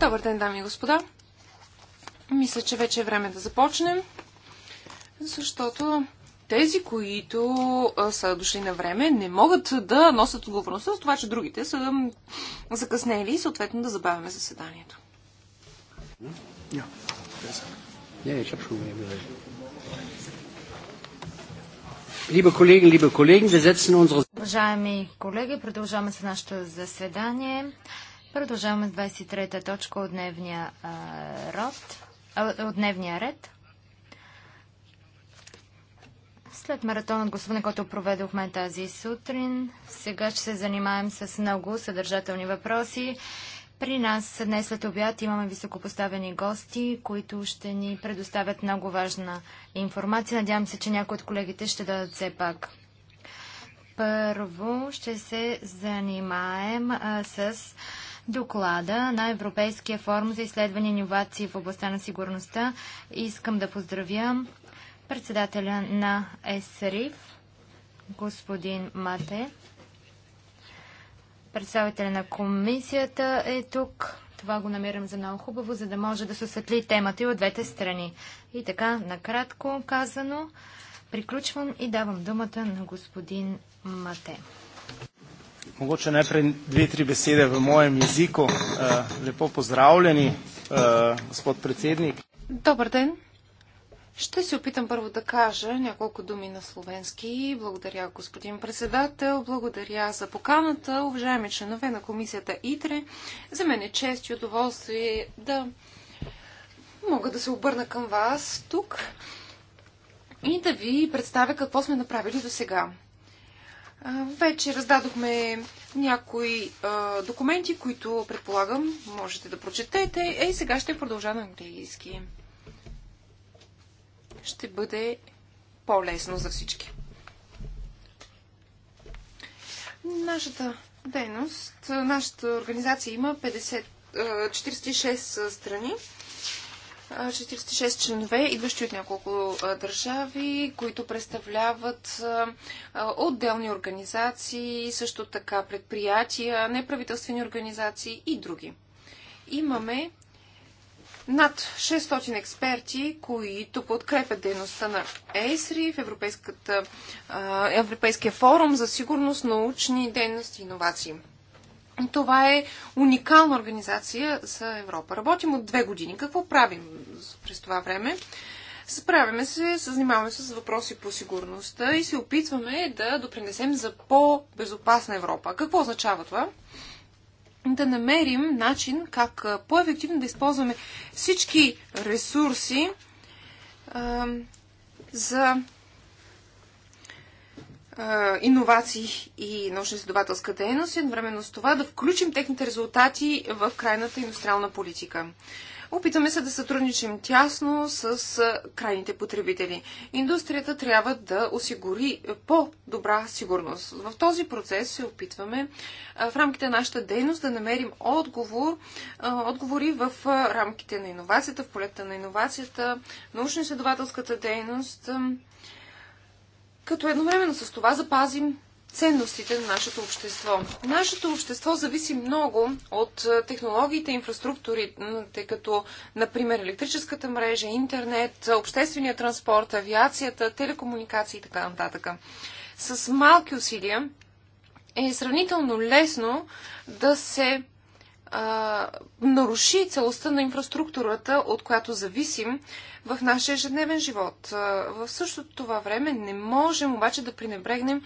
Добър ден, дами и господа. Мисля, че вече е време да започнем, защото тези, които са дошли на време, не могат да носят отговорността за това, че другите са закъснели и съответно да забавяме заседанието. Yeah. Yeah, ich hab schon Уважаеми колеги, продължаваме с нашето заседание. Продължаваме с 23-та точка от дневния, род, от дневния ред. След маратонът гласуване, който проведохме тази сутрин, сега ще се занимаем с много съдържателни въпроси. При нас днес след обяд имаме високопоставени гости, които ще ни предоставят много важна информация. Надявам се, че някои от колегите ще дадат все пак първо ще се занимаем а, с доклада на Европейския форум за изследване и инновации в областта на сигурността. Искам да поздравя председателя на ЕСРИФ, господин Мате. Представителя на комисията е тук. Това го намирам за много хубаво, за да може да се осветли темата и от двете страни. И така, накратко казано, Приключвам и давам думата на господин Мате. най-пред две-три беседи в моем езико. Лепо поздравлени, господ председник. Добър ден. Ще се опитам първо да кажа няколко думи на словенски. Благодаря, господин председател. Благодаря за поканата. Уважаеми членове на комисията ИТРЕ, за мен е чест и удоволствие да мога да се обърна към вас тук и да ви представя какво сме направили до сега. Вече раздадохме някои документи, които предполагам можете да прочетете. Е, сега ще продължа на английски. Ще бъде по-лесно за всички. Нашата дейност, нашата организация има 50, 46 страни. 46 членове, идващи от няколко държави, които представляват отделни организации, също така предприятия, неправителствени организации и други. Имаме над 600 експерти, които подкрепят дейността на ЕСРИ в Европейския форум за сигурност, научни дейности и иновации. Това е уникална организация за Европа. Работим от две години. Какво правим през това време? Справяме се, занимаваме се с въпроси по сигурността и се опитваме да допринесем за по-безопасна Европа. Какво означава това? Да намерим начин как по-ефективно да използваме всички ресурси а, за иновации и научно-изследователска дейност и едновременно с това да включим техните резултати в крайната индустриална политика. Опитаме се да сътрудничим тясно с крайните потребители. Индустрията трябва да осигури по-добра сигурност. В този процес се опитваме в рамките на нашата дейност да намерим отговор, отговори в рамките на иновацията, в полета на иновацията, научно-изследователската дейност, като едновременно с това запазим ценностите на нашето общество. Нашето общество зависи много от е, технологиите, инфраструктурите, като, например, електрическата мрежа, интернет, е, обществения транспорт, авиацията, телекомуникации и така нататък. С малки усилия е сравнително лесно да се а, наруши целостта на инфраструктурата, от която зависим в нашия ежедневен живот. В същото това време не можем обаче да пренебрегнем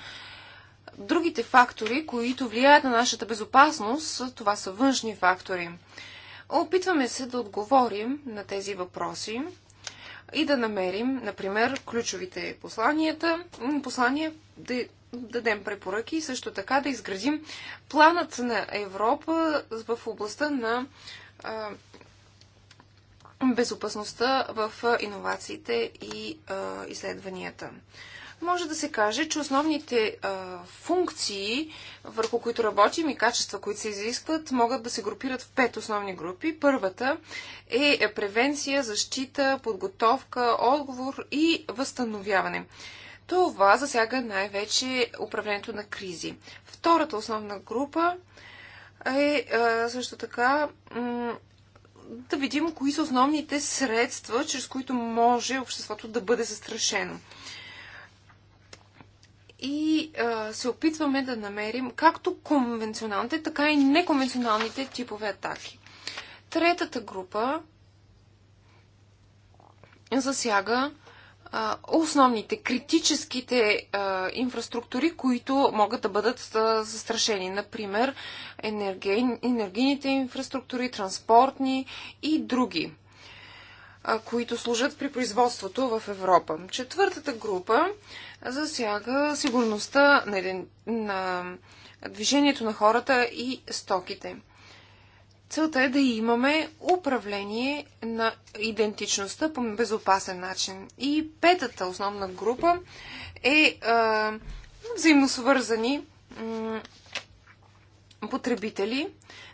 другите фактори, които влияят на нашата безопасност. Това са външни фактори. Опитваме се да отговорим на тези въпроси и да намерим, например, ключовите посланията, послания, да дадем препоръки и също така да изградим планът на Европа в областта на безопасността в иновациите и изследванията. Може да се каже, че основните а, функции, върху които работим и качества, които се изискват, могат да се групират в пет основни групи. Първата е превенция, защита, подготовка, отговор и възстановяване. Това засяга най-вече управлението на кризи. Втората основна група е също така да видим кои са основните средства, чрез които може обществото да бъде застрашено. И а, се опитваме да намерим както конвенционалните, така и неконвенционалните типове атаки. Третата група засяга основните, критическите инфраструктури, които могат да бъдат застрашени. Например, енергийните инфраструктури, транспортни и други, които служат при производството в Европа. Четвъртата група засяга сигурността на, на движението на хората и стоките. Целта е да имаме управление на идентичността по безопасен начин. И петата основна група е а, взаимосвързани потребители.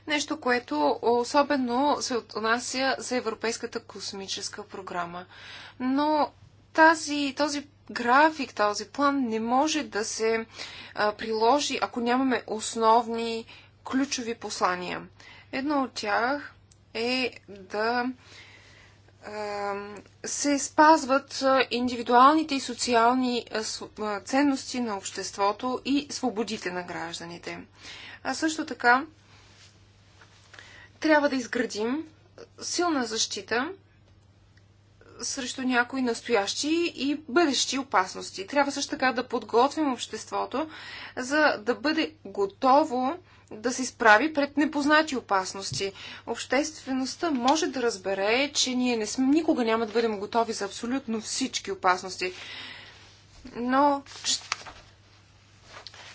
Нещо, което особено се отнася за Европейската космическа програма. Но тази, този график, този план не може да се а, приложи, ако нямаме основни ключови послания. Едно от тях е да се спазват индивидуалните и социални ценности на обществото и свободите на гражданите. А също така трябва да изградим силна защита срещу някои настоящи и бъдещи опасности. Трябва също така да подготвим обществото, за да бъде готово да се справи пред непознати опасности. Обществеността може да разбере, че ние не сме, никога няма да бъдем готови за абсолютно всички опасности. Но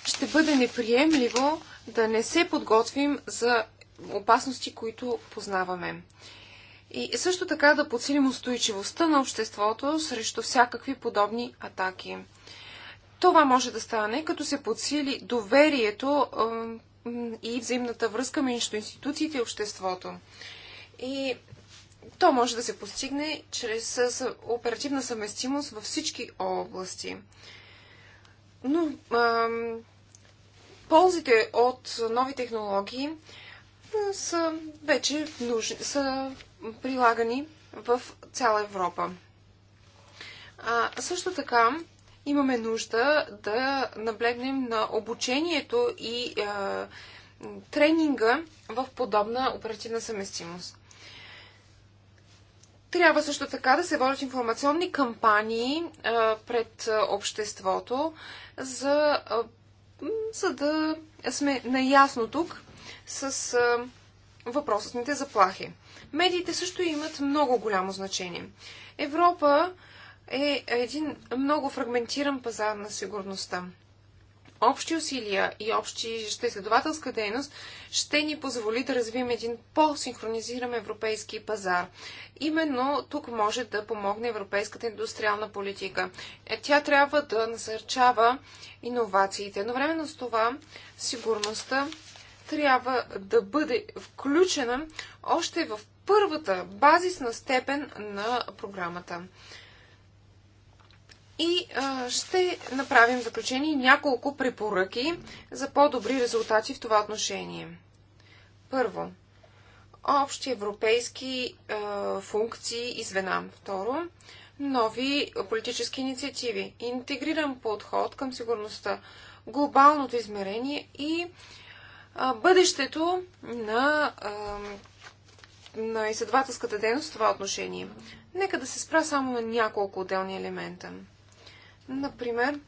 ще бъде неприемливо да не се подготвим за опасности, които познаваме. И също така да подсилим устойчивостта на обществото срещу всякакви подобни атаки. Това може да стане, като се подсили доверието и взаимната връзка между институциите и обществото. И то може да се постигне чрез оперативна съвместимост във всички области. Но ам, ползите от нови технологии са вече нужни, са прилагани в цяла Европа. А, също така, имаме нужда да наблегнем на обучението и тренинга в подобна оперативна съместимост. Трябва също така да се водят информационни кампании пред обществото, за, за да сме наясно тук с въпросните заплахи. Медиите също имат много голямо значение. Европа е един много фрагментиран пазар на сигурността. Общи усилия и общи изследователска дейност ще ни позволи да развием един по-синхронизиран европейски пазар. Именно тук може да помогне европейската индустриална политика. Е, тя трябва да насърчава иновациите. Но времено с това сигурността трябва да бъде включена още в първата базисна степен на програмата. И а, ще направим заключение няколко препоръки за по-добри резултати в това отношение. Първо, общи европейски а, функции и звена. Второ, нови политически инициативи, интегриран подход към сигурността, глобалното измерение и а, бъдещето на, а, на изследователската дейност в това отношение. Нека да се спра само на няколко отделни елемента. Например,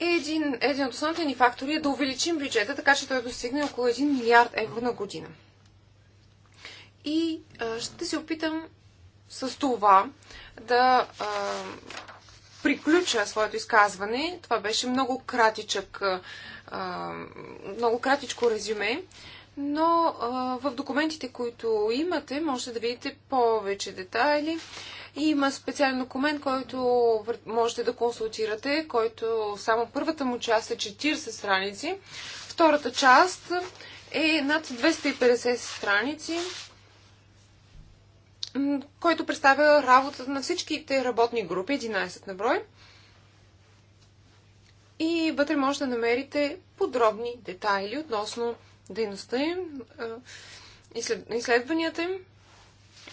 един, един от основните ни фактори е да увеличим бюджета, така че той достигне около 1 милиард евро на година. И а, ще се опитам с това да а, приключа своето изказване. Това беше много кратичък, а, много кратичко резюме но а, в документите, които имате, можете да видите повече детайли. Има специален документ, който можете да консултирате, който само първата му част е 40 страници. Втората част е над 250 страници, който представя работата на всичките работни групи, 11 на брой. И вътре може да намерите подробни детайли относно дейността им, изследванията им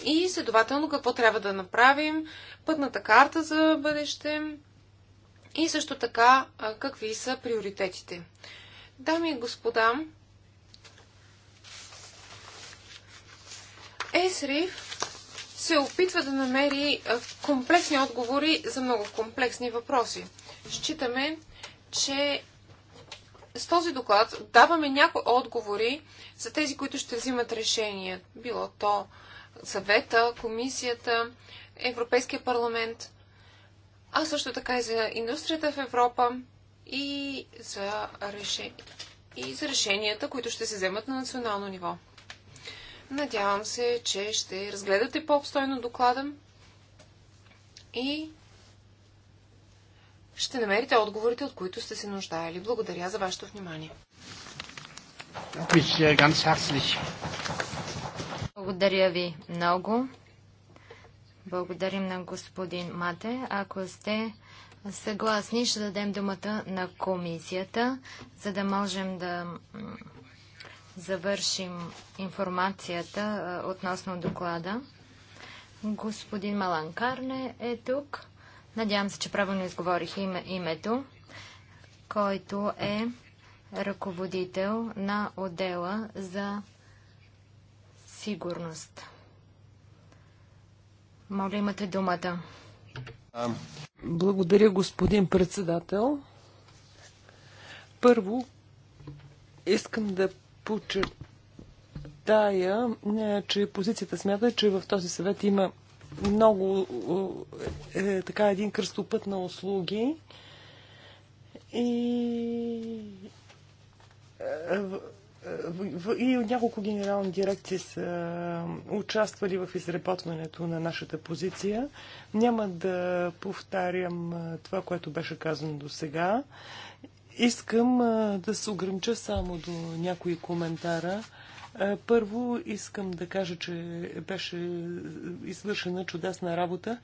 и следователно какво трябва да направим, пътната карта за бъдеще и също така какви са приоритетите. Дами и господа, Есриф се опитва да намери комплексни отговори за много комплексни въпроси. Считаме, че с този доклад даваме някои отговори за тези, които ще взимат решения. Било то съвета, комисията, Европейския парламент, а също така и за индустрията в Европа и за, решение, и за решенията, които ще се вземат на национално ниво. Надявам се, че ще разгледате по-обстойно доклада и ще намерите отговорите, от които сте се нуждаели. Благодаря за вашето внимание. Е, Благодаря ви много. Благодарим на господин Мате. Ако сте съгласни, ще дадем думата на комисията, за да можем да завършим информацията е, относно доклада. Господин Маланкарне е тук. Надявам се, че правилно изговорих име, името, който е ръководител на отдела за сигурност. Моля, имате думата. Благодаря, господин председател. Първо, искам да почетая, е, че позицията смята, че в този съвет има много е, е, така един кръстопът на услуги и е, е, и няколко генерални дирекции са участвали в изработването на нашата позиция. Няма да повтарям това, което беше казано до сега. Искам да се огранича само до някои коментара. Е, първо искам да кажа, че беше извършена чудесна работа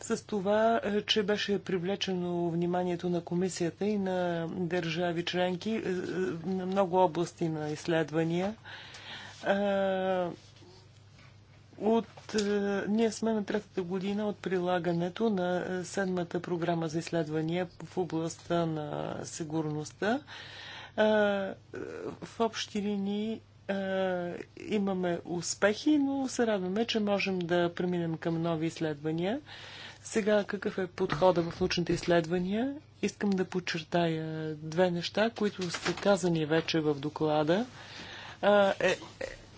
с това, е, че беше привлечено вниманието на комисията и на държави членки е, на много области на изследвания. От, ние сме на третата година от прилагането на седмата програма за изследвания в областта на сигурността. В общи линии е, имаме успехи, но се радваме, че можем да преминем към нови изследвания. Сега, какъв е подхода в научните изследвания? Искам да подчертая две неща, които са казани вече в доклада. Е, е,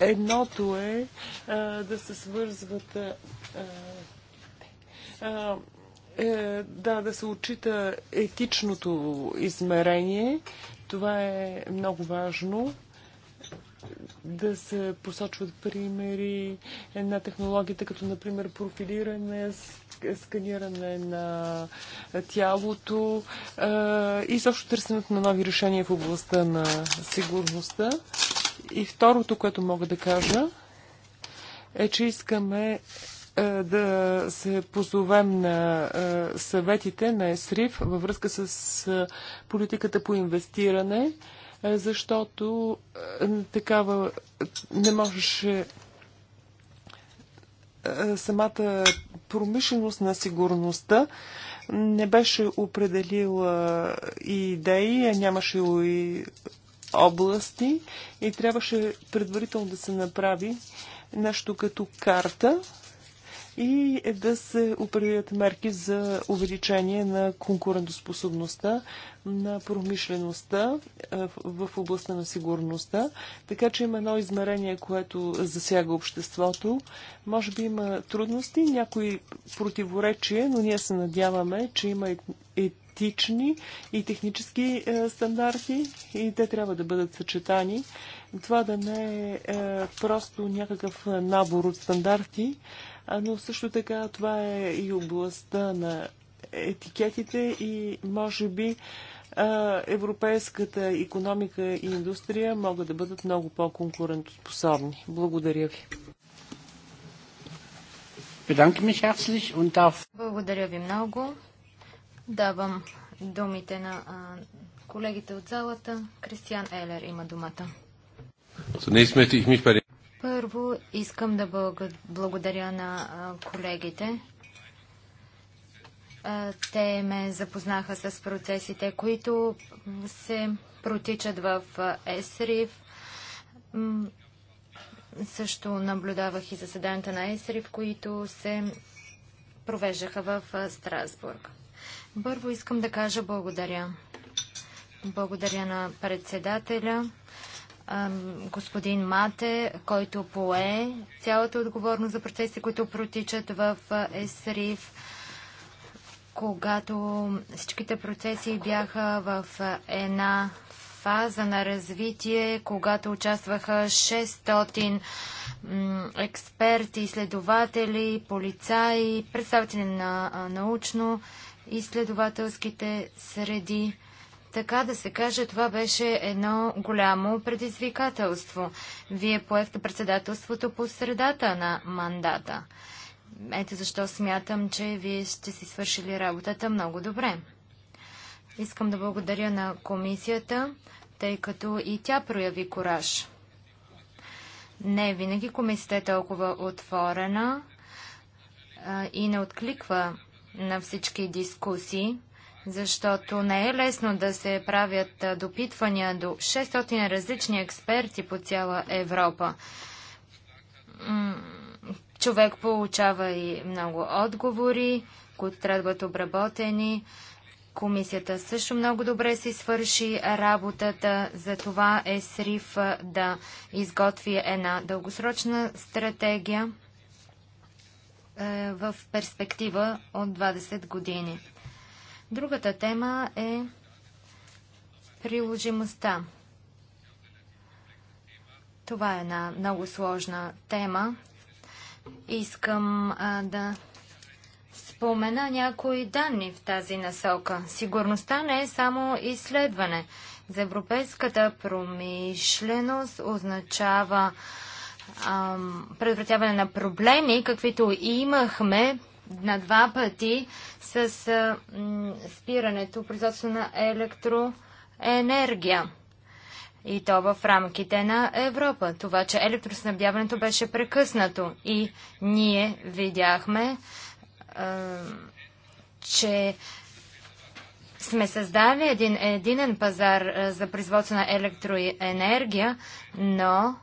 едното е да се свързват да, да се отчита етичното измерение. Това е много важно да се посочват примери на технологията, като например профилиране, сканиране на тялото и също търсенето на нови решения в областта на сигурността. И второто, което мога да кажа, е, че искаме да се позовем на съветите на ЕСРИФ във връзка с политиката по инвестиране. Е, защото е, такава не можеше е, самата промишленост на сигурността не беше определила и идеи, нямаше и области и трябваше предварително да се направи нещо като карта, и е да се определят мерки за увеличение на конкурентоспособността на промишлеността е, в областта на сигурността. Така че има едно измерение, което засяга обществото. Може би има трудности, някои противоречия, но ние се надяваме, че има етични и технически е, стандарти и те трябва да бъдат съчетани. Това да не е просто някакъв набор от стандарти, но също така това е и областта на етикетите и може би европейската економика и индустрия могат да бъдат много по-конкурентоспособни. Благодаря ви. Благодаря ви много. Давам думите на колегите от залата. Кристиан Елер има думата. Първо искам да благодаря на колегите. Те ме запознаха с процесите, които се протичат в ЕСРИВ. Също наблюдавах и заседанията на ЕСРИВ, които се провеждаха в Страсбург. Първо искам да кажа благодаря. Благодаря на председателя господин Мате, който пое цялата отговорност за процеси, които протичат в ЕСРИФ, когато всичките процеси бяха в една фаза на развитие, когато участваха 600 експерти, изследователи, полицаи, представители на научно-изследователските среди. Така да се каже, това беше едно голямо предизвикателство. Вие поехте председателството по средата на мандата. Ето защо смятам, че вие ще си свършили работата много добре. Искам да благодаря на комисията, тъй като и тя прояви кораж. Не винаги комисията е толкова отворена а, и не откликва на всички дискусии защото не е лесно да се правят допитвания до 600 различни експерти по цяла Европа. Човек получава и много отговори, които трябва да бъдат обработени. Комисията също много добре си свърши работата, за това е срив да изготви една дългосрочна стратегия в перспектива от 20 години. Другата тема е приложимостта. Това е една много сложна тема. Искам а, да спомена някои данни в тази насока. Сигурността не е само изследване. За европейската промишленост означава ам, предотвратяване на проблеми, каквито имахме на два пъти с спирането производство на електроенергия. И то в рамките на Европа. Това, че електроснабдяването беше прекъснато. И ние видяхме, а, че сме създали един единен пазар а, за производство на електроенергия, но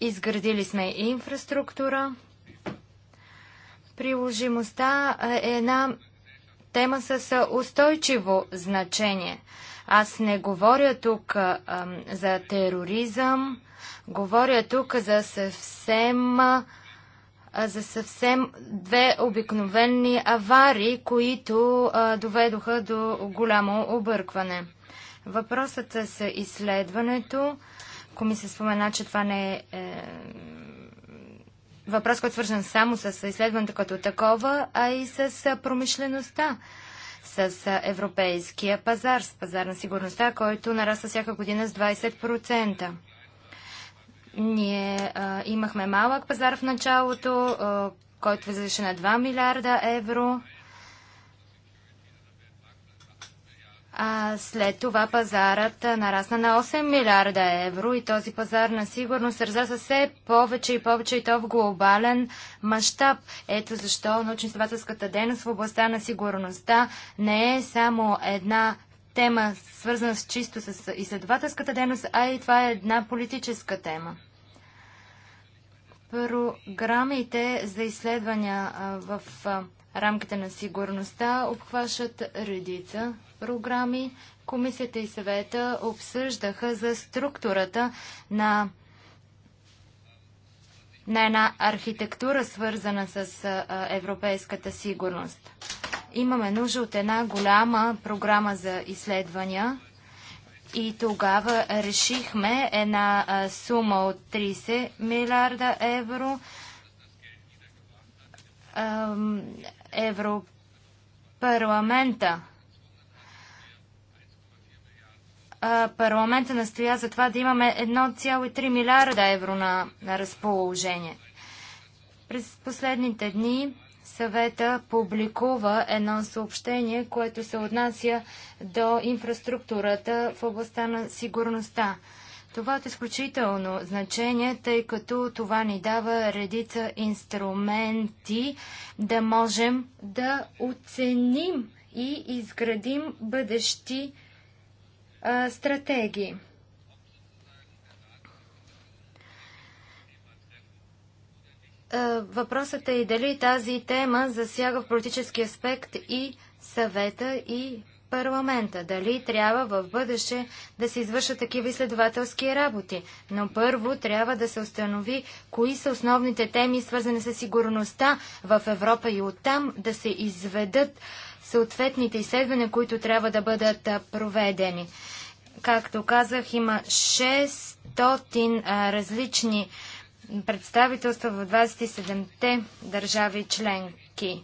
Изградили сме инфраструктура. Приложимостта е една тема с устойчиво значение. Аз не говоря тук а, за тероризъм, говоря тук за съвсем, а, за съвсем две обикновени аварии, които а, доведоха до голямо объркване. Въпросът с изследването комисия спомена, че това не е, е въпрос, който е свързан само с изследването като такова, а и с е, промишлеността, с е, европейския пазар, с пазар на сигурността, който нараства всяка година с 20%. Ние а, е, имахме малък пазар в началото, а, който възлише на 2 милиарда евро. А след това пазарът нарасна на 8 милиарда евро и този пазар на сигурност ръза все повече и повече и то в глобален мащаб. Ето защо научно-изследователската дейност в областта на сигурността не е само една тема, свързана с чисто с изследователската дейност, а и това е една политическа тема. Програмите за изследвания в рамките на сигурността обхващат редица програми. Комисията и съвета обсъждаха за структурата на на една архитектура, свързана с а, европейската сигурност. Имаме нужда от една голяма програма за изследвания и тогава решихме една а, сума от 30 милиарда евро. А, Европарламента. Парламента настоя за това да имаме 1,3 милиарда евро на, на разположение. През последните дни съвета публикува едно съобщение, което се отнася до инфраструктурата в областта на сигурността. Това е изключително значение, тъй като това ни дава редица инструменти да можем да оценим и изградим бъдещи а, стратегии. Въпросът е и дали тази тема засяга в политически аспект и съвета и парламента. Дали трябва в бъдеще да се извършат такива изследователски работи. Но първо трябва да се установи кои са основните теми, свързани с сигурността в Европа и оттам да се изведат съответните изследвания, които трябва да бъдат проведени. Както казах, има 600 различни представителства в 27-те държави членки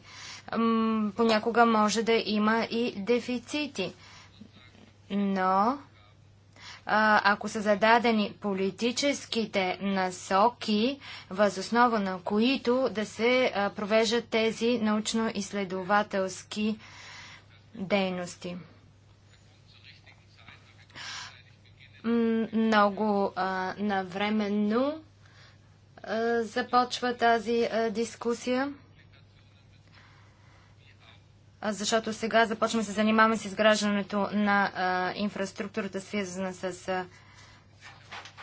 понякога може да има и дефицити. Но ако са зададени политическите насоки, възоснова на които да се провеждат тези научно-изследователски дейности. Много навременно започва тази дискусия защото сега започваме се занимаваме с изграждането на а, инфраструктурата, свързана с а,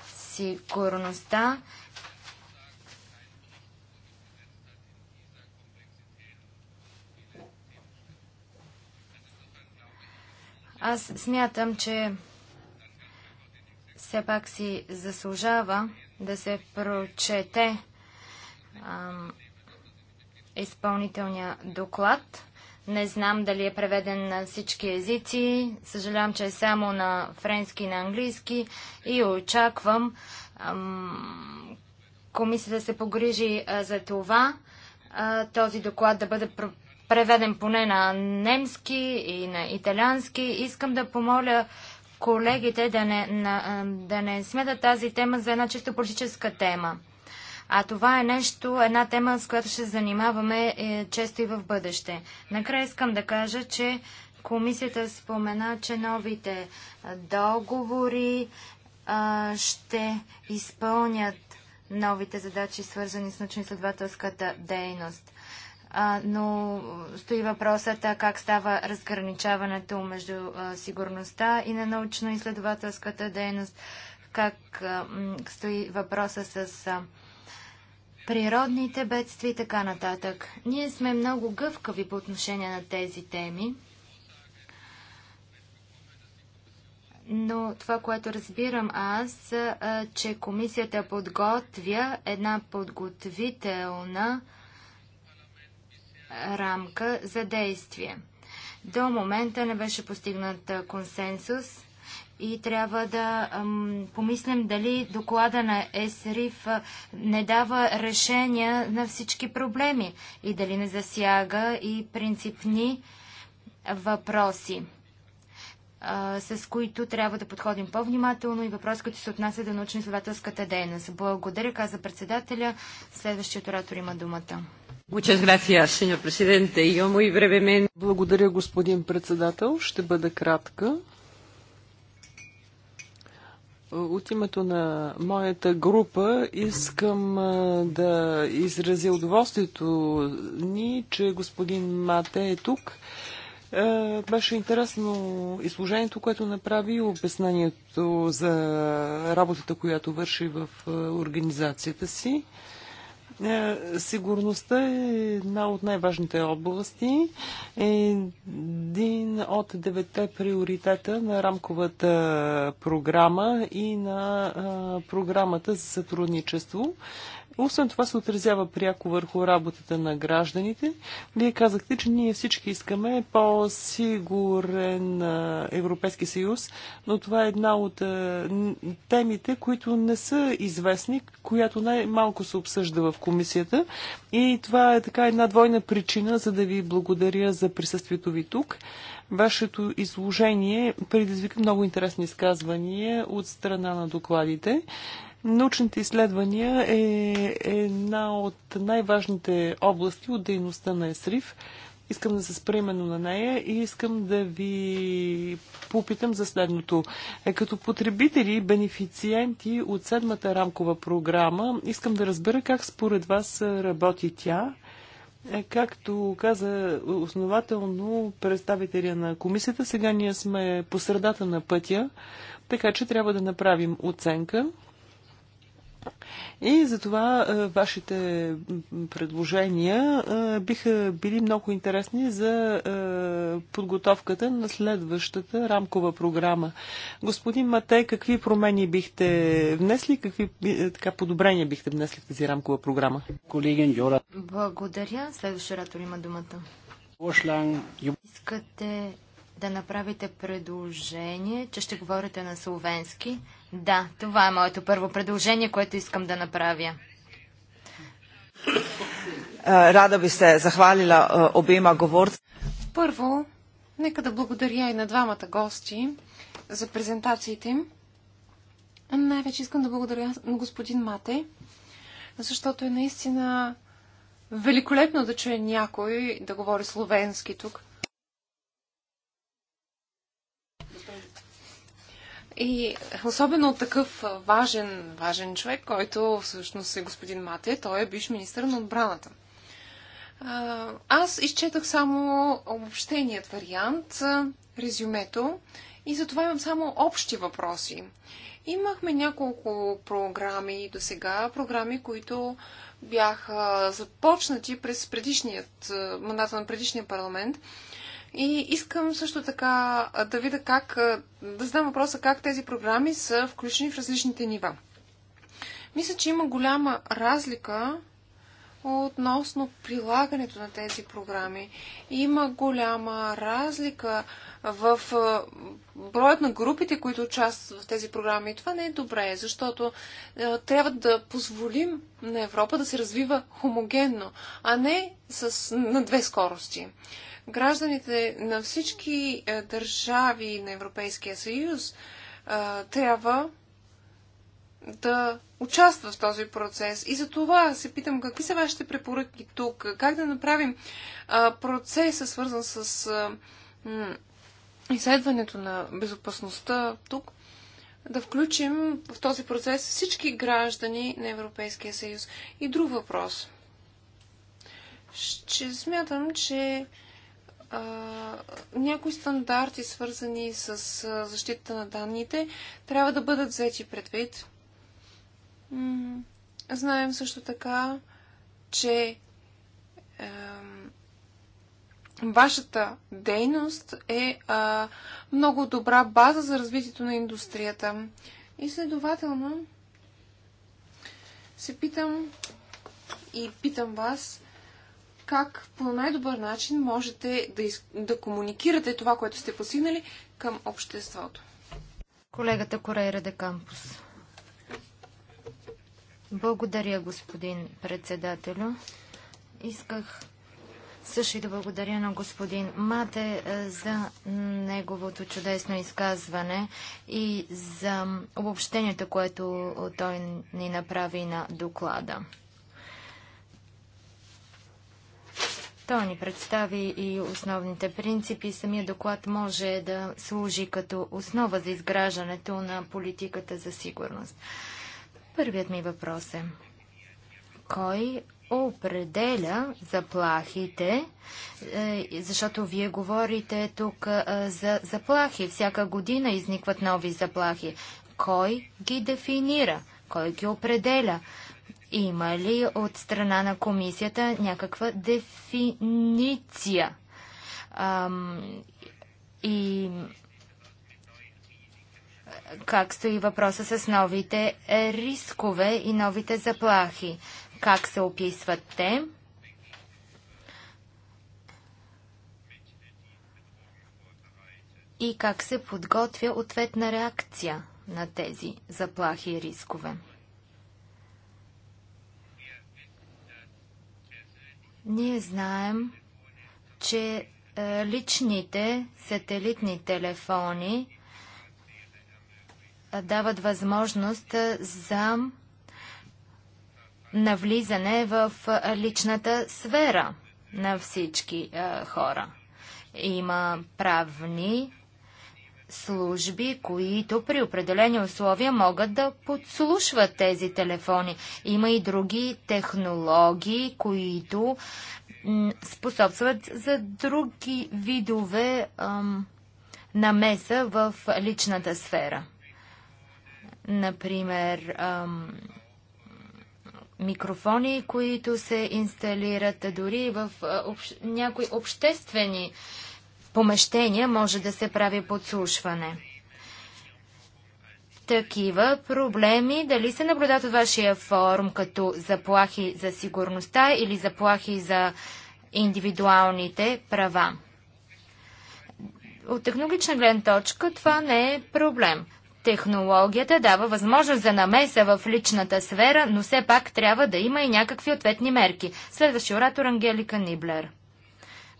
сигурността. Аз смятам, че все пак си заслужава да се прочете а, изпълнителния доклад. Не знам дали е преведен на всички езици. Съжалявам, че е само на френски и на английски. И очаквам комисията да се погрижи за това този доклад да бъде преведен поне на немски и на италиански. Искам да помоля колегите да не, на, да не сметат тази тема за една чисто политическа тема. А това е нещо, една тема, с която ще занимаваме е, често и в бъдеще. Накрая искам да кажа, че комисията спомена, че новите договори а, ще изпълнят новите задачи, свързани с научно-изследователската дейност. А, но стои въпросът как става разграничаването между а, сигурността и на научно-изследователската дейност, как а, стои въпроса с природните бедствия и така нататък. Ние сме много гъвкави по отношение на тези теми. Но това, което разбирам аз, е, че комисията подготвя една подготвителна рамка за действие. До момента не беше постигнат консенсус и трябва да ам, помислим дали доклада на ЕСРИФ не дава решения на всички проблеми и дали не засяга и принципни въпроси, с които трябва да подходим по-внимателно и въпрос, които се отнася до научно-изследователската дейност. Благодаря, каза председателя. Следващият оратор има думата. Благодаря, господин председател. Ще бъда кратка. От името на моята група искам да изразя удоволствието ни, че господин Мате е тук. Беше интересно изложението, което направи и обяснението за работата, която върши в организацията си. Е, сигурността е една от най-важните области. Е един от девете приоритета на рамковата програма и на е, програмата за сътрудничество. Освен това се отразява пряко върху работата на гражданите. Вие казахте, че ние всички искаме по-сигурен Европейски съюз, но това е една от темите, които не са известни, която най-малко се обсъжда в комисията. И това е така една двойна причина, за да ви благодаря за присъствието ви тук. Вашето изложение предизвика много интересни изказвания от страна на докладите. Научните изследвания е една от най-важните области от дейността на ЕСРИФ. Искам да се спра именно на нея и искам да ви попитам за следното. Е, като потребители, бенефициенти от седмата рамкова програма, искам да разбера как според вас работи тя. Е, както каза основателно представителя на комисията, сега ние сме по средата на пътя, така че трябва да направим оценка и затова е, вашите предложения е, биха били много интересни за е, подготовката на следващата рамкова програма. Господин Матей, какви промени бихте внесли, какви така, подобрения бихте внесли в тази рамкова програма? Колегин Юра. Благодаря. Следващия ратор има думата. Искате да направите предложение, че ще говорите на словенски. Да, това е моето първо предложение, което искам да направя. Е, рада би се захвалила е, обема говорци. Първо, нека да благодаря и на двамата гости за презентациите им. Най-вече искам да благодаря на господин Мате, защото е наистина великолепно да чуе някой да говори словенски тук. И особено такъв важен, важен човек, който всъщност е господин Мате, той е биш министър на отбраната. Аз изчетах само обобщеният вариант, резюмето и затова имам само общи въпроси. Имахме няколко програми до сега, програми, които бяха започнати през предишният, мандата на предишния парламент и искам също така да видя как, да задам въпроса как тези програми са включени в различните нива. Мисля, че има голяма разлика относно прилагането на тези програми. Има голяма разлика в броят на групите, които участват в тези програми. И това не е добре, защото трябва да позволим на Европа да се развива хомогенно, а не с, на две скорости гражданите на всички е, държави на Европейския съюз е, трябва да участва в този процес. И за това се питам, какви са вашите препоръки тук? Как да направим е, процеса, свързан с изследването на безопасността тук, да включим в този процес всички граждани на Европейския съюз. И друг въпрос. Ще смятам, че а, някои стандарти, свързани с а, защита на данните, трябва да бъдат взети предвид. М знаем също така, че а, вашата дейност е а, много добра база за развитието на индустрията. И следователно се питам и питам вас, как по най-добър начин можете да, из... да комуникирате това, което сте постигнали към обществото. Колегата Корейра де Кампус. Благодаря, господин председателю. Исках също и да благодаря на господин Мате е, за неговото чудесно изказване и за обобщението, което той ни направи на доклада. Той ни представи и основните принципи. Самия доклад може да служи като основа за изграждането на политиката за сигурност. Първият ми въпрос е кой определя заплахите, е, защото вие говорите тук е, за заплахи. Всяка година изникват нови заплахи. Кой ги дефинира? Кой ги определя? Има ли от страна на комисията някаква дефиниция? Ам, и как стои въпроса с новите рискове и новите заплахи? Как се описват те? И как се подготвя ответна реакция на тези заплахи и рискове? Ние знаем, че е, личните сателитни телефони е, дават възможност е, за навлизане в личната сфера на всички хора. Има правни служби, които при определени условия могат да подслушват тези телефони. Има и други технологии, които способстват за други видове ам, намеса в личната сфера. Например, ам, микрофони, които се инсталират дори в общ... някои обществени помещения може да се прави подслушване. Такива проблеми дали се наблюдат от вашия форум като заплахи за сигурността или заплахи за индивидуалните права? От технологична гледна точка това не е проблем. Технологията дава възможност за намеса в личната сфера, но все пак трябва да има и някакви ответни мерки. Следващи оратор Ангелика Ниблер.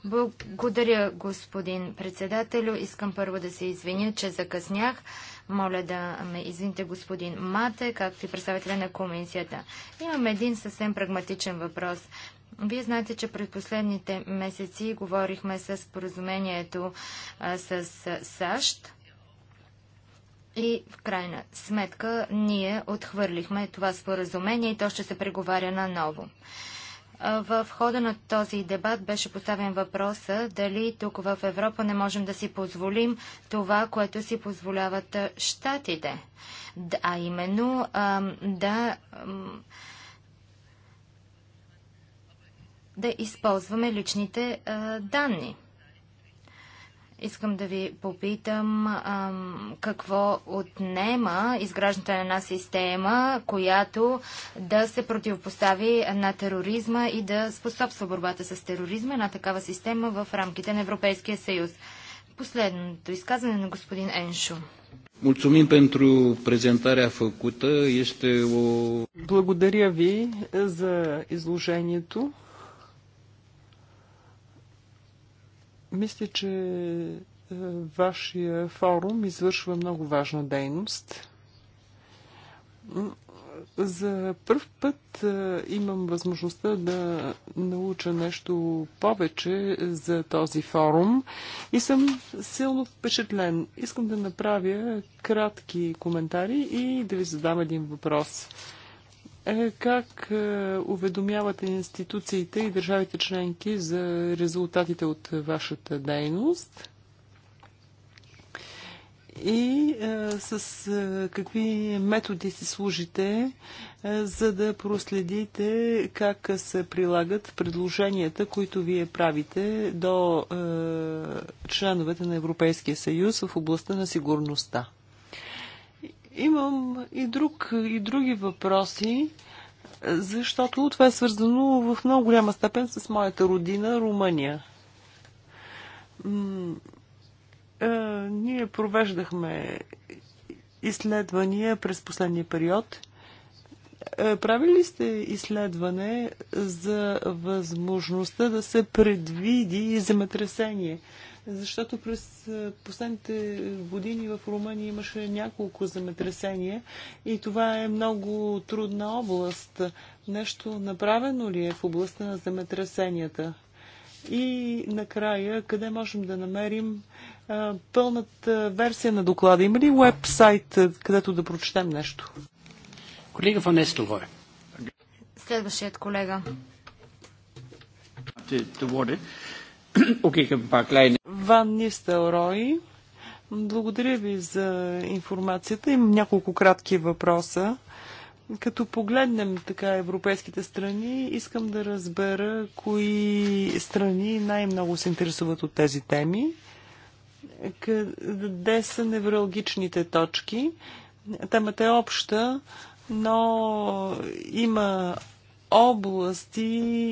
Благодаря, господин председателю. Искам първо да се извиня, че закъснях. Моля да ме извините, господин Мате, както и представителя на комисията. Имам един съвсем прагматичен въпрос. Вие знаете, че през последните месеци говорихме с поразумението а, с САЩ и в крайна сметка ние отхвърлихме това споразумение и то ще се преговаря наново. ново. В хода на този дебат беше поставен въпроса дали тук в Европа не можем да си позволим това, което си позволяват щатите. А именно да да използваме личните данни. Искам да ви попитам ам, какво отнема изграждането на една система, която да се противопостави на тероризма и да способства борбата с тероризма, една такава система в рамките на Европейския съюз. Последното изказване на господин Еншо. Mulțumim pentru prezentarea făcută. Este o... Благодаря ви за изложението. Мисля, че е, вашия форум извършва много важна дейност. За първ път е, имам възможността да науча нещо повече за този форум и съм силно впечатлен. Искам да направя кратки коментари и да ви задам един въпрос. Е, как е, уведомявате институциите и държавите членки за резултатите от вашата дейност? И а, е, с а, какви методи си служите, а, за да проследите как се прилагат предложенията, които вие правите до а, членовете на Европейския съюз в областта на сигурността? Имам и, друг, и други въпроси, е, защото това е свързано в много голяма степен с моята родина Румъния. Е, ние провеждахме изследвания през последния период. Е, правили сте изследване за възможността да се предвиди земетресение? защото през последните години в Румъния имаше няколко земетресения и това е много трудна област. Нещо направено ли е в областта на земетресенията? И накрая, къде можем да намерим а, пълната версия на доклада? Има ли уебсайт, където да прочетем нещо? Колега Ван Следващият колега. Окей, okay, към пак лайне. Ван Нистелрой. Благодаря ви за информацията. Имам няколко кратки въпроса. Като погледнем така европейските страни, искам да разбера кои страни най-много се интересуват от тези теми, къде са невралгичните точки. Темата е обща, но има области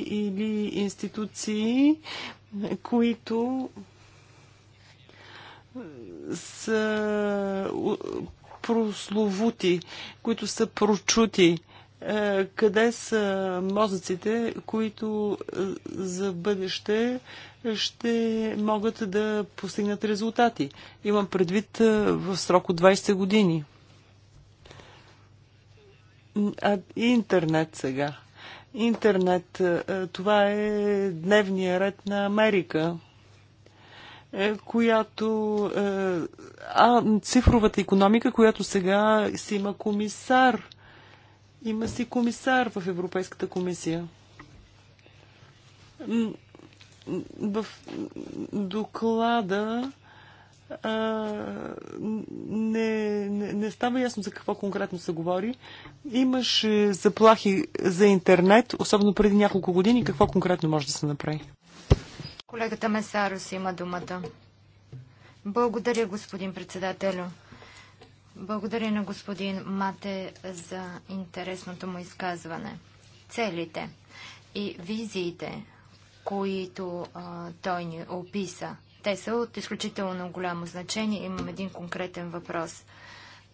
или институции, които са прословути, които са прочути. Е, къде са мозъците, които е, за бъдеще ще могат да постигнат резултати? Имам предвид е, в срок от 20 години. А интернет сега. Интернет, това е дневния ред на Америка. Е, която... Е, а, цифровата економика, която сега си има комисар. Има си комисар в Европейската комисия. В доклада а, не, не, не става ясно за какво конкретно се говори. Имаш заплахи за интернет, особено преди няколко години. Какво конкретно може да се направи? Колегата Месарос има думата. Благодаря, господин председателю. Благодаря на господин Мате за интересното му изказване. Целите и визиите, които а, той ни описа, те са от изключително голямо значение. Имам един конкретен въпрос.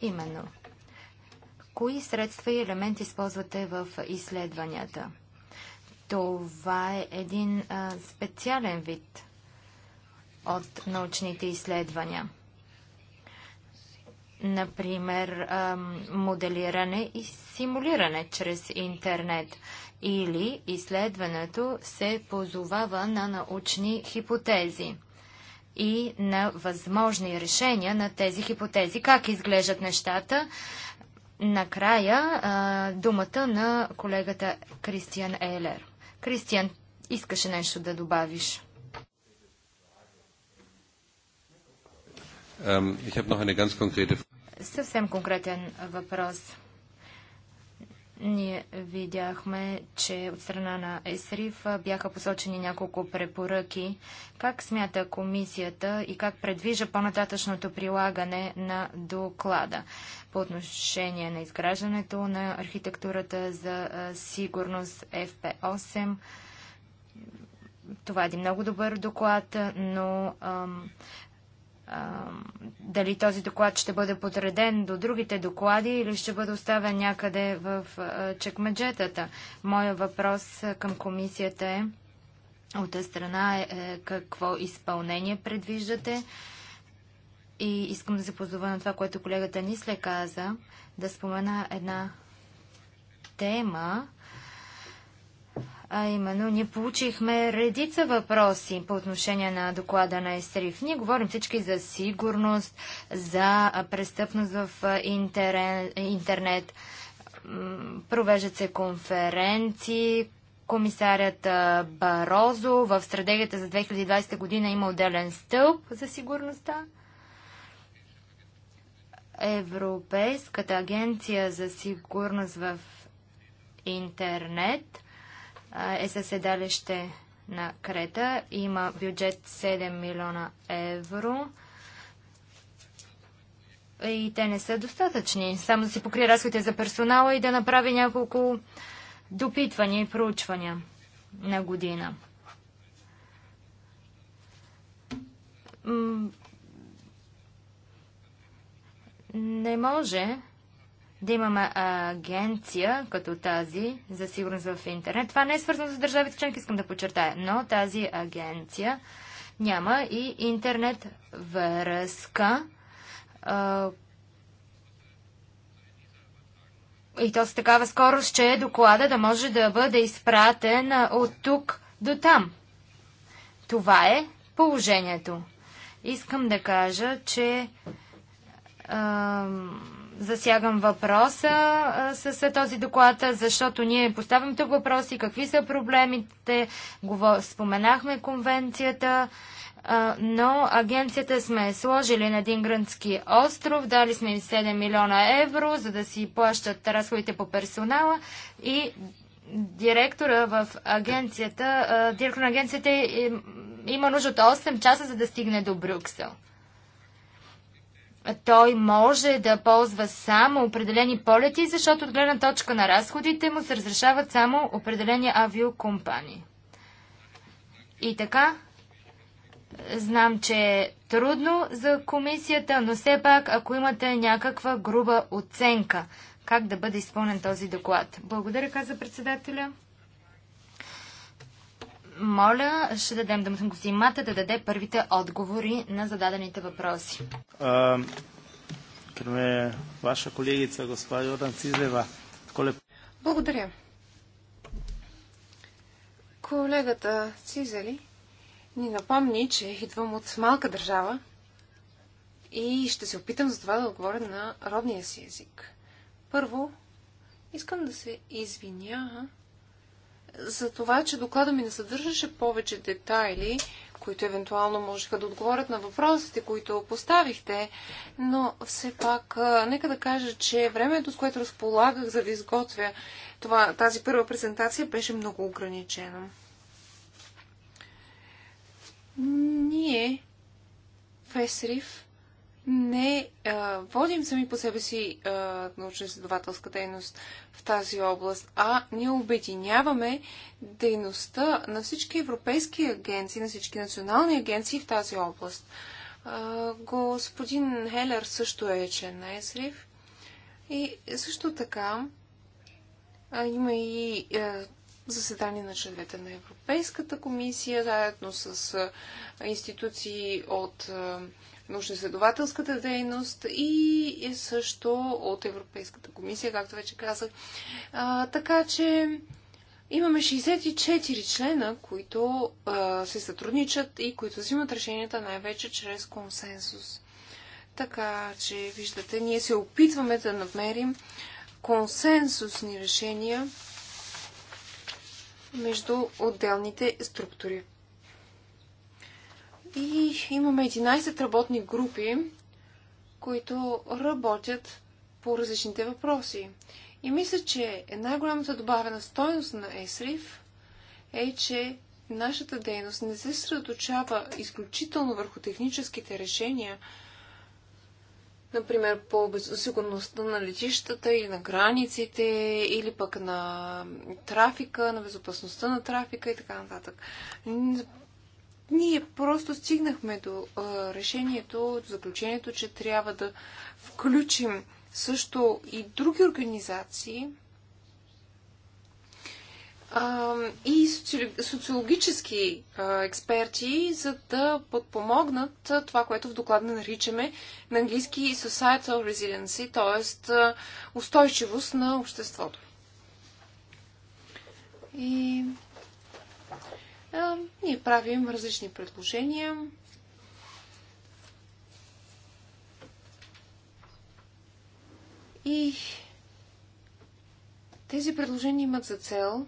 Именно, кои средства и елементи използвате в изследванията? Това е един а, специален вид от научните изследвания. Например, а, моделиране и симулиране чрез интернет или изследването се позовава на научни хипотези и на възможни решения на тези хипотези. Как изглеждат нещата? Накрая а, думата на колегата Кристиан Ейлер. Кристиан, искаше нещо да добавиш. Um, konkrete... Съвсем конкретен въпрос. Ние видяхме, че от страна на ЕСРИФ бяха посочени няколко препоръки. Как смята комисията и как предвижда по-нататъчното прилагане на доклада по отношение на изграждането на архитектурата за сигурност FP8? Това е един много добър доклад, но ам, дали този доклад ще бъде подреден до другите доклади или ще бъде оставен някъде в чекмеджетата. Моя въпрос към комисията е от тази страна е, е какво изпълнение предвиждате и искам да се позова на това, което колегата Нисле каза, да спомена една тема, а именно, ние получихме редица въпроси по отношение на доклада на ЕСРИФ. Ние говорим всички за сигурност, за престъпност в интернет. Провеждат се конференции. Комисарят Барозо в стратегията за 2020 година има отделен стълб за сигурността. Европейската агенция за сигурност в интернет – е със седалище на Крета. Има бюджет 7 милиона евро. И те не са достатъчни. Само да си покри разходите за персонала и да направи няколко допитвания и проучвания на година. Не може да имаме агенция като тази за сигурност в интернет. Това не е свързано с държавите членки, искам да подчертая, но тази агенция няма и интернет връзка. А, и то с такава скорост, че доклада да може да бъде изпратен от тук до там. Това е положението. Искам да кажа, че а, засягам въпроса а, с, с този доклад, защото ние поставям тук въпроси, какви са проблемите, Говор... споменахме конвенцията, а, но агенцията сме сложили на един грънцки остров, дали сме им 7 милиона евро, за да си плащат разходите по персонала и директора в агенцията, а, директор на агенцията е, е, има нужда от 8 часа, за да стигне до Брюксел той може да ползва само определени полети, защото от гледна точка на разходите му се разрешават само определени авиокомпании. И така, знам, че е трудно за комисията, но все пак, ако имате някаква груба оценка, как да бъде изпълнен този доклад. Благодаря, каза председателя моля, ще дадем да на господин Мата да даде първите отговори на зададените въпроси. А, ваша колегица je vaša kolegica, gospa Благодаря. Колегата Цизели ни напомни, че идвам от малка държава и ще се опитам за това да отговоря на родния си език. Първо, искам да се извиня за това, че доклада ми не съдържаше повече детайли, които евентуално можеха да отговорят на въпросите, които поставихте, но все пак нека да кажа, че времето, с което разполагах за да изготвя това, тази първа презентация, беше много ограничено. Ние в Есриф не а, водим сами по себе си научно-изследователска дейност в тази област, а ние обединяваме дейността на всички европейски агенции, на всички национални агенции в тази област. А, господин Хелер също е член на ЕСРИФ и също така а, има и а, заседание на членовете на Европейската комисия, заедно с институции от научно-изследователската дейност и също от Европейската комисия, както вече казах. А, така че имаме 64 члена, които а, се сътрудничат и които взимат решенията най-вече чрез консенсус. Така че, виждате, ние се опитваме да намерим консенсусни решения между отделните структури. И имаме 11 работни групи, които работят по различните въпроси. И мисля, че най-голямата добавена стойност на ЕСРИФ е, че нашата дейност не се средоточава изключително върху техническите решения, например, по сигурността на летищата или на границите, или пък на трафика, на безопасността на трафика и така нататък. Ние просто стигнахме до а, решението, до заключението, че трябва да включим също и други организации а, и социологически а, експерти, за да подпомогнат това, което в доклада наричаме на английски societal resiliency, т.е. устойчивост на обществото. И ние правим различни предложения. И тези предложения имат за цел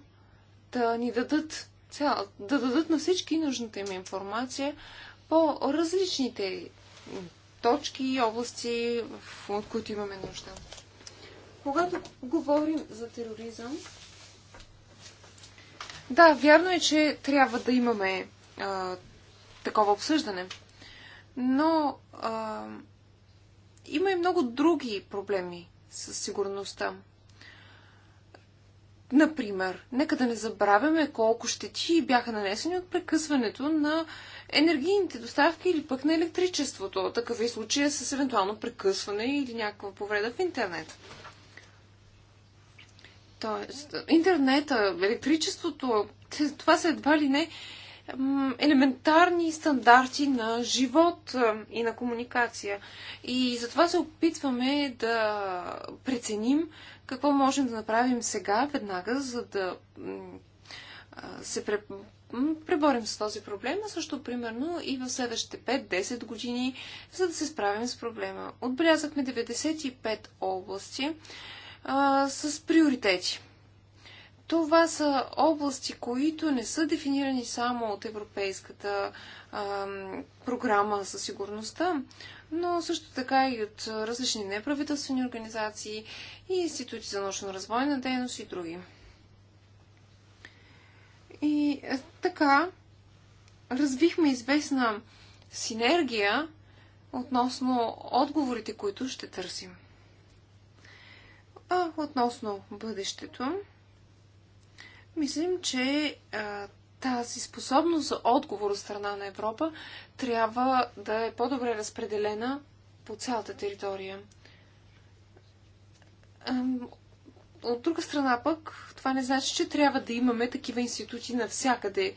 да ни дадат цял, да дадат на всички нужната им информация по различните точки и области, от които имаме нужда. Когато говорим за тероризъм, да, вярно е, че трябва да имаме а, такова обсъждане, но а, има и много други проблеми със сигурността. Например, нека да не забравяме колко щети бяха нанесени от прекъсването на енергийните доставки или пък на електричеството. Такъв е случая с евентуално прекъсване или някаква повреда в интернет. Тоест, интернета, електричеството, това са едва ли не елементарни стандарти на живот и на комуникация. И затова се опитваме да преценим какво можем да направим сега, веднага, за да се преборим с този проблем, а също примерно и в следващите 5-10 години, за да се справим с проблема. Отбелязахме 95 области а, с приоритети. Това са области, които не са дефинирани само от Европейската а, програма за сигурността, но също така и от различни неправителствени организации и институти за научно-развойна дейност и други. И е, така развихме известна синергия относно отговорите, които ще търсим. А относно бъдещето, мислим, че а, тази способност за отговор от страна на Европа трябва да е по-добре разпределена по цялата територия. От друга страна пък, това не значи, че трябва да имаме такива институти навсякъде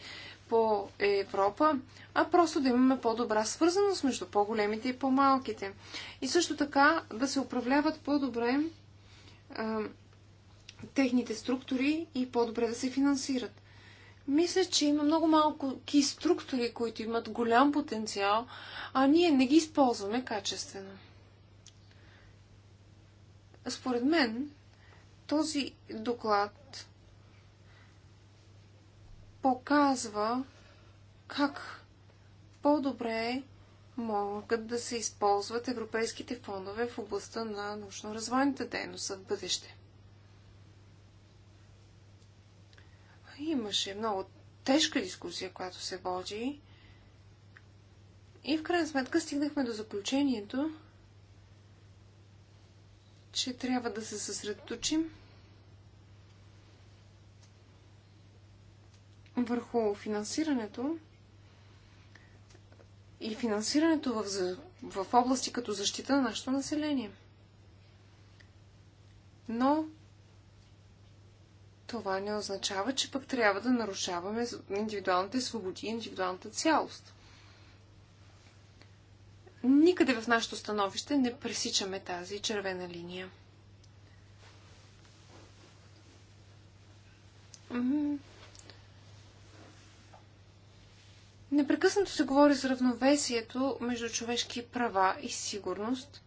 по Европа, а просто да имаме по-добра свързаност между по-големите и по-малките. И също така да се управляват по-добре а, техните структури и по-добре да се финансират. Мисля, че има много малко ки структури, които имат голям потенциал, а ние не ги използваме качествено. Според мен, този доклад показва как по-добре могат да се използват европейските фондове в областта на научно-развойната дейност в бъдеще. Имаше много тежка дискусия, която се води. И в крайна сметка стигнахме до заключението, че трябва да се съсредоточим върху финансирането и финансирането в, в области като защита на нашето население. Но това не означава, че пък трябва да нарушаваме индивидуалните свободи и индивидуалната цялост. Никъде в нашето становище не пресичаме тази червена линия. Непрекъснато се говори за равновесието между човешки права и сигурност,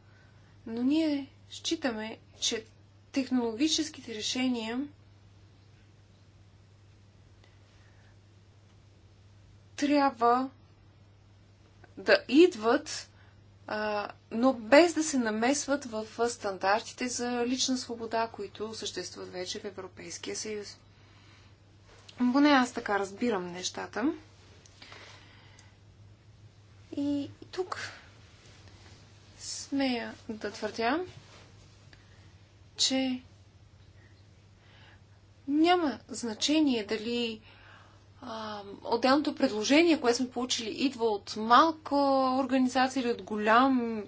но ние считаме, че технологическите решения трябва да идват, но без да се намесват в стандартите за лична свобода, които съществуват вече в Европейския съюз. Поне аз така разбирам нещата. И тук смея да твърдя, че няма значение дали а, отделното предложение, което сме получили, идва от малка организация или от голям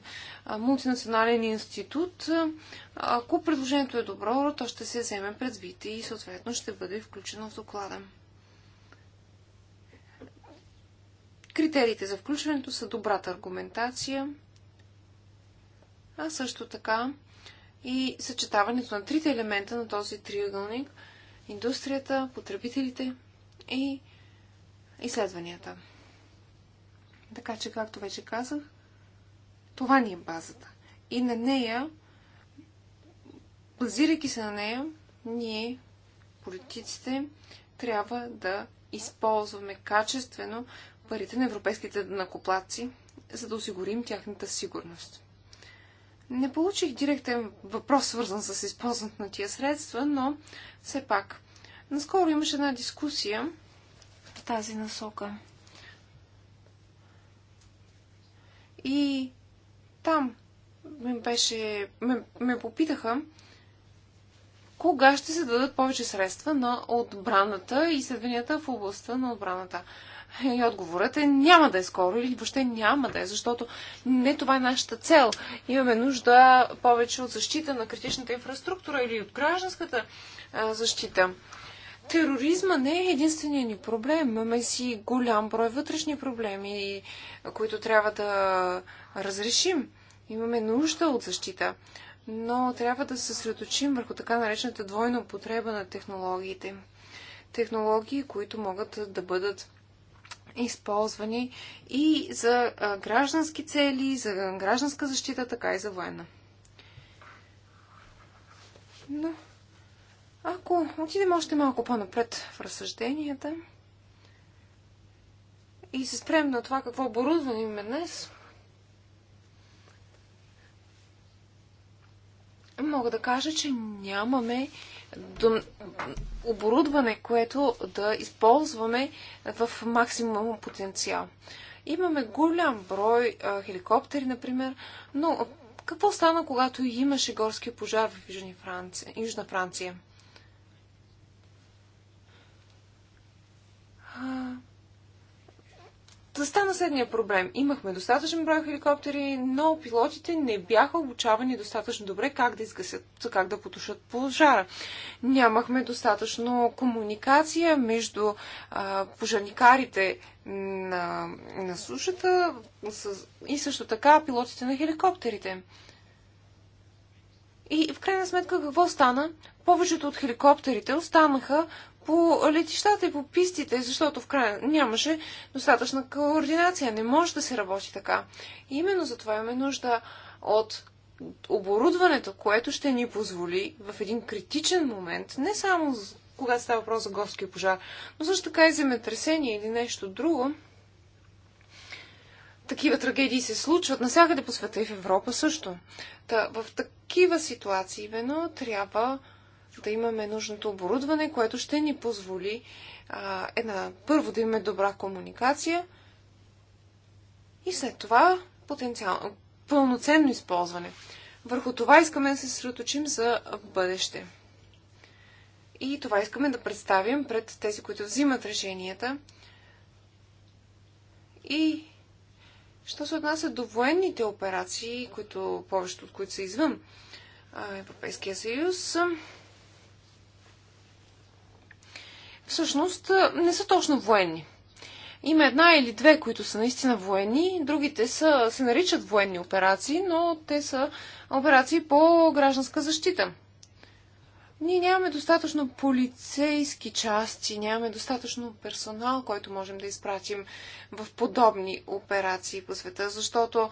а, мултинационален институт. Ако предложението е добро, то ще се вземе предвид и съответно ще бъде включено в доклада. Критериите за включването са добрата аргументация, а също така и съчетаването на трите елемента на този триъгълник – индустрията, потребителите и изследванията. Така че, както вече казах, това ни е базата. И на нея, базирайки се на нея, ние, политиците, трябва да използваме качествено парите на европейските накоплаци, за да осигурим тяхната сигурност. Не получих директен въпрос, свързан с използването на тия средства, но все пак. Наскоро имаше една дискусия в тази насока. И там ме, беше, ме, ме попитаха кога ще се дадат повече средства на отбраната и изследванията в областта на отбраната. И отговорът е няма да е скоро или въобще няма да е, защото не това е нашата цел. Имаме нужда повече от защита на критичната инфраструктура или от гражданската а, защита. Тероризма не е единствения ни проблем. Имаме си голям брой вътрешни проблеми, които трябва да разрешим. Имаме нужда от защита. Но трябва да се съсредоточим върху така наречената двойна употреба на технологиите. Технологии, които могат да бъдат използвани и за граждански цели, за гражданска защита, така и за военна. Но, ако отидем още малко по-напред в разсъжденията и се спрем на това какво оборудване имаме днес, мога да кажа, че нямаме оборудване, което да използваме в максимум потенциал. Имаме голям брой а, хеликоптери, например, но какво стана, когато имаше горски пожар в Южна Франция? Южна Франция? А, стана следния проблем. Имахме достатъчен брой хеликоптери, но пилотите не бяха обучавани достатъчно добре как да изгасят, как да потушат пожара. Нямахме достатъчно комуникация между а, пожарникарите на, на сушата и също така пилотите на хеликоптерите. И в крайна сметка какво стана? Повечето от хеликоптерите останаха по летищата и по пистите, защото в края нямаше достатъчна координация. Не може да се работи така. И именно за това имаме нужда от оборудването, което ще ни позволи в един критичен момент, не само когато става въпрос за горски пожар, но също така и земетресение или нещо друго, такива трагедии се случват навсякъде по света и в Европа също. Та, в такива ситуации, именно, трябва да имаме нужното оборудване, което ще ни позволи а, една, първо да имаме добра комуникация и след това потенциално, пълноценно използване. Върху това искаме да се съсредоточим за бъдеще. И това искаме да представим пред тези, които взимат решенията. И що се отнася до военните операции, които повечето от които са извън Европейския съюз, всъщност не са точно военни. Има една или две, които са наистина военни, другите са, се наричат военни операции, но те са операции по гражданска защита. Ние нямаме достатъчно полицейски части, нямаме достатъчно персонал, който можем да изпратим в подобни операции по света, защото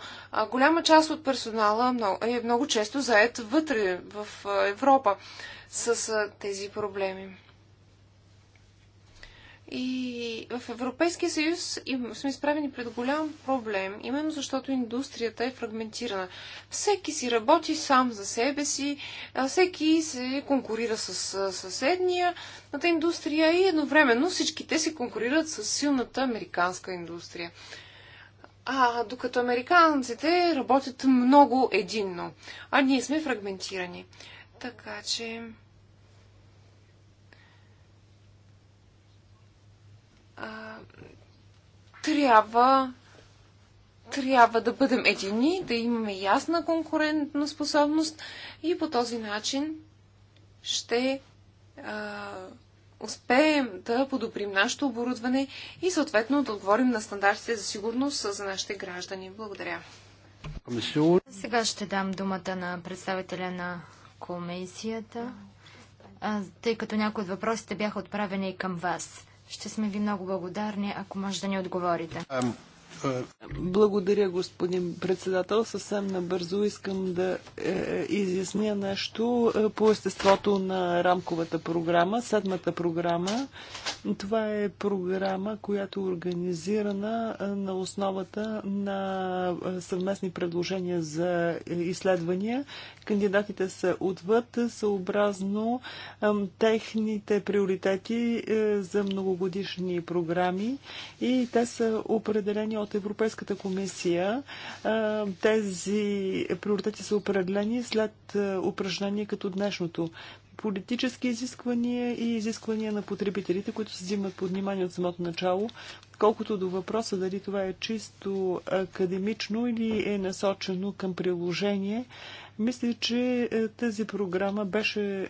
голяма част от персонала е много често заед вътре в Европа с тези проблеми. И в Европейския съюз сме изправени пред голям проблем, именно защото индустрията е фрагментирана. Всеки си работи сам за себе си, всеки се конкурира с съседния на индустрия и едновременно всички те се конкурират с силната американска индустрия. А докато американците работят много единно, а ние сме фрагментирани. Така че а, трябва трябва да бъдем едини, да имаме ясна конкурентна способност и по този начин ще а, успеем да подобрим нашето оборудване и съответно да отговорим на стандартите за сигурност за нашите граждани. Благодаря. Сега ще дам думата на представителя на комисията, тъй като някои от въпросите бяха отправени и към вас. Ще сме ви много благодарни, ако може да ни отговорите. Благодаря, господин председател. Съвсем набързо искам да е, е изясня нещо е, по естеството на рамковата програма, седмата програма. Това е програма, която е организирана е, на основата на съвместни предложения за изследвания. Кандидатите са отвъд, съобразно е, техните приоритети е, за многогодишни програми и те са определени от Европейската комисия. Тези приоритети са определени след упражнение като днешното. Политически изисквания и изисквания на потребителите, които се взимат под внимание от самото начало, колкото до въпроса дали това е чисто академично или е насочено към приложение, мисля, че е, тази програма беше е,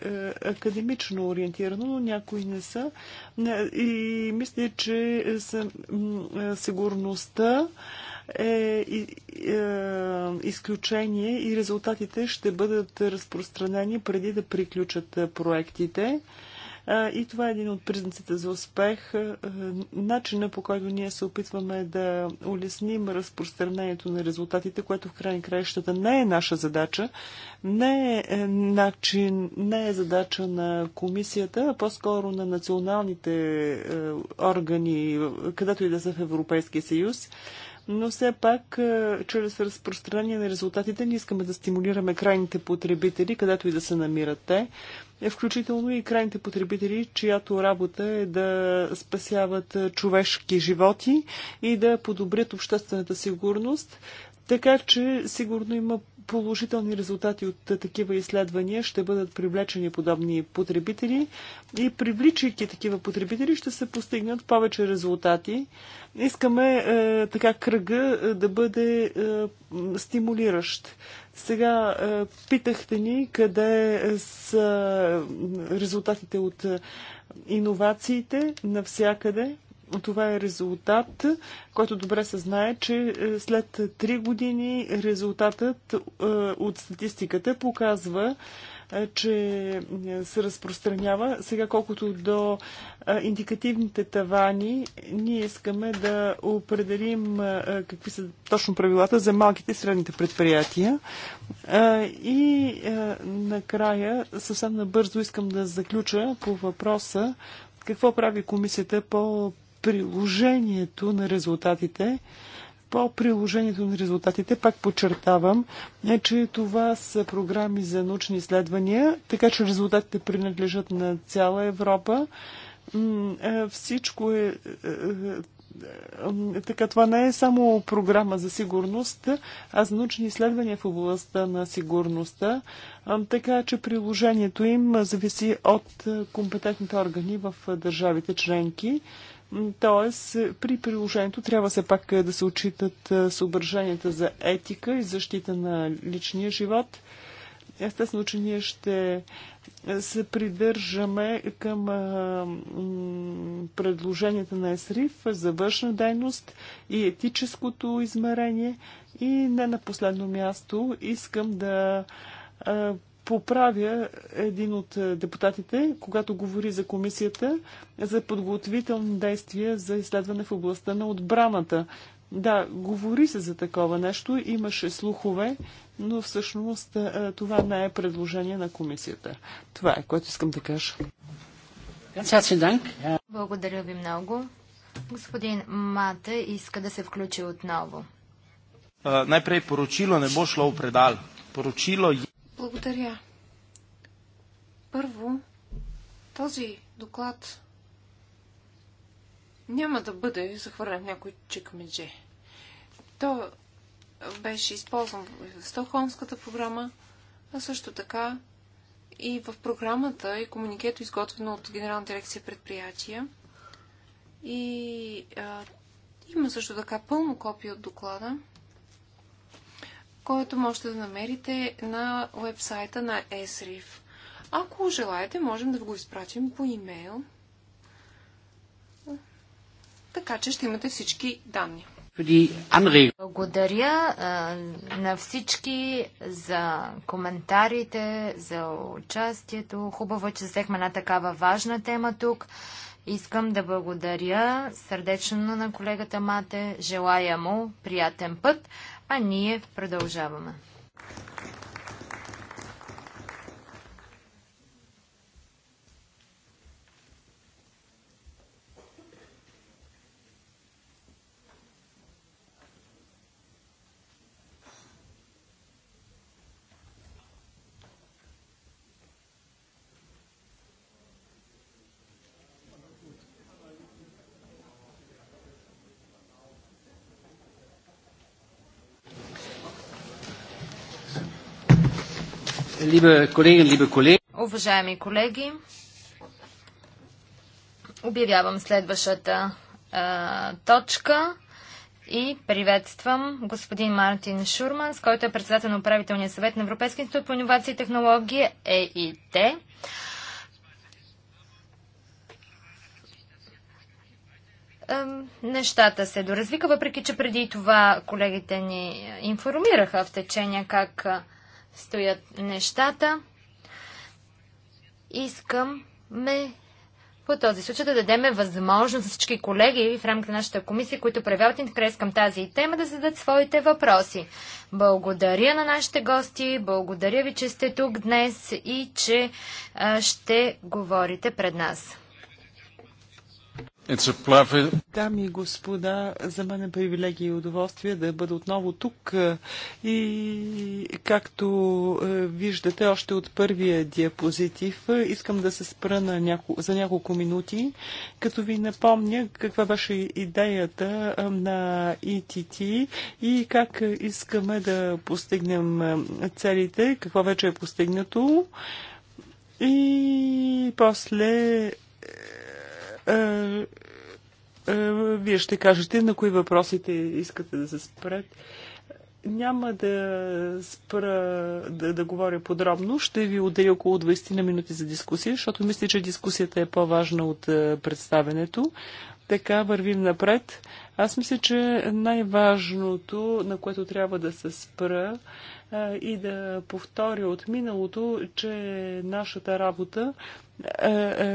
академично ориентирана, но някои не са. Е, и мисля, че сигурността е, изключение и резултатите ще бъдат разпространени преди да приключат проектите. И това е един от признаците за успех. Начина по който ние се опитваме да улесним разпространението на резултатите, което в край краищата не е наша задача, не е, е начин, не е задача на комисията, а по-скоро на националните е, органи, където и да са в Европейския съюз но все пак е, чрез разпространение на резултатите ние искаме да стимулираме крайните потребители, където и да се намират те, е, включително и крайните потребители, чиято работа е да спасяват е, човешки животи и да подобрят обществената сигурност. Така че сигурно има положителни резултати от такива изследвания ще бъдат привлечени подобни потребители и привличайки такива потребители ще се постигнат повече резултати. Искаме е, така кръга е, да бъде е, стимулиращ. Сега е, питахте ни къде са резултатите от е, иновациите навсякъде. Това е резултат, който добре се знае, че е, след 3 години резултатът е, от статистиката показва, е, че се разпространява. Сега колкото до индикативните тавани, ние искаме да определим какви са точно правилата за малките и средните предприятия. И накрая, съвсем набързо искам да заключа по въпроса какво прави комисията по приложението на резултатите. По приложението на резултатите, пак подчертавам, е, че това са програми за научни изследвания, така че резултатите принадлежат на цяла Европа. Е, всичко е, е, е така, това не е само програма за сигурност, а за научни изследвания в областта на сигурността, така че приложението им зависи от компетентните органи в държавите членки. Тоест, при приложението трябва все пак е, да се отчитат е, съображенията за етика и защита на личния живот. Естествено, че ние ще е, се придържаме към предложенията на ЕСРИФ за външна дейност и етическото измерение. И не на последно място искам да поправя един от е, депутатите, когато говори за комисията за подготовителни действия за изследване в областта на отбраната. Да, говори се за такова нещо, имаше слухове, но всъщност е, това не е предложение на комисията. Това е, което искам да кажа. Благодаря ви много. Господин Мате иска да се включи отново. Najprej poročilo ne bo šlo v predal. Poročilo je благодаря. Първо, този доклад няма да бъде захвърлен някой чекмедже. То беше използван в Стокхолмската програма, а също така и в програмата и комуникето, изготвено от Генерална дирекция предприятия. И а, има също така пълно копие от доклада който можете да намерите на вебсайта на ESRIF. Ако желаете, можем да го изпратим по имейл. Така че ще имате всички данни. Благодаря а, на всички за коментарите, за участието. Хубаво, е, че взехме една такава важна тема тук. Искам да благодаря сърдечно на колегата Мате. Желая му приятен път а ние продължаваме. Liebe liebe Уважаеми колеги, обявявам следващата а, точка и приветствам господин Мартин Шурман, с който е председател на управителния съвет на Европейския институт по инновации и технологии ЕИТ. нещата се доразвика, въпреки че преди това колегите ни информираха в течение как стоят нещата. Искам ме по този случай да дадеме възможност всички колеги в рамките на нашата комисия, които проявяват интерес към тази тема, да зададат своите въпроси. Благодаря на нашите гости, благодаря ви, че сте тук днес и че а, ще говорите пред нас. Дами и господа, за мен е привилегия и удоволствие да бъда отново тук е, и както е, виждате още от първия диапозитив, е, искам да се спра на няко... за няколко минути, като ви напомня каква беше идеята на ИТТ и как искаме да постигнем целите, какво вече е постигнато и после е, е, вие ще кажете на кои въпросите искате да се спрете. Няма да спра да, да говоря подробно. Ще ви отделя около 20 на минути за дискусия, защото мисля, че дискусията е по-важна от е, представенето. Така вървим напред. Аз мисля, че най-важното, на което трябва да се спра, и да повторя от миналото, че нашата работа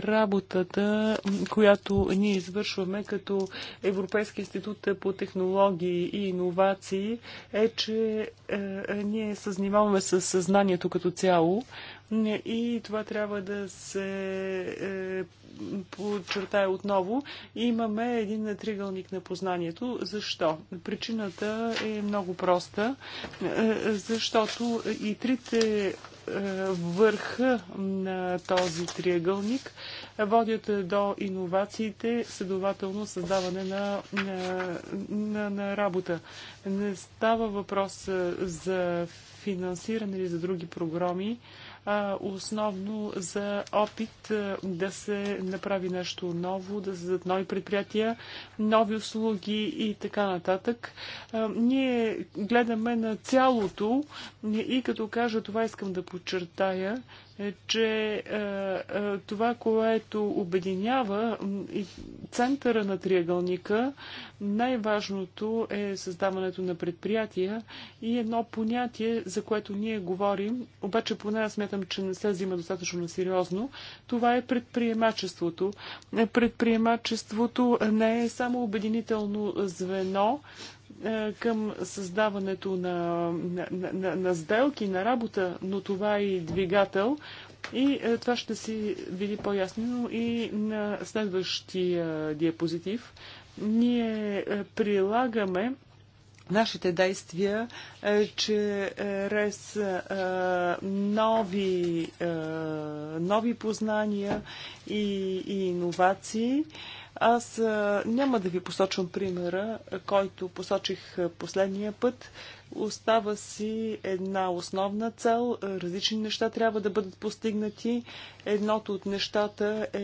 работата, която ние извършваме като Европейски институт по технологии и иновации е, че ние се занимаваме с съзнанието като цяло и това трябва да се е, подчертая отново, имаме един тригълник на познанието. Защо? Причината е много проста, е, защото и трите е, върха на този триъгълник водят до иновациите, следователно създаване на, на, на, на работа. Не става въпрос за финансиране или за други програми а основно за опит да се направи нещо ново, да се създадат нови предприятия, нови услуги и така нататък. Ние гледаме на цялото и като кажа това искам да подчертая, че е, е, това, което обединява и центъра на триъгълника, най-важното е създаването на предприятия и едно понятие, за което ние говорим, обаче поне аз смятам, че не се взима достатъчно сериозно, това е предприемачеството. Предприемачеството не е само обединително звено, е, към създаването на, на, на, на сделки, на работа, но това е и двигател. И е, това ще си види по-ясно и на следващия диапозитив. Ние е, прилагаме нашите действия, е, че е, е, нови, е, нови познания и, и иновации. Е, аз няма да ви посочвам примера, който посочих последния път. Остава си една основна цел. Различни неща трябва да бъдат постигнати. Едното от нещата е,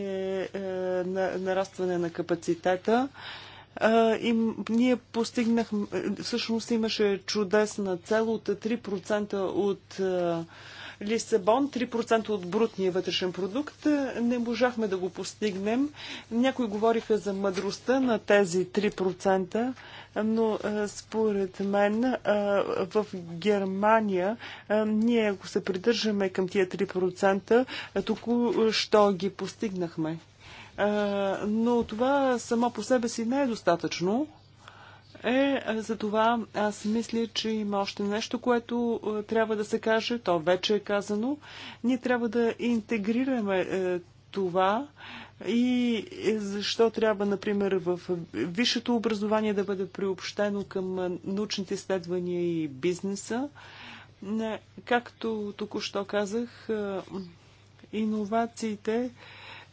е нарастване на капацитета. И ние постигнахме, всъщност имаше чудесна цел от 3% от Лисабон 3% от брутния вътрешен продукт. Не можахме да го постигнем. Някои говориха за мъдростта на тези 3%, но според мен в Германия ние, ако се придържаме към тия 3%, току-що ги постигнахме. Но това само по себе си не е достатъчно е, за това аз мисля, че има още нещо, което е, трябва да се каже, то вече е казано. Ние трябва да интегрираме е, това и е, защо трябва, например, в висшето образование да бъде приобщено към е, научните изследвания и бизнеса. Не, както току-що казах, е, иновациите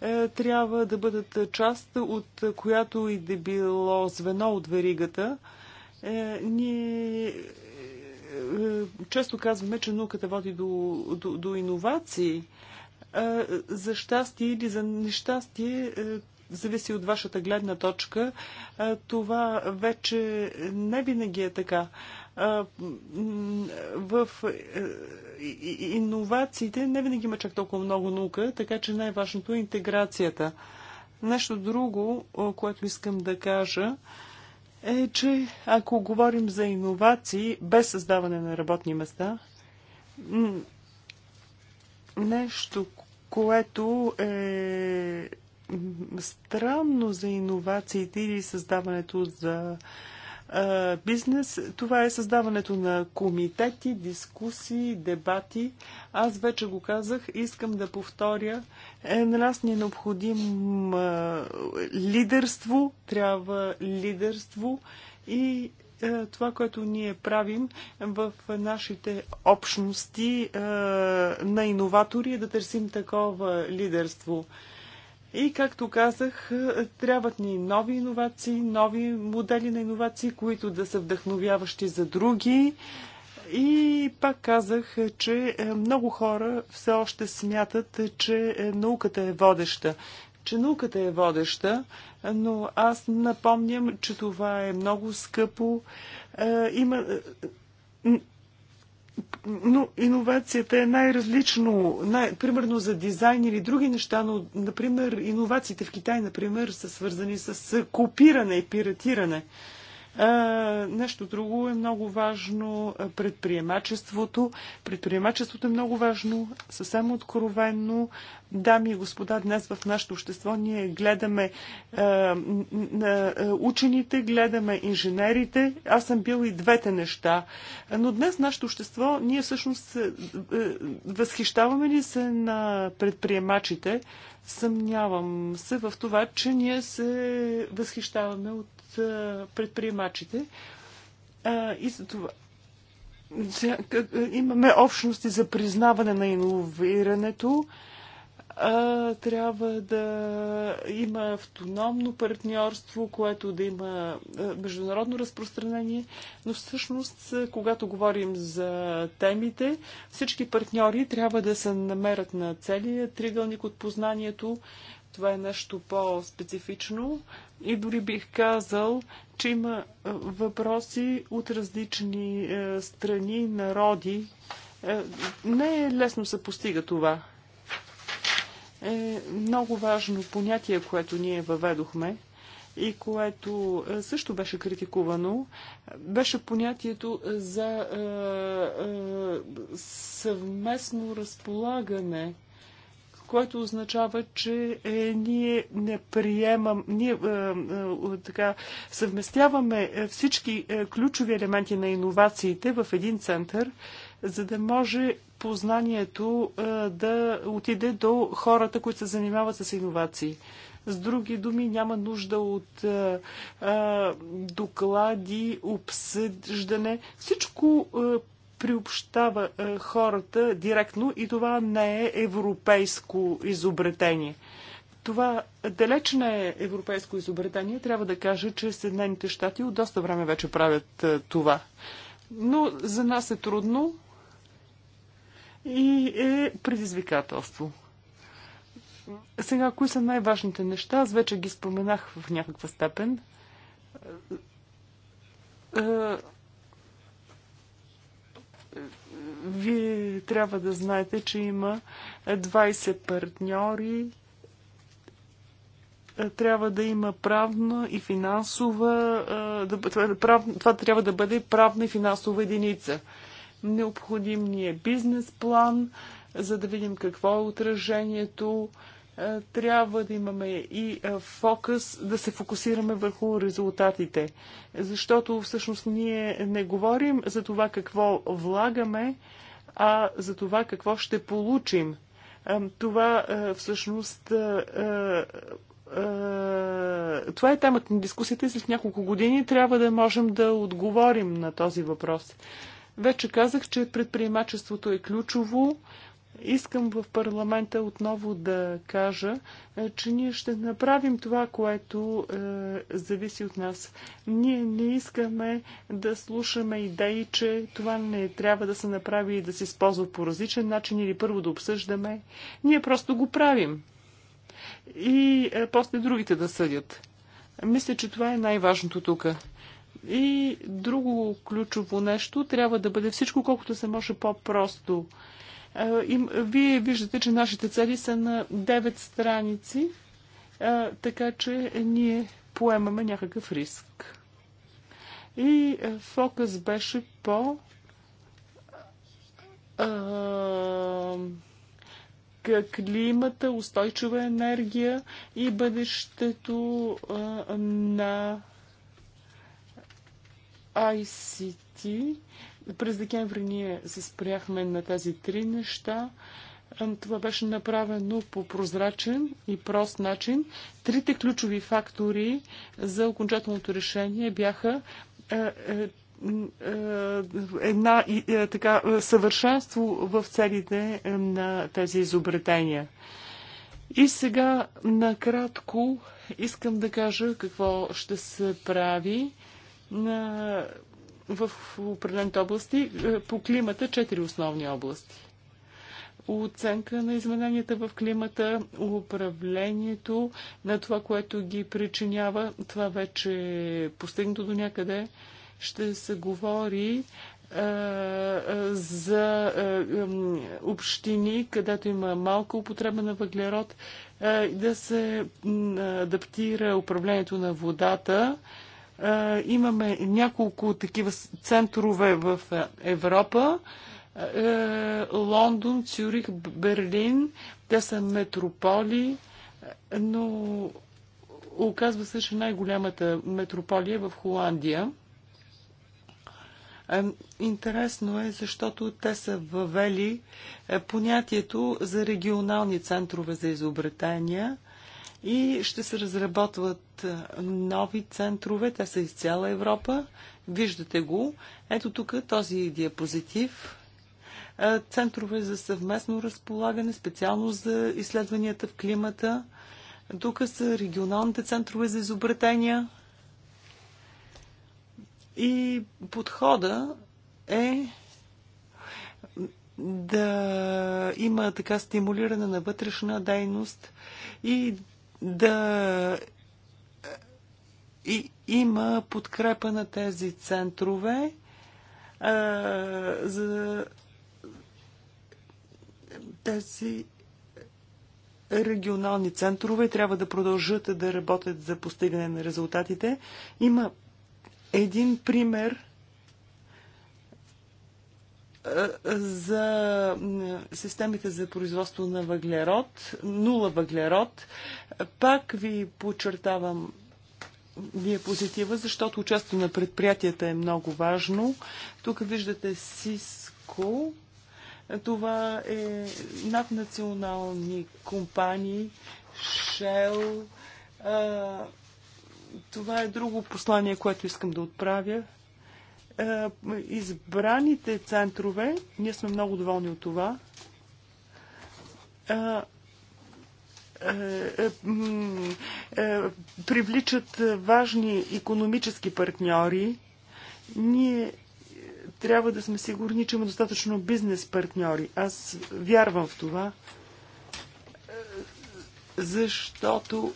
е, трябва да бъдат част от която и да било звено от веригата. Е, ние е, често казваме, че науката води до, до, до иновации. За щастие или за нещастие зависи от вашата гледна точка. Това вече не винаги е така в е, иновациите не винаги има чак толкова много наука, така че най-важното е интеграцията. Нещо друго, което искам да кажа, е, че ако говорим за иновации без създаване на работни места, нещо, което е странно за иновациите или създаването за бизнес. Това е създаването на комитети, дискусии, дебати. Аз вече го казах, искам да повторя. Е, на нас ни е необходим а, лидерство, трябва лидерство и това, което ние правим в нашите общности на иноватори е да търсим такова лидерство. И, както казах, трябват ни нови иновации, нови модели на иновации, които да са вдъхновяващи за други. И пак казах, че е, много хора все още смятат, че е, науката е водеща. Че науката е водеща, но аз напомням, че това е много скъпо. Е, има но иновацията е най-различно, най- примерно за дизайн или други неща, но, например, иновациите в Китай, например, са свързани с копиране и пиратиране. А, нещо друго е много важно предприемачеството. Предприемачеството е много важно, съвсем откровенно. Дами и господа, днес в нашето общество ние гледаме е, е, учените, гледаме инженерите. Аз съм бил и двете неща. Но днес в нашето общество ние всъщност е, е, възхищаваме ли се на предприемачите? Съмнявам се в това, че ние се възхищаваме от е, предприемачите. Е, и за това е, имаме общности за признаване на иновирането трябва да има автономно партньорство, което да има международно разпространение, но всъщност, когато говорим за темите, всички партньори трябва да се намерят на целия тригълник от познанието. Това е нещо по-специфично и дори бих казал, че има въпроси от различни страни, народи. Не е лесно се постига това е много важно понятие, което ние въведохме и което е, също беше критикувано, беше понятието за е, е, съвместно разполагане, което означава, че ние не приемам, ние така съвместяваме всички ключови елементи на иновациите в един център за да може познанието е, да отиде до хората, които се занимават с иновации. С други думи, няма нужда от а, е, а, е, доклади, обсъждане. Всичко а, приобщава а, хората директно и това не е европейско изобретение. Това далеч не е европейско изобретение. Трябва да кажа, че Съединените щати от доста време вече правят а, това. Но за нас е трудно и е предизвикателство. Сега, кои са най-важните неща? Аз вече ги споменах в някаква степен. Е, е, вие трябва да знаете, че има 20 партньори. Е, трябва да има правна и финансова. това трябва да бъде правна и финансова единица необходимния е бизнес план, за да видим какво е отражението. Е, трябва да имаме и е, фокус, да се фокусираме върху резултатите. Защото всъщност ние не говорим за това какво влагаме, а за това какво ще получим. Това всъщност това е темата на дискусията и след няколко години трябва да можем да отговорим на този въпрос. Вече казах, че предприемачеството е ключово. Искам в парламента отново да кажа, е, че ние ще направим това, което е, зависи от нас. Ние не искаме да слушаме идеи, че това не трябва да се направи и да се използва по различен начин или първо да обсъждаме. Ние просто го правим. И е, после другите да съдят. Мисля, че това е най-важното тук. И друго ключово нещо трябва да бъде всичко колкото се може по-просто. Е, вие виждате, че нашите цели са на 9 страници, е, така че ние поемаме някакъв риск. И е, фокус беше по климата, устойчива енергия и бъдещето на ICT. През декември ние се спряхме на тези три неща. Това беше направено по прозрачен и прост начин. Трите ключови фактори за окончателното решение бяха е, е, е, една така съвършенство в целите на тези изобретения. И сега накратко искам да кажа какво ще се прави на, в определените области, е, по климата четири основни области. Оценка на измененията в климата, управлението на това, което ги причинява, това вече е постигнато до някъде. Ще се говори е, е, за общини, където има малка употреба на въглерод, да се адаптира управлението на водата е, имаме няколко такива центрове в е, Европа. Е, Лондон, Цюрих, Берлин. Те са метрополи, но оказва се, че най-голямата метрополия е в Холандия. Интересно е, защото те са въвели понятието за регионални центрове за изобретения и ще се разработват нови центрове. Те са из цяла Европа. Виждате го. Ето тук този диапозитив. Центрове за съвместно разполагане, специално за изследванията в климата. Тук са регионалните центрове за изобретения. И подхода е да има така стимулиране на вътрешна дейност и да и, има подкрепа на тези центрове а, за тези регионални центрове трябва да продължат да работят за постигане на резултатите. Има един пример за системите за производство на въглерод, нула въглерод. Пак ви подчертавам позитива, защото участието на предприятията е много важно. Тук виждате Сиско. Това е наднационални компании, Shell. Това е друго послание, което искам да отправя. Е, избраните центрове, ние сме много доволни от това, е, е, привличат важни економически партньори. Ние трябва да сме сигурни, че има достатъчно бизнес партньори. Аз вярвам в това, защото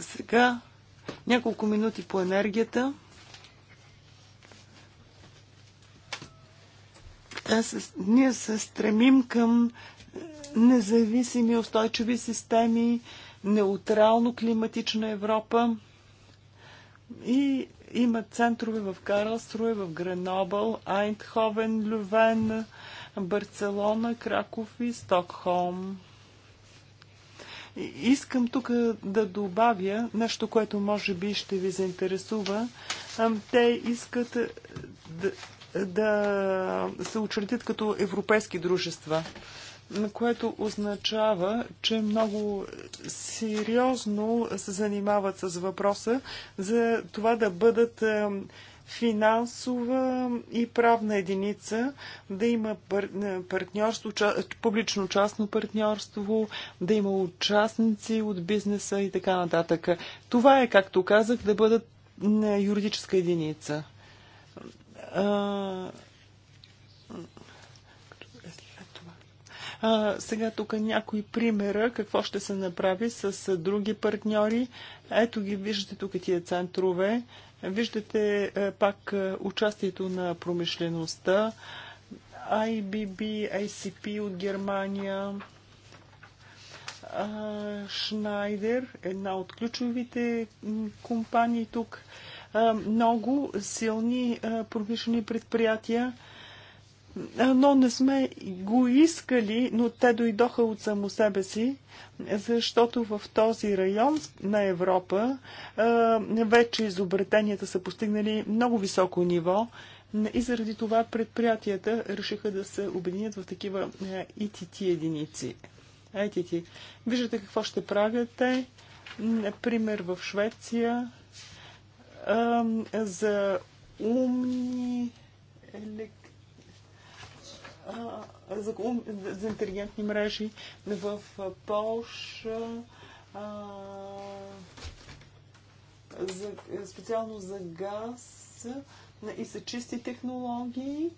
сега няколко минути по енергията. ние се стремим към независими устойчиви системи, неутрално климатична Европа и има центрове в Карлструе, в Гренобъл, Айнтховен, Лювен, Барселона, Краков и Стокхолм. Искам тук да добавя нещо, което може би ще ви заинтересува. Те искат да, да се учредят като европейски дружества което означава, че много сериозно се занимават с въпроса за това да бъдат финансова и правна единица, да има партньорство, публично-частно партньорство, да има участници от бизнеса и така нататък. Това е, както казах, да бъдат юридическа единица. А, сега тук някои примера, какво ще се направи с други партньори. Ето ги, виждате тук тия центрове. А, Виждате е, пак е, участието на промишлеността, IBB, ICP от Германия, Шнайдер, една от ключовите компании тук. Много силни промишлени предприятия но не сме го искали, но те дойдоха от само себе си, защото в този район на Европа вече изобретенията са постигнали много високо ниво и заради това предприятията решиха да се объединят в такива ИТТ единици. ИТТ. Виждате какво ще правят те. Например, в Швеция за умни електронни за, за интелигентни мрежи в Польша, за, специално за газ и за чисти технологии.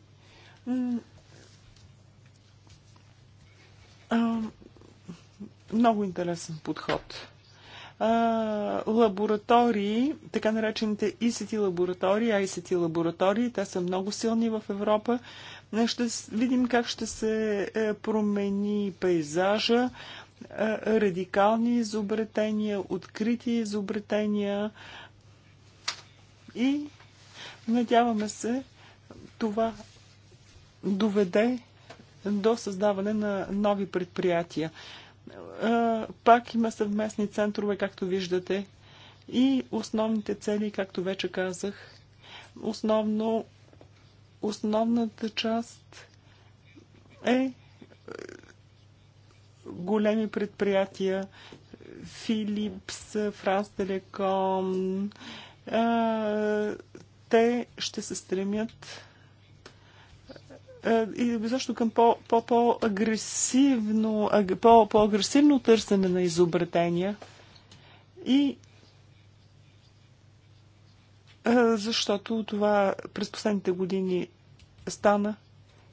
Много интересен подход лаборатории, така наречените ICT лаборатории, ICT лаборатории, те са много силни в Европа. Е, ще видим как ще се е, промени пейзажа, е, радикални изобретения, открити изобретения и надяваме се това доведе до създаване на нови предприятия. Пак има съвместни центрове, както виждате, и основните цели, както вече казах, основно основната част е, е големи предприятия Филипс, Франс Телеком. Е, те ще се стремят е, и защо към по-агресивно, по, по, по, по, -по търсене на изобретения и е, защото това през последните години стана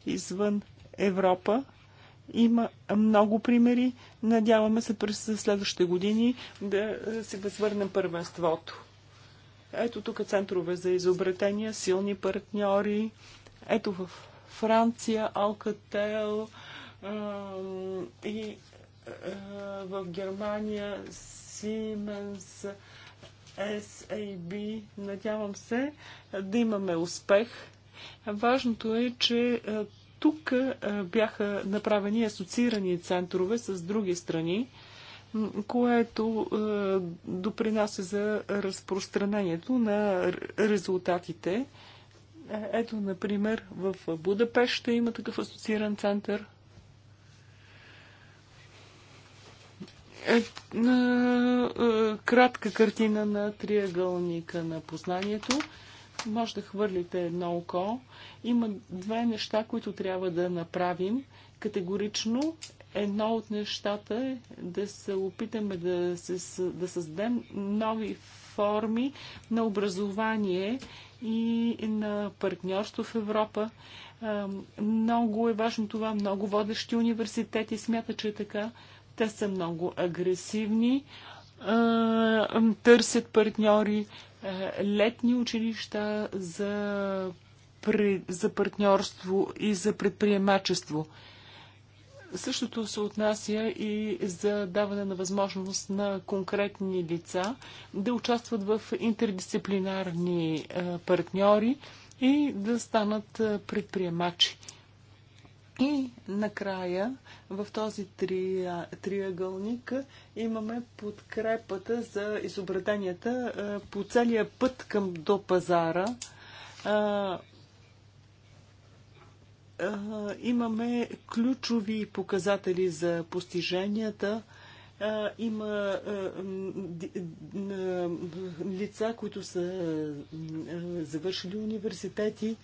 извън Европа. Има много примери. Надяваме се през следващите години да се възвърнем първенството. Ето тук центрове за изобретения, силни партньори. Ето в Франция, Алкател и в Германия, Сименс. SAB. Надявам се да имаме успех. Важното е, че тук бяха направени асоциирани центрове с други страни, което допринася за разпространението на резултатите. Ето, например, в Будапешта има такъв асоцииран център – Е, е, кратка картина на триъгълника на познанието. Може да хвърлите едно око. Има две неща, които трябва да направим категорично. Едно от нещата е да се опитаме да, се, да създадем нови форми на образование и на партньорство в Европа. Е, много е важно това. Много водещи университети смятат, че е така. Те са много агресивни, търсят партньори, летни училища за, за партньорство и за предприемачество. Същото се отнася и за даване на възможност на конкретни лица да участват в интердисциплинарни партньори и да станат предприемачи. И накрая в този три, триъгълник имаме подкрепата за изобретенията по целия път към до пазара. имаме ключови показатели за постиженията. има лица, които са завършили университети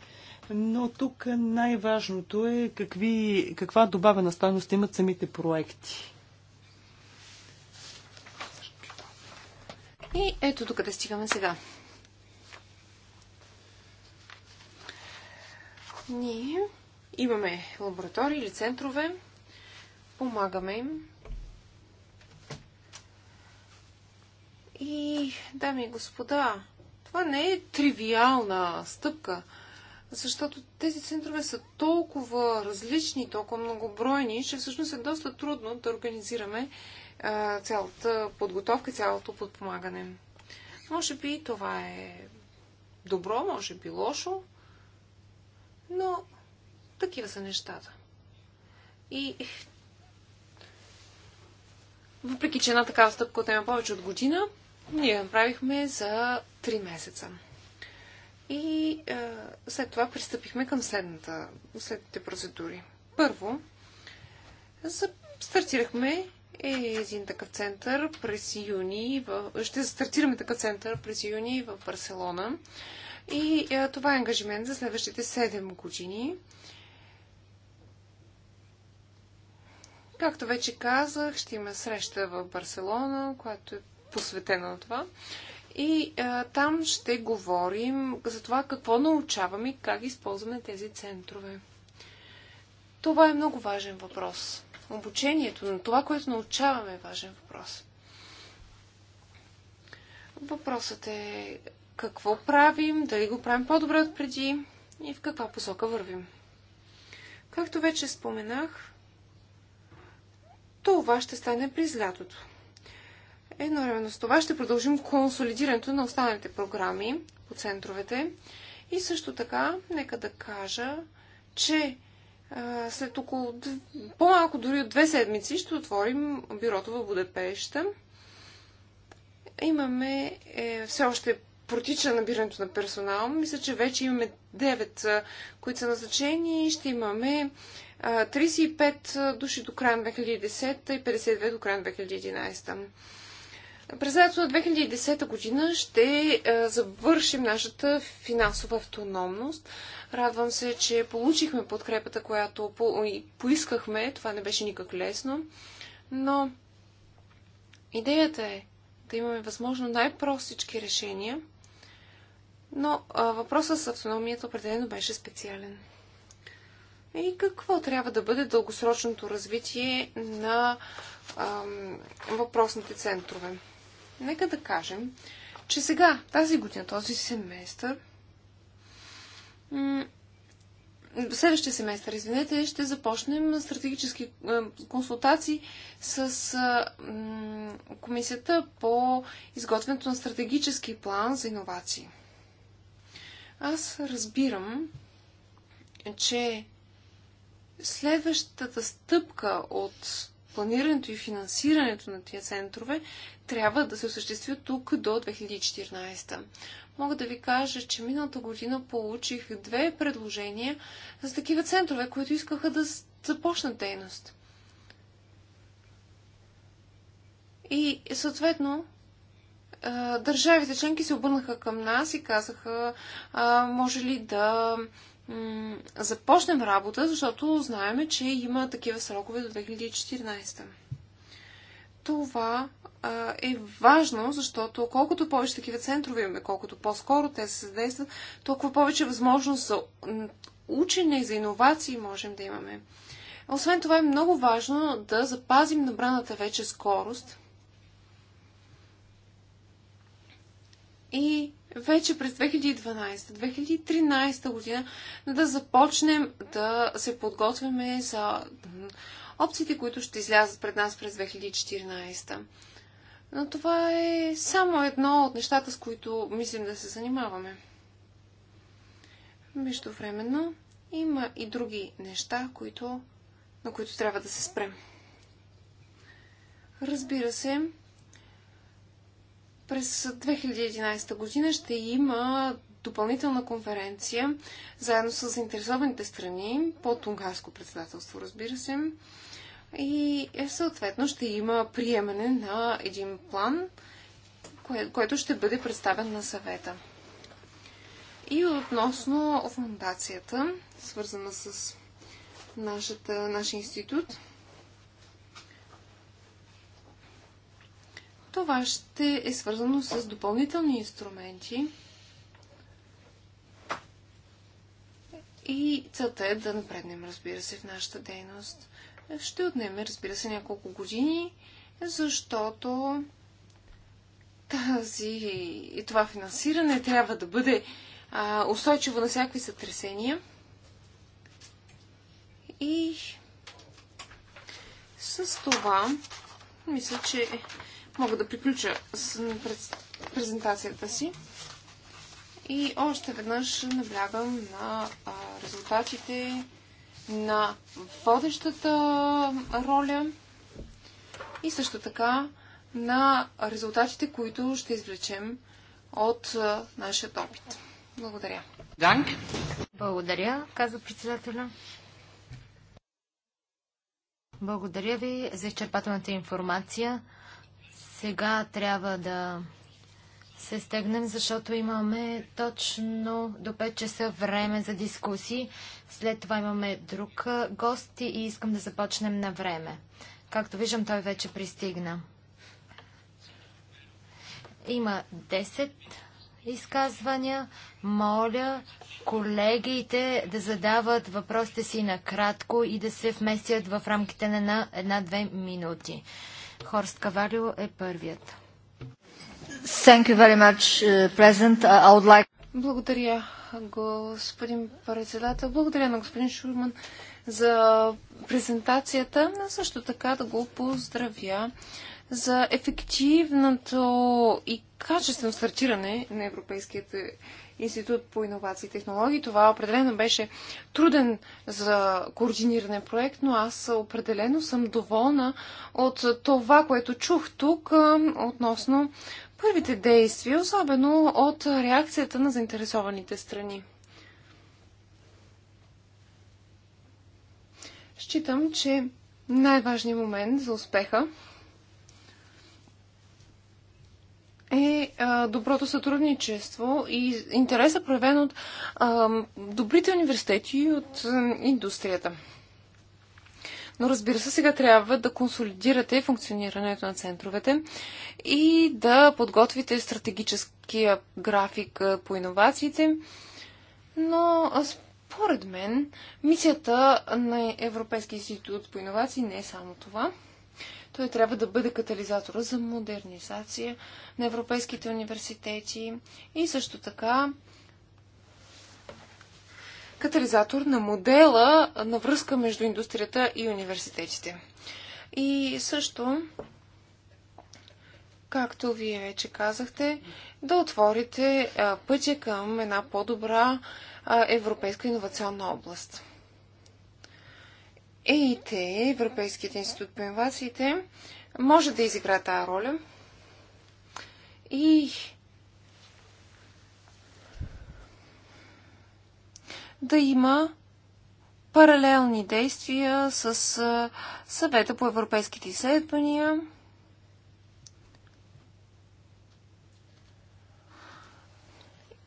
но тук най-важното е какви, каква добавена стойност имат самите проекти. И ето тук да стигаме сега. Ние имаме лаборатории или центрове, помагаме им. И, дами и господа, това не е тривиална стъпка – защото тези центрове са толкова различни, толкова многобройни, че всъщност е доста трудно да организираме а, цялата подготовка, цялото подпомагане. Може би това е добро, може би лошо, но такива са нещата. И въпреки, че една такава стъпка отнема повече от година, ние направихме за 3 месеца. И е, след това пристъпихме към следната, следните процедури. Първо, за, стартирахме един такъв център през юни. В, ще стартираме такъв център през юни в Барселона. И е, това е ангажимент за следващите 7 години. Както вече казах, ще има среща в Барселона, която е посветена на това. И а, там ще говорим за това какво научаваме и как използваме тези центрове. Това е много важен въпрос. Обучението на това, което научаваме е важен въпрос. Въпросът е какво правим, дали го правим по-добре от преди и в каква посока вървим. Както вече споменах, това ще стане през лятото. Едновременно с това ще продължим консолидирането на останалите програми по центровете. И също така, нека да кажа, че а, след около по-малко дори от две седмици ще отворим бюрото в Будапеща. Имаме е, все още протича набирането на персонал. Мисля, че вече имаме 9, които са назначени. Ще имаме 35 души до края на 2010 и 52 до края на 2011. През лятото на 2010 година ще е, завършим нашата финансова автономност. Радвам се, че получихме подкрепата, която поискахме. Това не беше никак лесно. Но идеята е да имаме възможно най-простички решения. Но въпросът с автономията определено беше специален. И какво трябва да бъде дългосрочното развитие на въпросните центрове? нека да кажем, че сега, тази година, този семестър, следващия семестър, извинете, ще започнем стратегически е, консултации с е, комисията по изготвянето на стратегически план за иновации. Аз разбирам, че следващата стъпка от планирането и финансирането на тия центрове трябва да се осъществи тук до 2014. Мога да ви кажа, че миналата година получих две предложения за такива центрове, които искаха да започнат дейност. И съответно, държавите членки се обърнаха към нас и казаха, може ли да започнем работа, защото знаем, че има такива срокове до 2014. Това а, е важно, защото колкото повече такива центрове имаме, колкото по-скоро те се задействат, толкова повече възможност за учене и за иновации можем да имаме. Освен това е много важно да запазим набраната вече скорост и вече през 2012-2013 година да започнем да се подготвяме за опциите, които ще излязат пред нас през 2014. Но това е само едно от нещата, с които мислим да се занимаваме. Междувременно има и други неща, които, на които трябва да се спрем. Разбира се, през 2011 година ще има допълнителна конференция заедно с заинтересованите страни по тунгарско председателство, разбира се. И е, съответно ще има приемане на един план, кое, който ще бъде представен на съвета. И относно фундацията, свързана с нашата, нашия институт, Това ще е свързано с допълнителни инструменти. И целта е да напреднем, разбира се, в нашата дейност. Ще отнеме, разбира се, няколко години, защото тази и това финансиране трябва да бъде а, устойчиво на всякакви сътресения. И с това мисля, че мога да приключа с презентацията си. И още веднъж наблягам на резултатите на водещата роля и също така на резултатите, които ще извлечем от нашия опит. Благодаря. Данк. Благодаря, каза председателя. Благодаря ви за изчерпателната информация. Сега трябва да се стегнем, защото имаме точно до 5 часа време за дискусии. След това имаме друг гост и искам да започнем на време. Както виждам, той вече пристигна. Има 10 изказвания. Моля колегите да задават въпросите си накратко и да се вместят в рамките на една-две минути. Хорст Кавалио е първият. Thank you very much, uh, President. I would like... Благодаря, господин председател. Благодаря на господин Шурман за презентацията, но също така да го поздравя за ефективното и качествено стартиране на европейските институт по иновации и технологии. Това определено беше труден за координиране проект, но аз определено съм доволна от това, което чух тук относно първите действия, особено от реакцията на заинтересованите страни. Считам, че най-важният момент за успеха е доброто сътрудничество и интереса проявен от добрите университети и от индустрията. Но разбира се, сега трябва да консолидирате функционирането на центровете и да подготвите стратегическия график по иновациите. Но според мен, мисията на Европейския институт по иновации не е само това. Той трябва да бъде катализатора за модернизация на европейските университети и също така катализатор на модела на връзка между индустрията и университетите. И също, както вие вече казахте, да отворите пътя към една по-добра европейска иновационна област. ЕИТ, Европейският институт по инвазиите, може да изигра тази роля. И да има паралелни действия с съвета по европейските изследвания.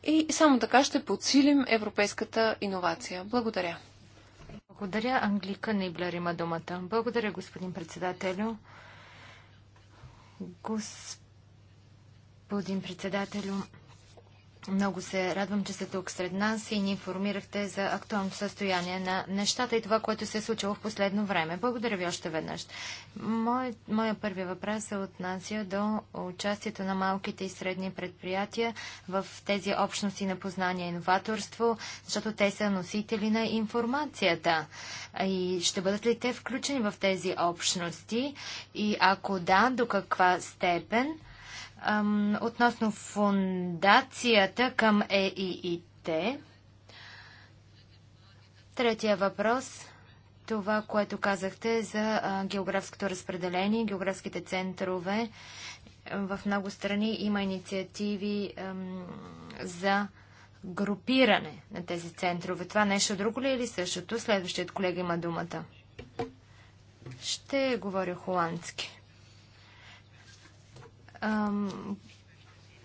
И само така ще подсилим европейската иновация. Благодаря. Благодаря. Англика Нейблер има думата. Благодаря, господин председателю. Господин председателю, много се радвам, че сте тук сред нас и ни информирахте за актуалното състояние на нещата и това, което се е случило в последно време. Благодаря ви още веднъж. Моя, моя първи въпрос се отнася до участието на малките и средни предприятия в тези общности на познание и новаторство, защото те са носители на информацията. И ще бъдат ли те включени в тези общности? И ако да, до каква степен? Относно фундацията към ЕИИТ, третия въпрос – това, което казахте за географското разпределение, географските центрове. В много страни има инициативи за групиране на тези центрове. Това нещо друго ли е или същото? Следващият колега има думата. Ще говоря холандски.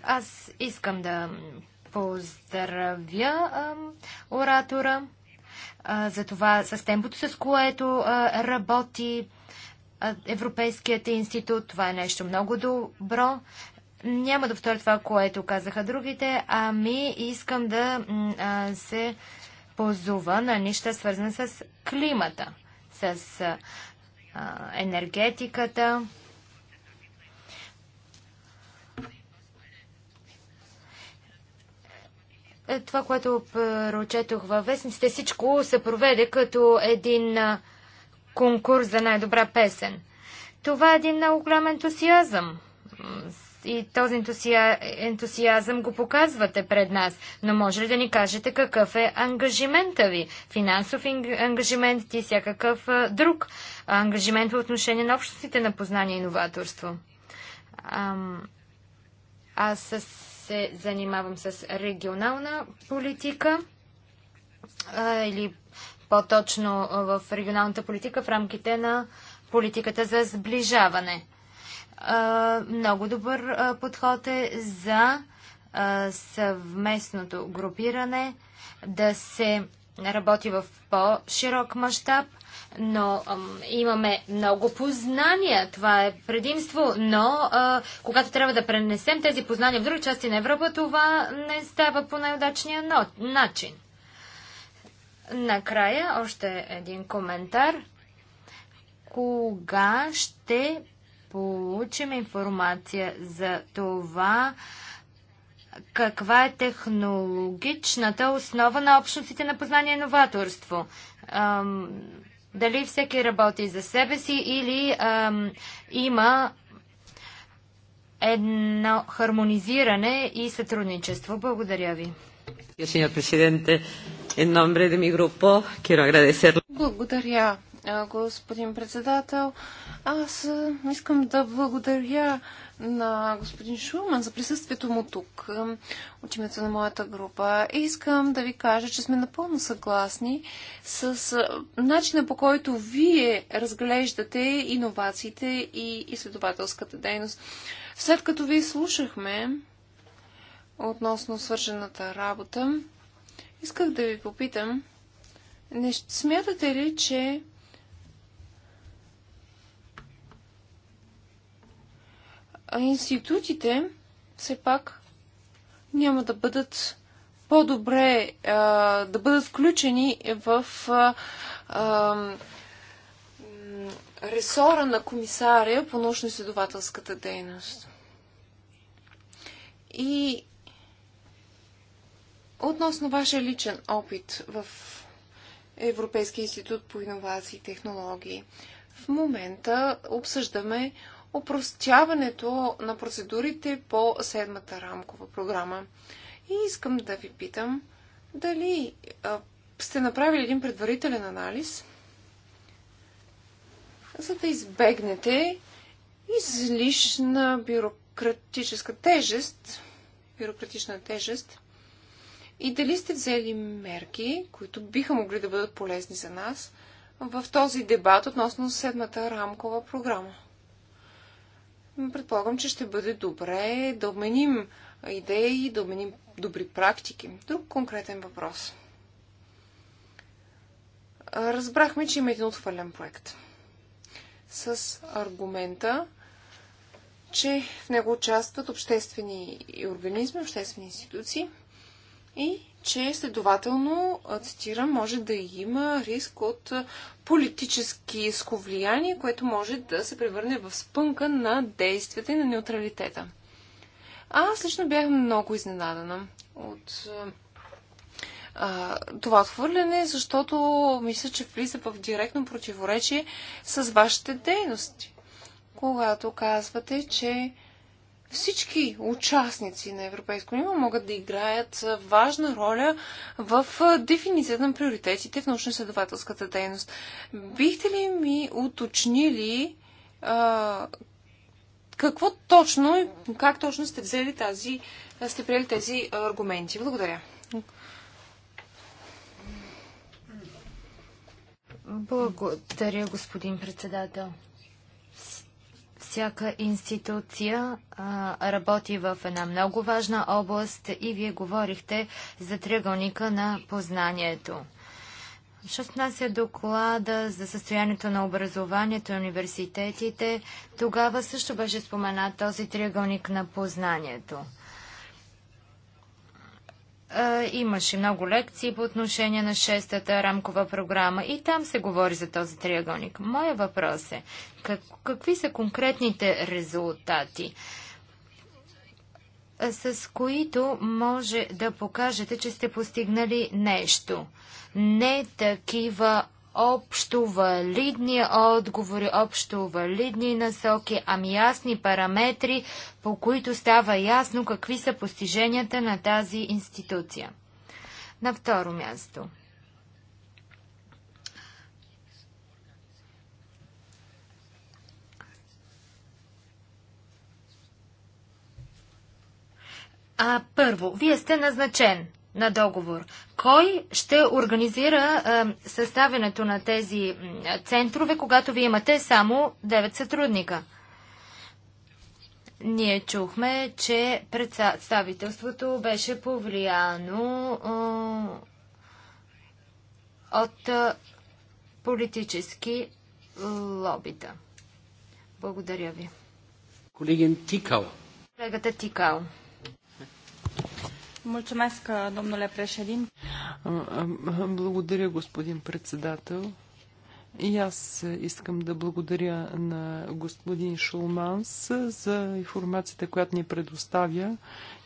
Аз искам да поздравя оратора за това с темпото, с което работи Европейският институт. Това е нещо много добро. Няма да повторя това, което казаха другите, ами искам да се позова на неща, свързани с климата, с енергетиката, Е, това, което прочетох във вестниците, всичко се проведе като един конкурс за най-добра песен. Това е един много голям ентусиазъм. И този ентусиазъм го показвате пред нас. Но може ли да ни кажете какъв е ангажимента ви? Финансов ангажимент и всякакъв друг ангажимент в отношение на общностите на познание и новаторство. Аз с се занимавам с регионална политика а, или по-точно в регионалната политика в рамките на политиката за сближаване. А, много добър а, подход е за съвместното групиране, да се работи в по-широк мащаб – но ам, имаме много познания. Това е предимство, но а, когато трябва да пренесем тези познания в други части на Европа, това не става по най-удачния начин. Накрая още един коментар. Кога ще получим информация за това, каква е технологичната основа на общностите на познание и новаторство? Ам, дали всеки работи за себе си или ам, има едно хармонизиране и сътрудничество. Благодаря ви. Благодаря, господин председател. Аз искам да благодаря на господин Шуман за присъствието му тук от името на моята група. И искам да ви кажа, че сме напълно съгласни с начина по който вие разглеждате иновациите и изследователската дейност. След като ви слушахме относно свършената работа, исках да ви попитам, не смятате ли, че институтите все пак няма да бъдат по-добре да бъдат включени в а, а, ресора на комисаря по научно-изследователската дейност. И относно вашия личен опит в Европейския институт по иновации и технологии, в момента обсъждаме опростяването на процедурите по седмата рамкова програма. И искам да ви питам дали а, сте направили един предварителен анализ, за да избегнете излишна бюрократическа тежест, бюрократична тежест, и дали сте взели мерки, които биха могли да бъдат полезни за нас в този дебат относно седмата рамкова програма предполагам, че ще бъде добре да обменим идеи, да обменим добри практики. Друг конкретен въпрос. Разбрахме, че има един отхвърлен проект. С аргумента, че в него участват обществени организми, обществени институции и че следователно, цитирам, може да има риск от политически изковлияние, което може да се превърне в спънка на действията и на неутралитета. Аз лично бях много изненадана от а, това отхвърляне, защото мисля, че влиза в директно противоречие с вашите дейности. Когато казвате, че всички участници на европейско ниво могат да играят важна роля в дефиницията на приоритетите в научно-изследователската дейност. Бихте ли ми уточнили а, какво точно и как точно сте взели тази, сте приели тези аргументи? Благодаря. Благодаря, господин председател всяка институция а, работи в една много важна област и вие говорихте за триъгълника на познанието. Що се доклада за състоянието на образованието и университетите, тогава също беше споменат този триъгълник на познанието имаше много лекции по отношение на шестата рамкова програма и там се говори за този триъгълник. Моя въпрос е, как, какви са конкретните резултати, с които може да покажете, че сте постигнали нещо? Не такива общо валидни отговори, общо валидни насоки, ами ясни параметри, по които става ясно какви са постиженията на тази институция. На второ място. А, първо, вие сте назначен на договор. Кой ще организира е, съставянето на тези центрове, когато ви имате само 9 сътрудника? Ние чухме, че представителството беше повлияно е, от е, политически лобита. Благодаря ви. Колегин Тикал. Колегата Тикал. Mulțumesc, domnule președinte. Благодаря, господин председател. И аз искам да благодаря на господин Шулманс за информацията, която ни предоставя.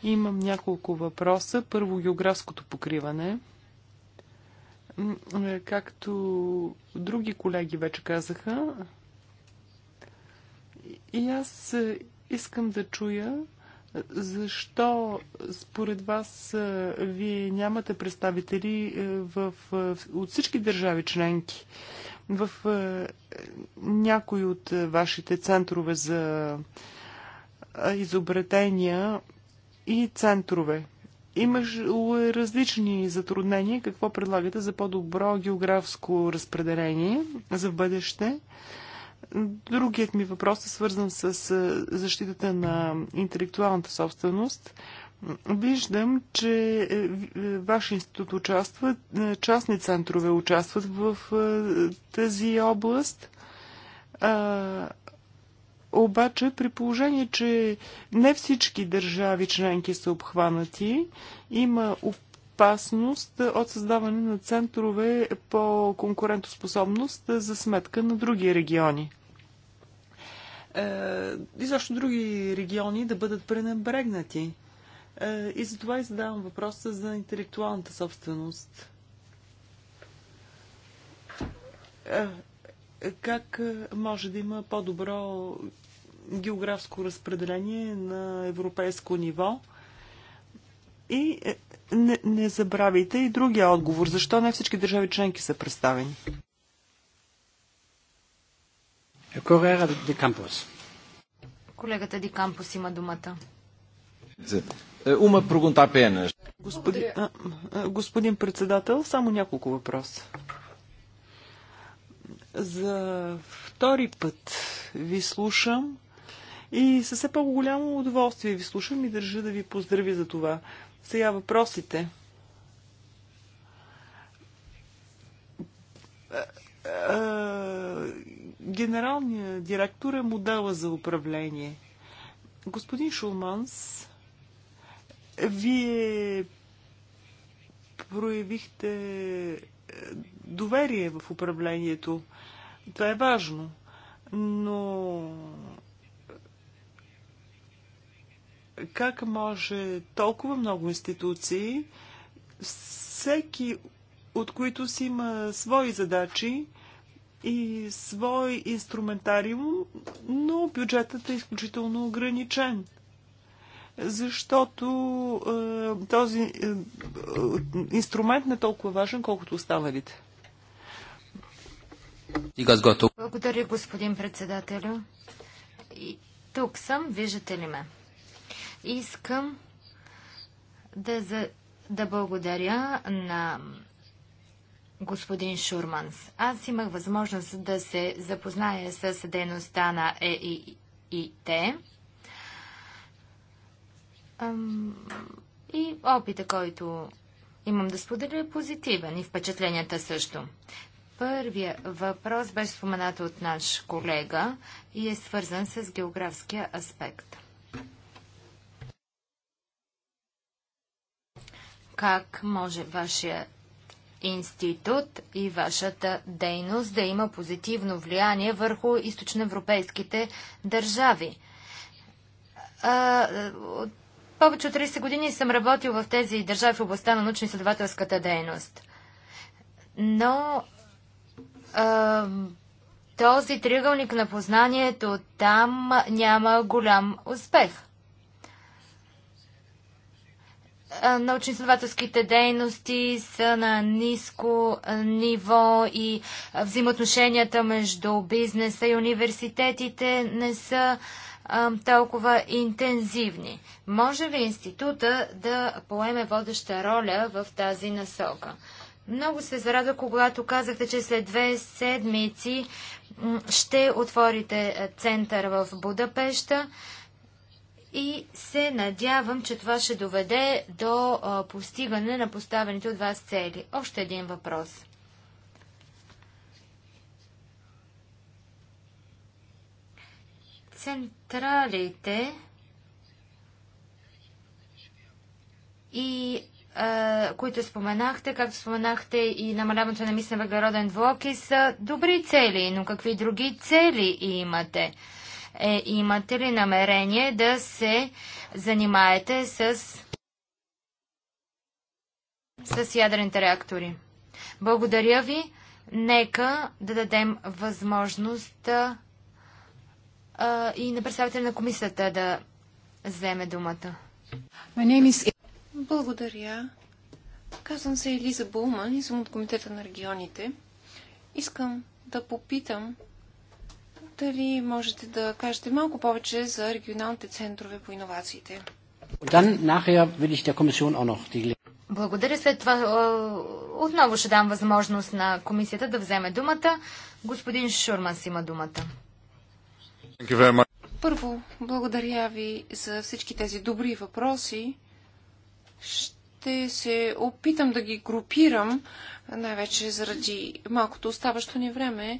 Имам няколко въпроса. Първо, географското покриване. Както други колеги вече казаха, и аз искам да чуя защо според вас вие нямате представители в, от всички държави членки? В някои от вашите центрове за изобретения и центрове имаш различни затруднения. Какво предлагате за по-добро географско разпределение за бъдеще? Другият ми въпрос е свързан с е, защитата на интелектуалната собственост. Виждам, че е, е, ваш институт участва, частни центрове участват в тази област. А, обаче, при положение, че не всички държави членки са обхванати, има опасност от създаване на центрове по конкурентоспособност за сметка на други региони. Е, и защо други региони да бъдат пренебрегнати? Е, и затова и задавам въпроса за интелектуалната собственост. Е, как може да има по-добро географско разпределение на европейско ниво – и е, не, не забравяйте и другия отговор. Защо не всички държави членки са представени? Корера де Кампус. Колегата Ди Кампус има думата. Е, е, ума прогунта апена. Господин, господин председател, само няколко въпроса. За втори път ви слушам и със все по-голямо удоволствие ви слушам и държа да ви поздравя за това. Сега въпросите. Е, е, генералният директор е модела за управление. Господин Шулманс, вие проявихте е, доверие в управлението. Това е важно, но как може толкова много институции, всеки от които си има свои задачи и свой инструментариум, но бюджетът е изключително ограничен защото е, този е, инструмент не е толкова важен, колкото останалите. Благодаря, господин председателю. И тук съм, виждате ли ме? Искам да, за, да благодаря на господин Шурманс. Аз имах възможност да се запозная с дейността на ЕИИТ и опита, който имам да споделя е позитивен и впечатленията също. Първия въпрос беше споменат от наш колега и е свързан с географския аспект. как може вашия институт и вашата дейност да има позитивно влияние върху източноевропейските държави. от повече от 30 години съм работил в тези държави в областта на научно-изследователската дейност. Но а, този триъгълник на познанието там няма голям успех. Е, научно-изследователските дейности са на ниско е, ниво и е, взаимоотношенията между бизнеса и университетите не са толкова интензивни. Може ли института да поеме водеща роля в тази насока? Много се зарадва, когато казахте, че след две седмици ще отворите център в Будапеща и се надявам, че това ще доведе до постигане на поставените от вас цели. Още един въпрос. Централите и които споменахте, както споменахте и намаляването на мисля въглероден двуокис, са добри цели, но какви други цели имате? е, имате ли намерение да се занимаете с, с ядрените реактори? Благодаря ви. Нека да дадем възможност а, а, и на представителя на комисията да вземе думата. Благодаря. Казвам се Елиза Булман и съм от Комитета на регионите. Искам да попитам дали можете да кажете малко повече за регионалните центрове по иновациите? Благодаря. След това отново ще дам възможност на комисията да вземе думата. Господин Шурман си има думата. Първо, благодаря ви за всички тези добри въпроси. Ще се опитам да ги групирам, най-вече заради малкото оставащо ни време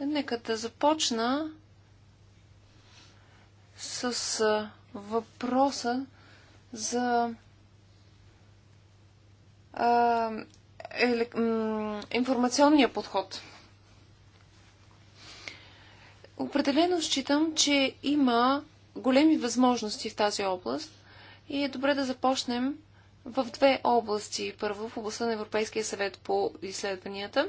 Нека да започна с въпроса за а, еле, информационния подход. Определено считам, че има големи възможности в тази област и е добре да започнем в две области. Първо в областта на Европейския съвет по изследванията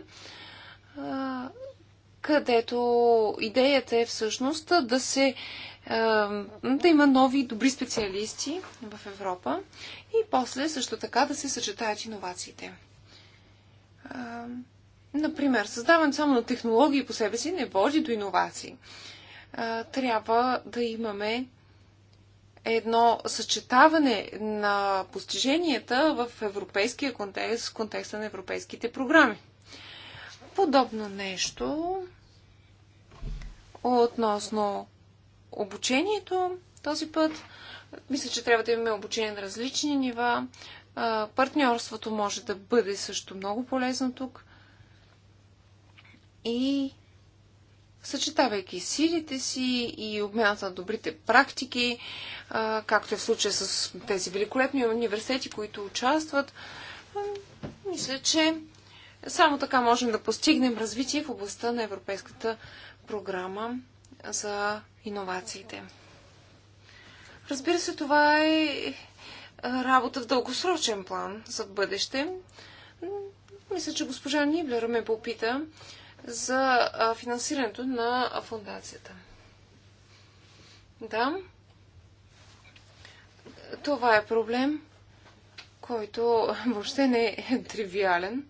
където идеята е всъщност да се да има нови добри специалисти в Европа и после също така да се съчетаят иновациите. Например, създаването само на технологии по себе си не води до иновации. Трябва да имаме едно съчетаване на постиженията в европейския контекст, контекста на европейските програми подобно нещо относно обучението този път. Мисля, че трябва да имаме обучение на различни нива. Партньорството може да бъде също много полезно тук. И съчетавайки силите си и обмяната на добрите практики, както е в случая с тези великолепни университети, които участват, мисля, че само така можем да постигнем развитие в областта на Европейската програма за иновациите. Разбира се, това е, е работа в дългосрочен план за бъдеще. Мисля, че госпожа Ниблер ме попита за финансирането на фундацията. Да, това е проблем, който въобще не е тривиален.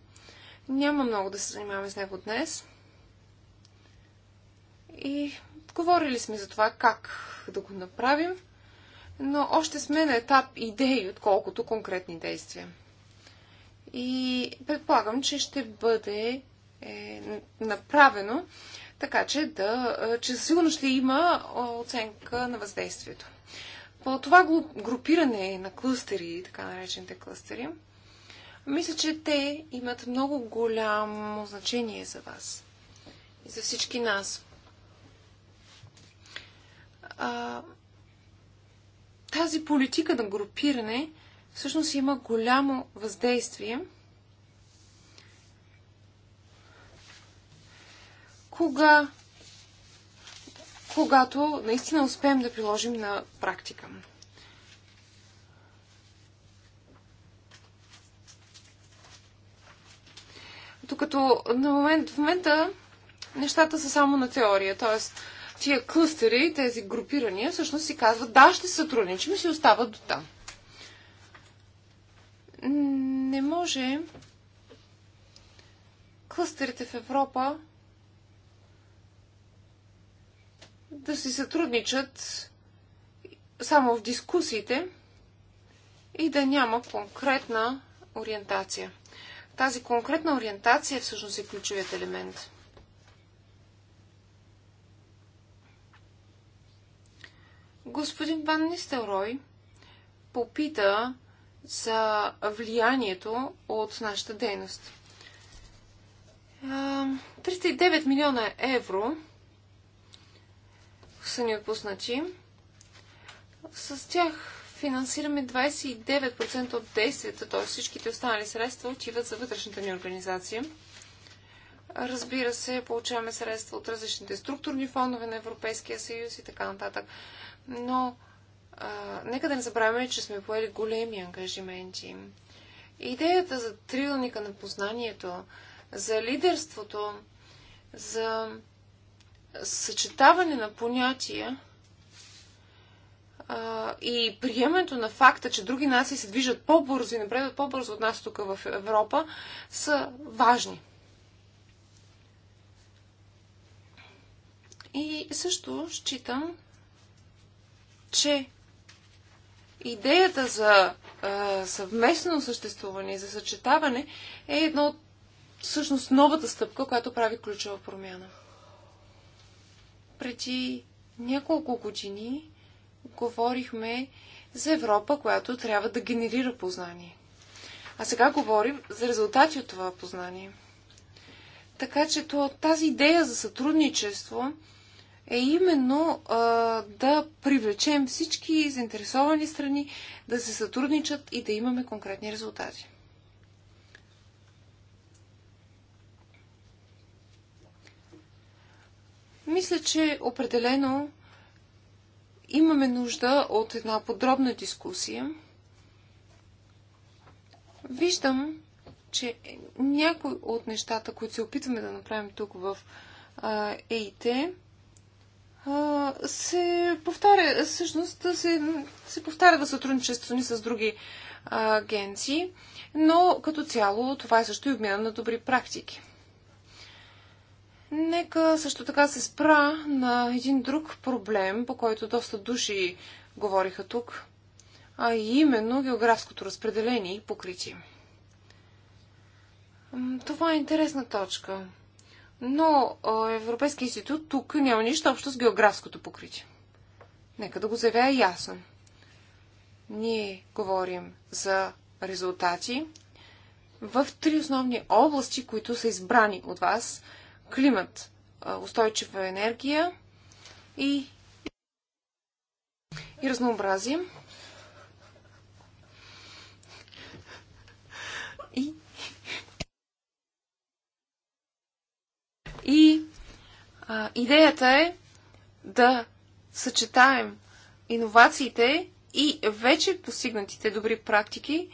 Няма много да се занимаваме с него днес. И говорили сме за това как да го направим, но още сме на етап идеи, отколкото конкретни действия. И предполагам, че ще бъде е, направено, така че, да, е, че сигурно ще има е, оценка на въздействието. По това групиране на клъстери, така наречените клъстери, мисля, че те имат много голямо значение за вас и за всички нас. А, тази политика на групиране всъщност има голямо въздействие, кога, когато наистина успеем да приложим на практика. Докато на момент, в момента нещата са само на теория, т.е. тия клъстери, тези групирания, всъщност си казват, да, ще сътрудничим и си остават до там. Не може клъстерите в Европа да си сътрудничат само в дискусиите и да няма конкретна ориентация. Тази конкретна ориентация всъщност е ключовият елемент. Господин Ван Нистелрой попита за влиянието от нашата дейност. 309 милиона евро са ни отпуснати. С тях финансираме 29% от действията, т.е. всичките останали средства отиват за вътрешната ни организация. Разбира се, получаваме средства от различните структурни фондове на Европейския съюз и така нататък. Но а, нека да не забравяме, че сме поели големи ангажименти. Идеята за триъгълника на познанието, за лидерството, за съчетаване на понятия, а, и приемането на факта, че други нации се движат по-бързо и напредват по-бързо от нас тук в Европа, са важни. И също считам, че идеята за а, съвместно съществуване и за съчетаване е едно от всъщност новата стъпка, която прави ключова промяна. Преди няколко години говорихме за Европа, която трябва да генерира познание. А сега говорим за резултати от това познание. Така че тази идея за сътрудничество е именно а, да привлечем всички заинтересовани страни да се сътрудничат и да имаме конкретни резултати. Мисля, че определено имаме нужда от една подробна дискусия. Виждам, че някои от нещата, които се опитваме да направим тук в ЕИТ, се повтаря, всъщност се, се повтаря да сътрудничество ни с други агенции, но като цяло това е също и обмяна на добри практики. Нека също така се спра на един друг проблем, по който доста души говориха тук, а именно географското разпределение и покритие. Това е интересна точка. Но Европейския институт тук няма нищо общо с географското покритие. Нека да го заявя ясно. Ние говорим за резултати в три основни области, които са избрани от вас – климат, устойчива енергия и, и разнообразие. И, и а, идеята е да съчетаем иновациите и вече постигнатите добри практики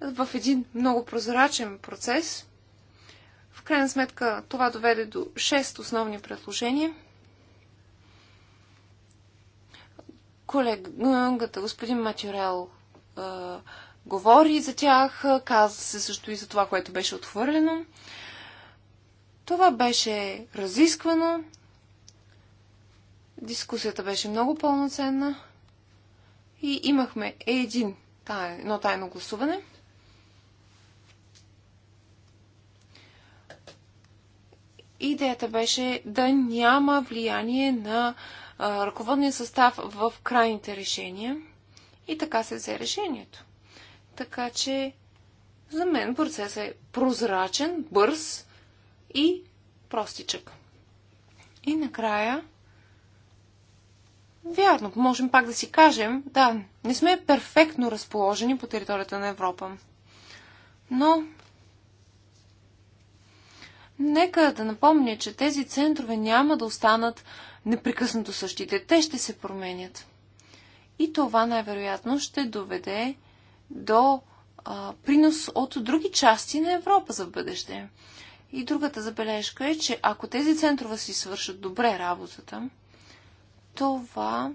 в един много прозрачен процес – крайна сметка това доведе до 6 основни предложения. Колегата господин Матюрел говори за тях, каза се също и за това, което беше отхвърлено. Това беше разисквано. Дискусията беше много пълноценна. И имахме един, едно тайно гласуване – Идеята беше да няма влияние на ръководния състав в крайните решения. И така се взе решението. Така че за мен процесът е прозрачен, бърз и простичък. И накрая, вярно, можем пак да си кажем, да, не сме перфектно разположени по територията на Европа. Но Нека да напомня, че тези центрове няма да останат непрекъснато същите. Те ще се променят. И това най-вероятно ще доведе до а, принос от други части на Европа за бъдеще. И другата забележка е, че ако тези центрове си свършат добре работата, това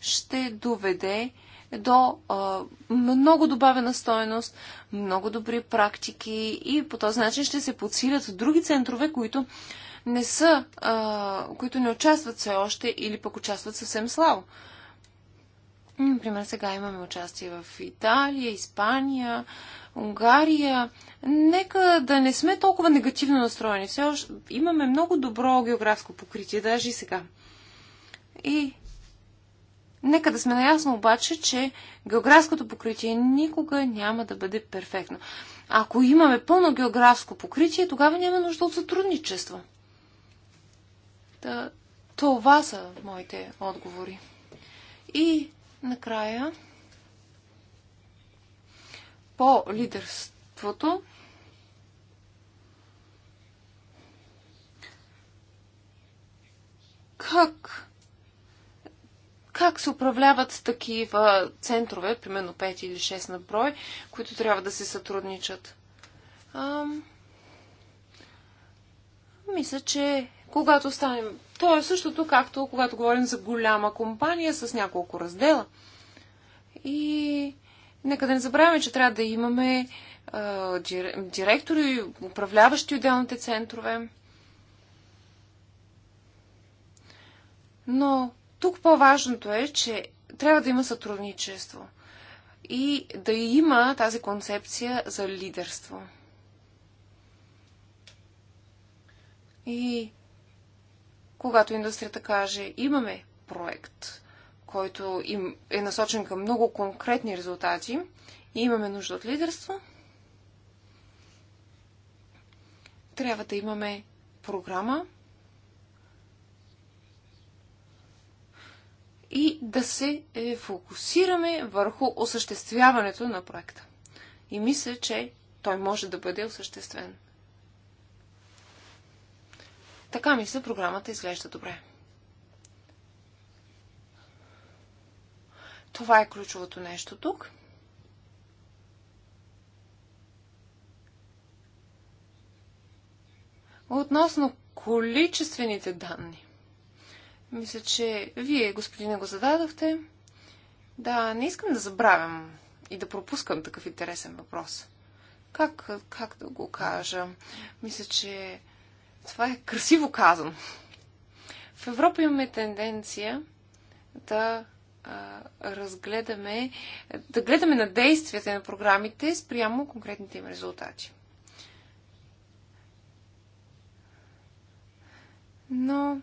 ще доведе до а, много добавена стоеност, много добри практики и по този начин ще се подсилят други центрове, които не са, а, които не участват все още или пък участват съвсем слабо. Например, сега имаме участие в Италия, Испания, Унгария. Нека да не сме толкова негативно настроени. Все още имаме много добро географско покритие, даже и сега. И Нека да сме наясно обаче, че географското покритие никога няма да бъде перфектно. Ако имаме пълно географско покритие, тогава няма нужда от сътрудничество. Та, това са моите отговори. И накрая по лидерството как как се управляват такива центрове, примерно 5 или 6 на брой, които трябва да се сътрудничат? Ам... Мисля, че когато станем... То е същото, както когато говорим за голяма компания с няколко раздела. И нека да не забравяме, че трябва да имаме а, директори, управляващи отделните центрове. Но тук по-важното е, че трябва да има сътрудничество и да има тази концепция за лидерство. И когато индустрията каже, имаме проект, който им е насочен към много конкретни резултати и имаме нужда от лидерство, трябва да имаме програма, и да се е, фокусираме върху осъществяването на проекта. И мисля, че той може да бъде осъществен. Така мисля, програмата изглежда добре. Това е ключовото нещо тук. Относно количествените данни. Мисля, че вие, господина го зададохте. Да, не искам да забравям и да пропускам такъв интересен въпрос. Как, как да го кажа? Мисля, че това е красиво казано. В Европа имаме тенденция да а, разгледаме, да гледаме на действията на програмите спрямо конкретните им резултати. Но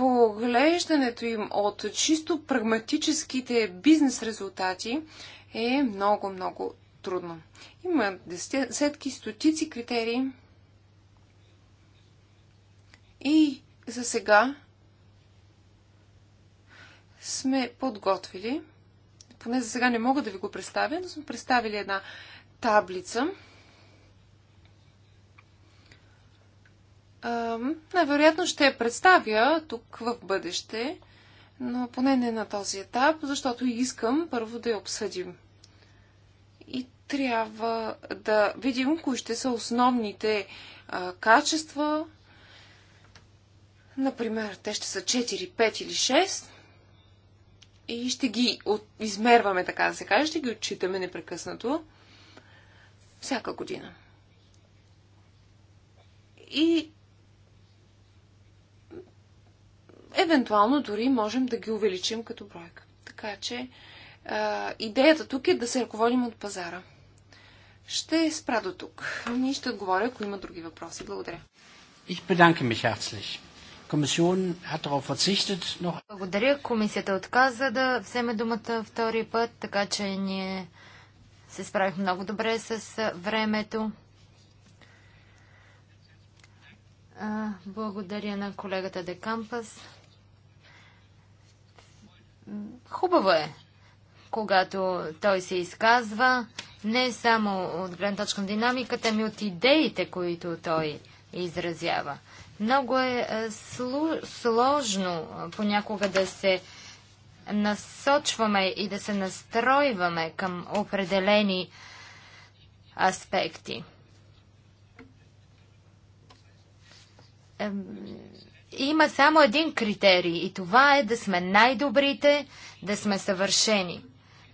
поглеждането им от чисто прагматическите бизнес резултати е много, много трудно. Има десетки, стотици критерии и за сега сме подготвили, поне за сега не мога да ви го представя, но сме представили една таблица – най-вероятно ще я представя тук в бъдеще, но поне не на този етап, защото искам първо да я обсъдим. И трябва да видим кои ще са основните а, качества. Например, те ще са 4, 5 или 6. И ще ги от... измерваме, така да се каже, ще ги отчитаме непрекъснато. Всяка година. И евентуално дори можем да ги увеличим като бройка. Така че а, идеята тук е да се ръководим от пазара. Ще спра до тук. И ще отговоря, ако има други въпроси. Благодаря. Ich bedanke mich herzlich. hat darauf verzichtet. Noch... Благодаря. Комисията отказа да вземе думата втори път, така че ние се справих много добре с времето. Благодаря на колегата Декампас. Хубаво е, когато той се изказва не само от гледна точка на динамиката, ами от идеите, които той изразява. Много е, е сложно е, понякога да се насочваме и да се настройваме към определени аспекти има само един критерий и това е да сме най-добрите, да сме съвършени.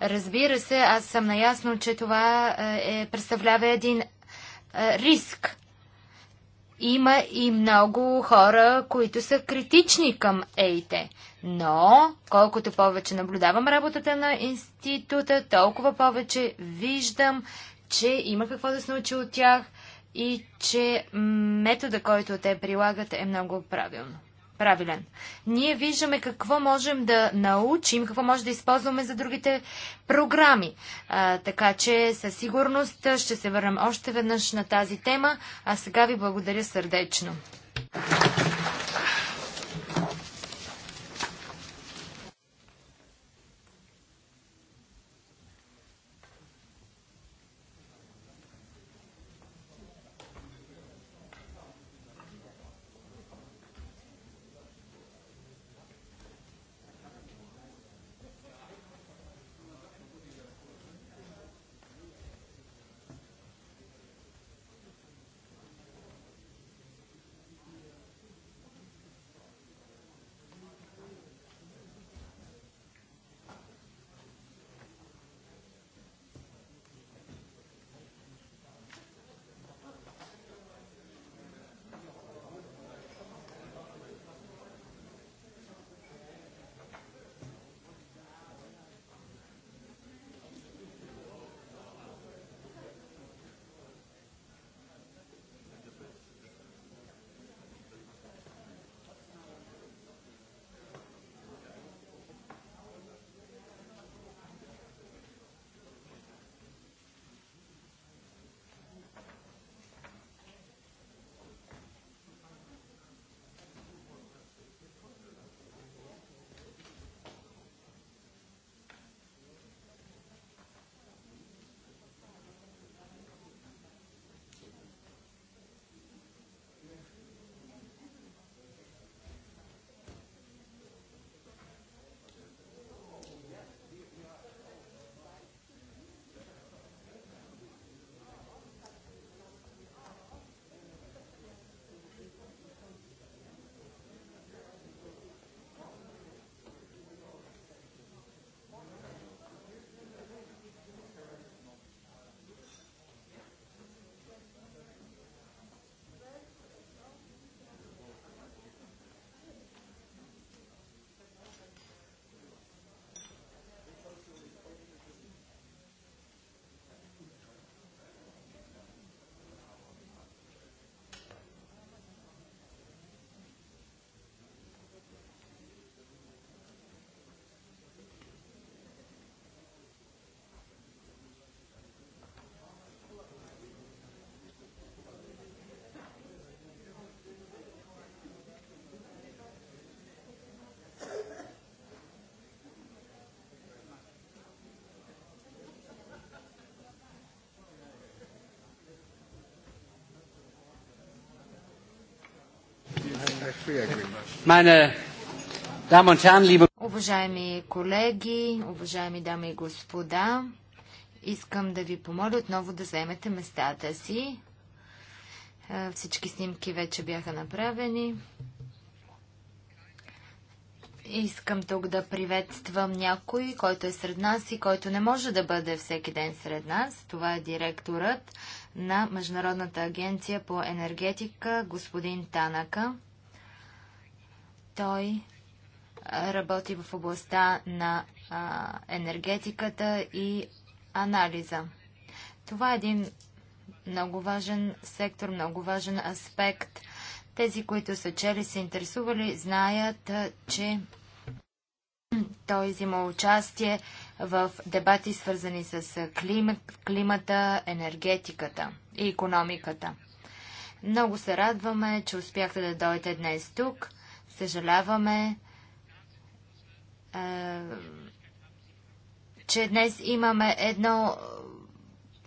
Разбира се, аз съм наясно, че това е, е представлява един е, риск. Има и много хора, които са критични към ЕИТЕ. Но, колкото повече наблюдавам работата на института, толкова повече виждам, че има какво да се научи от тях, и че метода, който те прилагат е много правилно. Правилен. Ние виждаме какво можем да научим, какво може да използваме за другите програми. А, така че със сигурност ще се върнем още веднъж на тази тема, а сега ви благодаря сърдечно. Meine Damen und Herren, liebe Уважаеми колеги, уважаеми дами и господа, искам да ви помоля отново да заемете местата си. Е, всички снимки вече бяха направени. Искам тук да приветствам някой, който е сред нас и който не може да бъде всеки ден сред нас. Това е директорът на Международната агенция по енергетика, господин Танака. Той работи в областта на а, енергетиката и анализа. Това е един много важен сектор, много важен аспект. Тези, които са чели, се интересували, знаят, че той взима участие в дебати, свързани с климата, енергетиката и економиката. Много се радваме, че успяхте да дойдете днес тук. Съжаляваме, е, че днес имаме едно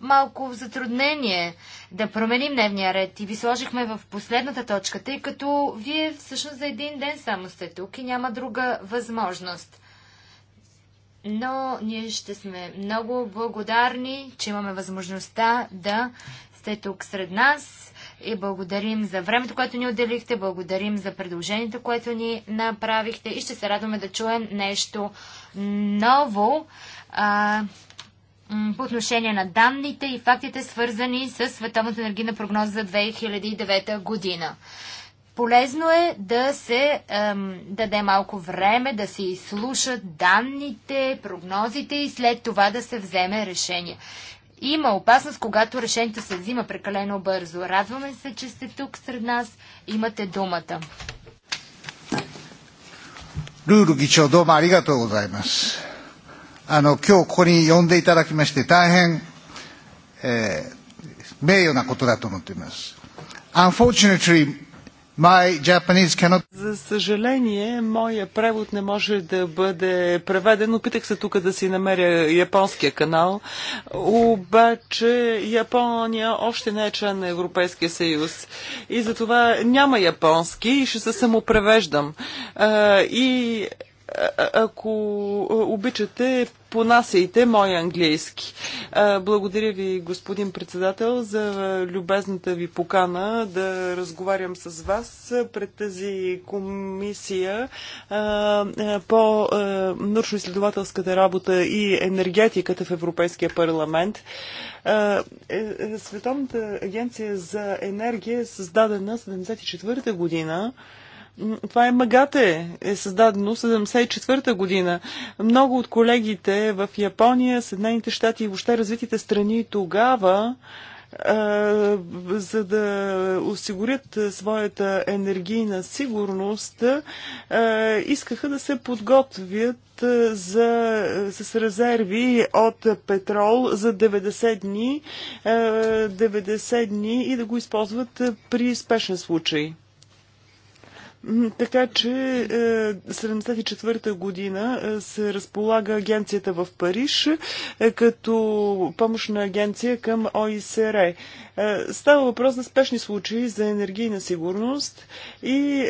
малко затруднение да променим дневния ред и ви сложихме в последната точка, тъй като вие всъщност за един ден само сте тук и няма друга възможност. Но ние ще сме много благодарни, че имаме възможността да сте тук сред нас и благодарим за времето, което ни отделихте, благодарим за предложението, което ни направихте и ще се радваме да чуем нещо ново а, по отношение на данните и фактите, свързани с Световната енергийна прогноза за 2009 година. Полезно е да се ем, даде малко време да се изслушат данните, прогнозите и след това да се вземе решение. Има опасност, когато решението се взима прекалено бързо. Радваме се, че сте тук сред нас. Имате думата. думата. ルール議長どうもありがとうございます。あの、今日ここに呼んでいただきまして大変、えー、名誉なことだと思っています。Unfortunately, Cannot... За съжаление, моя превод не може да бъде преведен. Опитах се тук да си намеря японския канал, обаче Япония още не е член на Европейския съюз и затова няма японски и ще се самопревеждам. И ако обичате, понасяйте мой английски. Благодаря ви, господин председател, за любезната ви покана да разговарям с вас пред тази комисия по научно-изследователската работа и енергетиката в Европейския парламент. Е, е, Световната агенция за енергия е създадена 1974 година това е Магате, е създадено 74-та година. Много от колегите в Япония, Съединените щати и въобще развитите страни тогава за да осигурят своята енергийна сигурност, искаха да се подготвят за, с резерви от петрол за 90 дни, 90 дни и да го използват при спешен случай. Така че 74 е, година е, се разполага агенцията в Париж е, като помощна агенция към ОИСР. Става въпрос за спешни случаи за енергийна сигурност и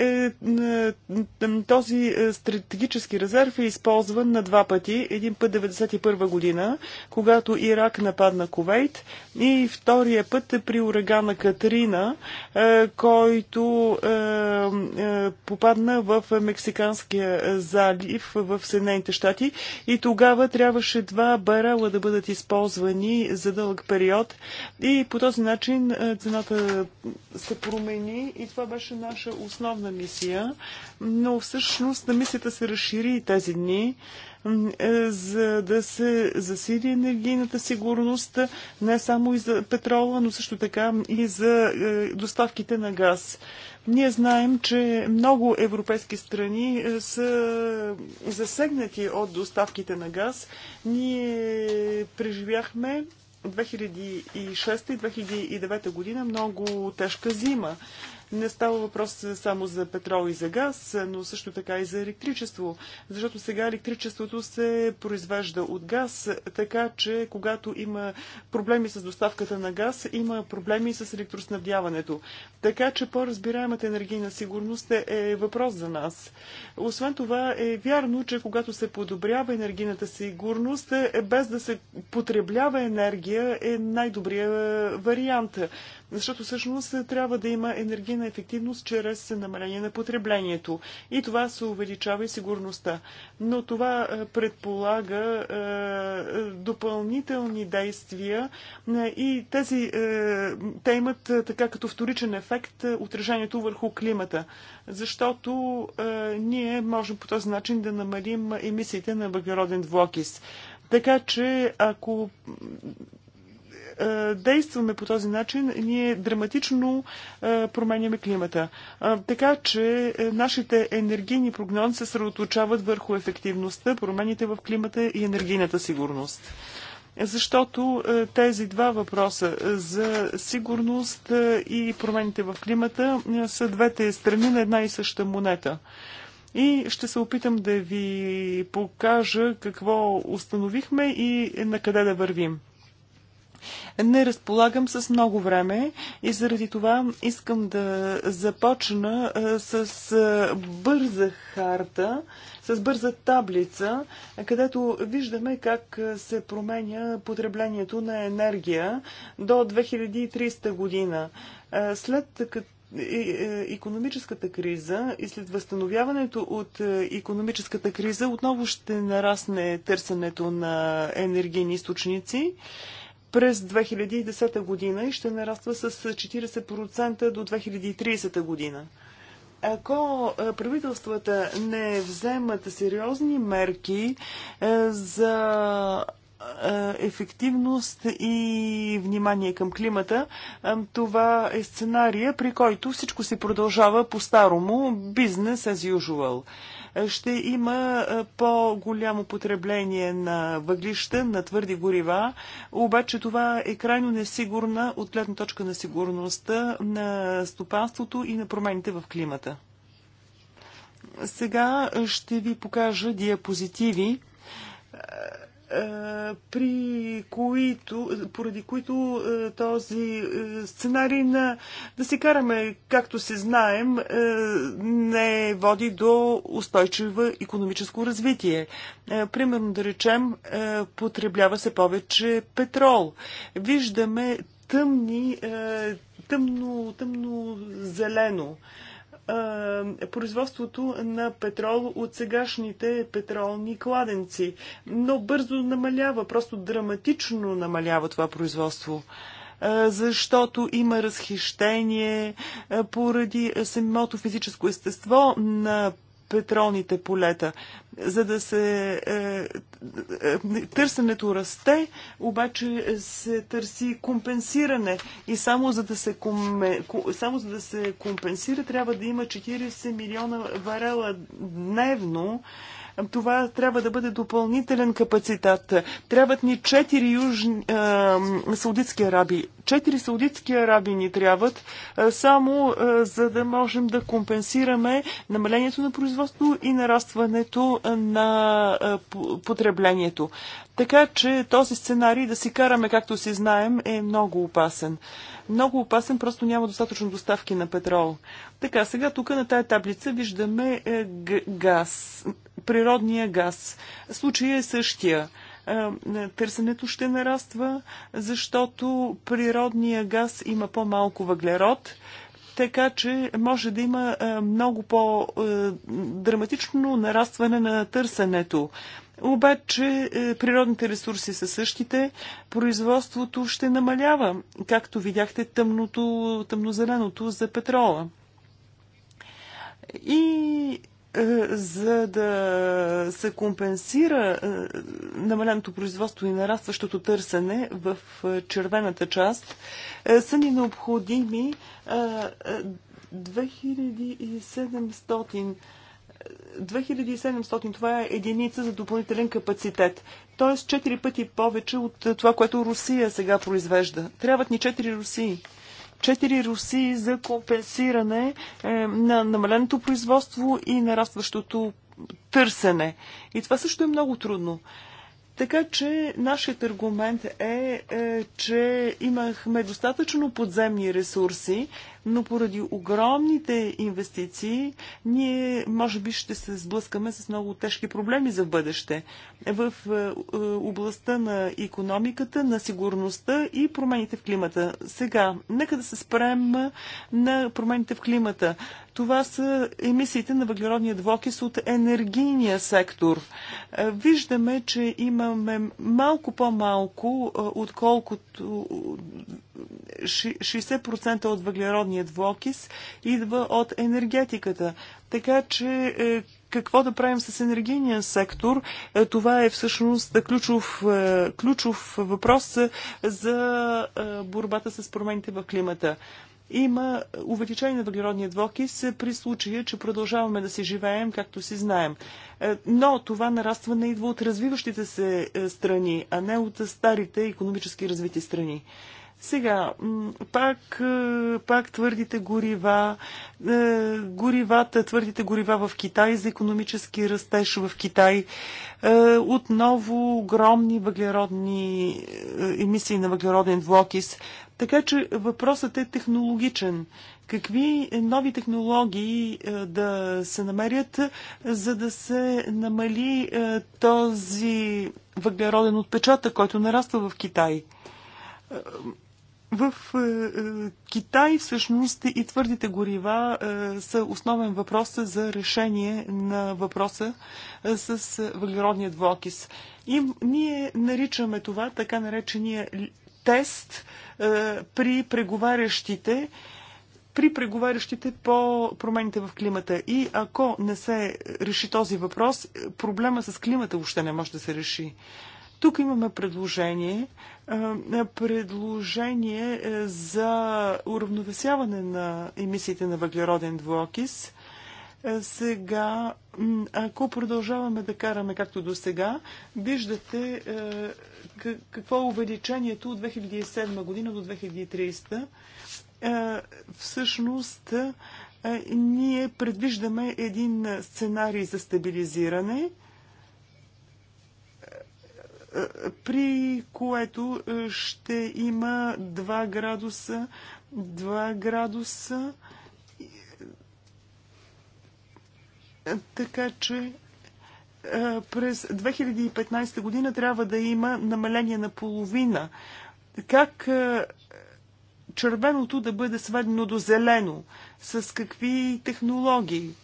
този стратегически резерв е използван на два пъти. Един път 91 година, когато Ирак нападна Ковейт и втория път при урагана Катрина, който попадна в Мексиканския залив в Съединените щати и тогава трябваше два барела да бъдат използвани за дълъг период и по този начин цената се промени и това беше наша основна мисия, но всъщност на мисията се разшири тези дни. Е, за да се засили енергийната сигурност не само и за петрола, но също така и за е, доставките на газ. Ние знаем, че много европейски страни е, са засегнати от доставките на газ. Ние преживяхме 2006 и 2009 година много тежка зима. Не става въпрос само за петрол и за газ, но също така и за електричество, защото сега електричеството се произвежда от газ, така че когато има проблеми с доставката на газ, има проблеми с електроснабдяването. Така че по-разбираемата енергийна сигурност е въпрос за нас. Освен това е вярно, че когато се подобрява енергийната сигурност, е, без да се потреблява енергия, е най-добрия е, вариант. Защото всъщност трябва да има енергийна ефективност чрез намаление на потреблението. И това се увеличава и сигурността. Но това е, предполага е, допълнителни действия е, и тези, те имат така като вторичен ефект отражението върху климата. Защото ние можем по този начин да намалим емисиите на въглероден двуокис. Така че, ако е, действаме по този начин, ние драматично е, променяме климата. Е, така че нашите енергийни прогнози се средоточават върху ефективността, промените в климата и енергийната сигурност защото тези два въпроса за сигурност и промените в климата са двете страни на една и съща монета. И ще се опитам да ви покажа какво установихме и на къде да вървим. Не разполагам с много време и заради това искам да започна с бърза харта, с бърза таблица, където виждаме как се променя потреблението на енергия до 2300 година. След като економическата криза и след възстановяването от економическата криза отново ще нарасне търсенето на енергийни източници през 2010 година и ще нараства с 40% до 2030 година. Ако е, правителствата не вземат сериозни мерки е, за е, ефективност и внимание към климата. Това е сценария, при който всичко се продължава по-старому, бизнес as usual ще има е, по-голямо потребление на въглища, на твърди горива, обаче това е крайно несигурна от гледна точка на сигурността на стопанството и на промените в климата. Сега ще ви покажа диапозитиви е, при които, поради които този сценарий на да се караме, както се знаем, не води до устойчиво економическо развитие. Примерно да речем, потреблява се повече петрол. Виждаме тъмни, тъмно, тъмно зелено производството на петрол от сегашните петролни кладенци. Но бързо намалява, просто драматично намалява това производство защото има разхищение поради самото физическо естество на петролните полета. За да се... Е, е, търсенето расте, обаче се търси компенсиране и само за да се, коме, само за да се компенсира трябва да има 40 милиона варела дневно. Това трябва да бъде допълнителен капацитет. Трябват ни 4 южни, а, саудитски араби. Четири саудитски араби ни трябват, а, само а, за да можем да компенсираме намалението на производство и нарастването на а, потреблението. Така че този сценарий да си караме както си знаем е много опасен. Много опасен, просто няма достатъчно доставки на петрол. Така, сега тук на тая таблица виждаме е, газ природния газ. Случая е същия е, търсенето ще нараства, защото природния газ има по-малко въглерод, така че може да има е, много по-драматично е, нарастване на търсенето. Обаче природните ресурси са същите, производството ще намалява, както видяхте тъмното, тъмнозеленото за петрола. И е, за да се компенсира е, намаленото производство и нарастващото търсене в е, червената част, са ни необходими 2700 2700 това е единица за допълнителен капацитет. Тоест 4 пъти повече от това, което Русия сега произвежда. Трябват ни 4 Русии четири руси за компенсиране е, на намаленото производство и нарастващото търсене. И това също е много трудно. Така че нашият аргумент е, е, че имахме достатъчно подземни ресурси, но поради огромните инвестиции ние може би ще се сблъскаме с много тежки проблеми за бъдеще в е, е, областта на економиката, на сигурността и промените в климата. Сега, нека да се спрем на промените в климата. Това са емисиите на въглеродния двокис от енергийния сектор. Е, виждаме, че имаме малко по-малко, отколкото 60% от въглеродния главният двуокис идва от енергетиката. Така че е, какво да правим с енергийния сектор, е, това е всъщност ключов, е, ключов въпрос за борбата с промените в климата. Има увеличение на въглеродния двокис при случая, че продължаваме да си живеем, както си знаем. Но това нарастване идва от развиващите се страни, а не от старите економически развити страни. Сега, пак, е, пак твърдите горива, е, горивата, твърдите горива в Китай за економически растеж в Китай. Е, отново огромни въглеродни емисии на въглероден двуокис. Така че въпросът е технологичен. Какви нови технологии да се намерят, за да се намали този въглероден отпечатък, който нараства в Китай? В е, е, Китай всъщност и твърдите горива е, са основен въпрос за решение на въпроса с въглеродния двуокис. И ние наричаме това така наречения тест при преговарящите при преговарящите по промените в климата. И ако не се реши този въпрос, проблема с климата въобще не може да се реши. Тук имаме предложение, предложение е, за уравновесяване на емисиите на въглероден двуокис. Е, сега, ако продължаваме да караме както до сега, виждате е, какво е увеличението от 2007 година до 2030. Всъщност, ние предвиждаме един сценарий за стабилизиране – при което е, ще има 2 градуса, 2 градуса. Е, така че е, през 2015 година трябва да има намаление на половина. Как червеното да бъде сведено до зелено? С какви технологии?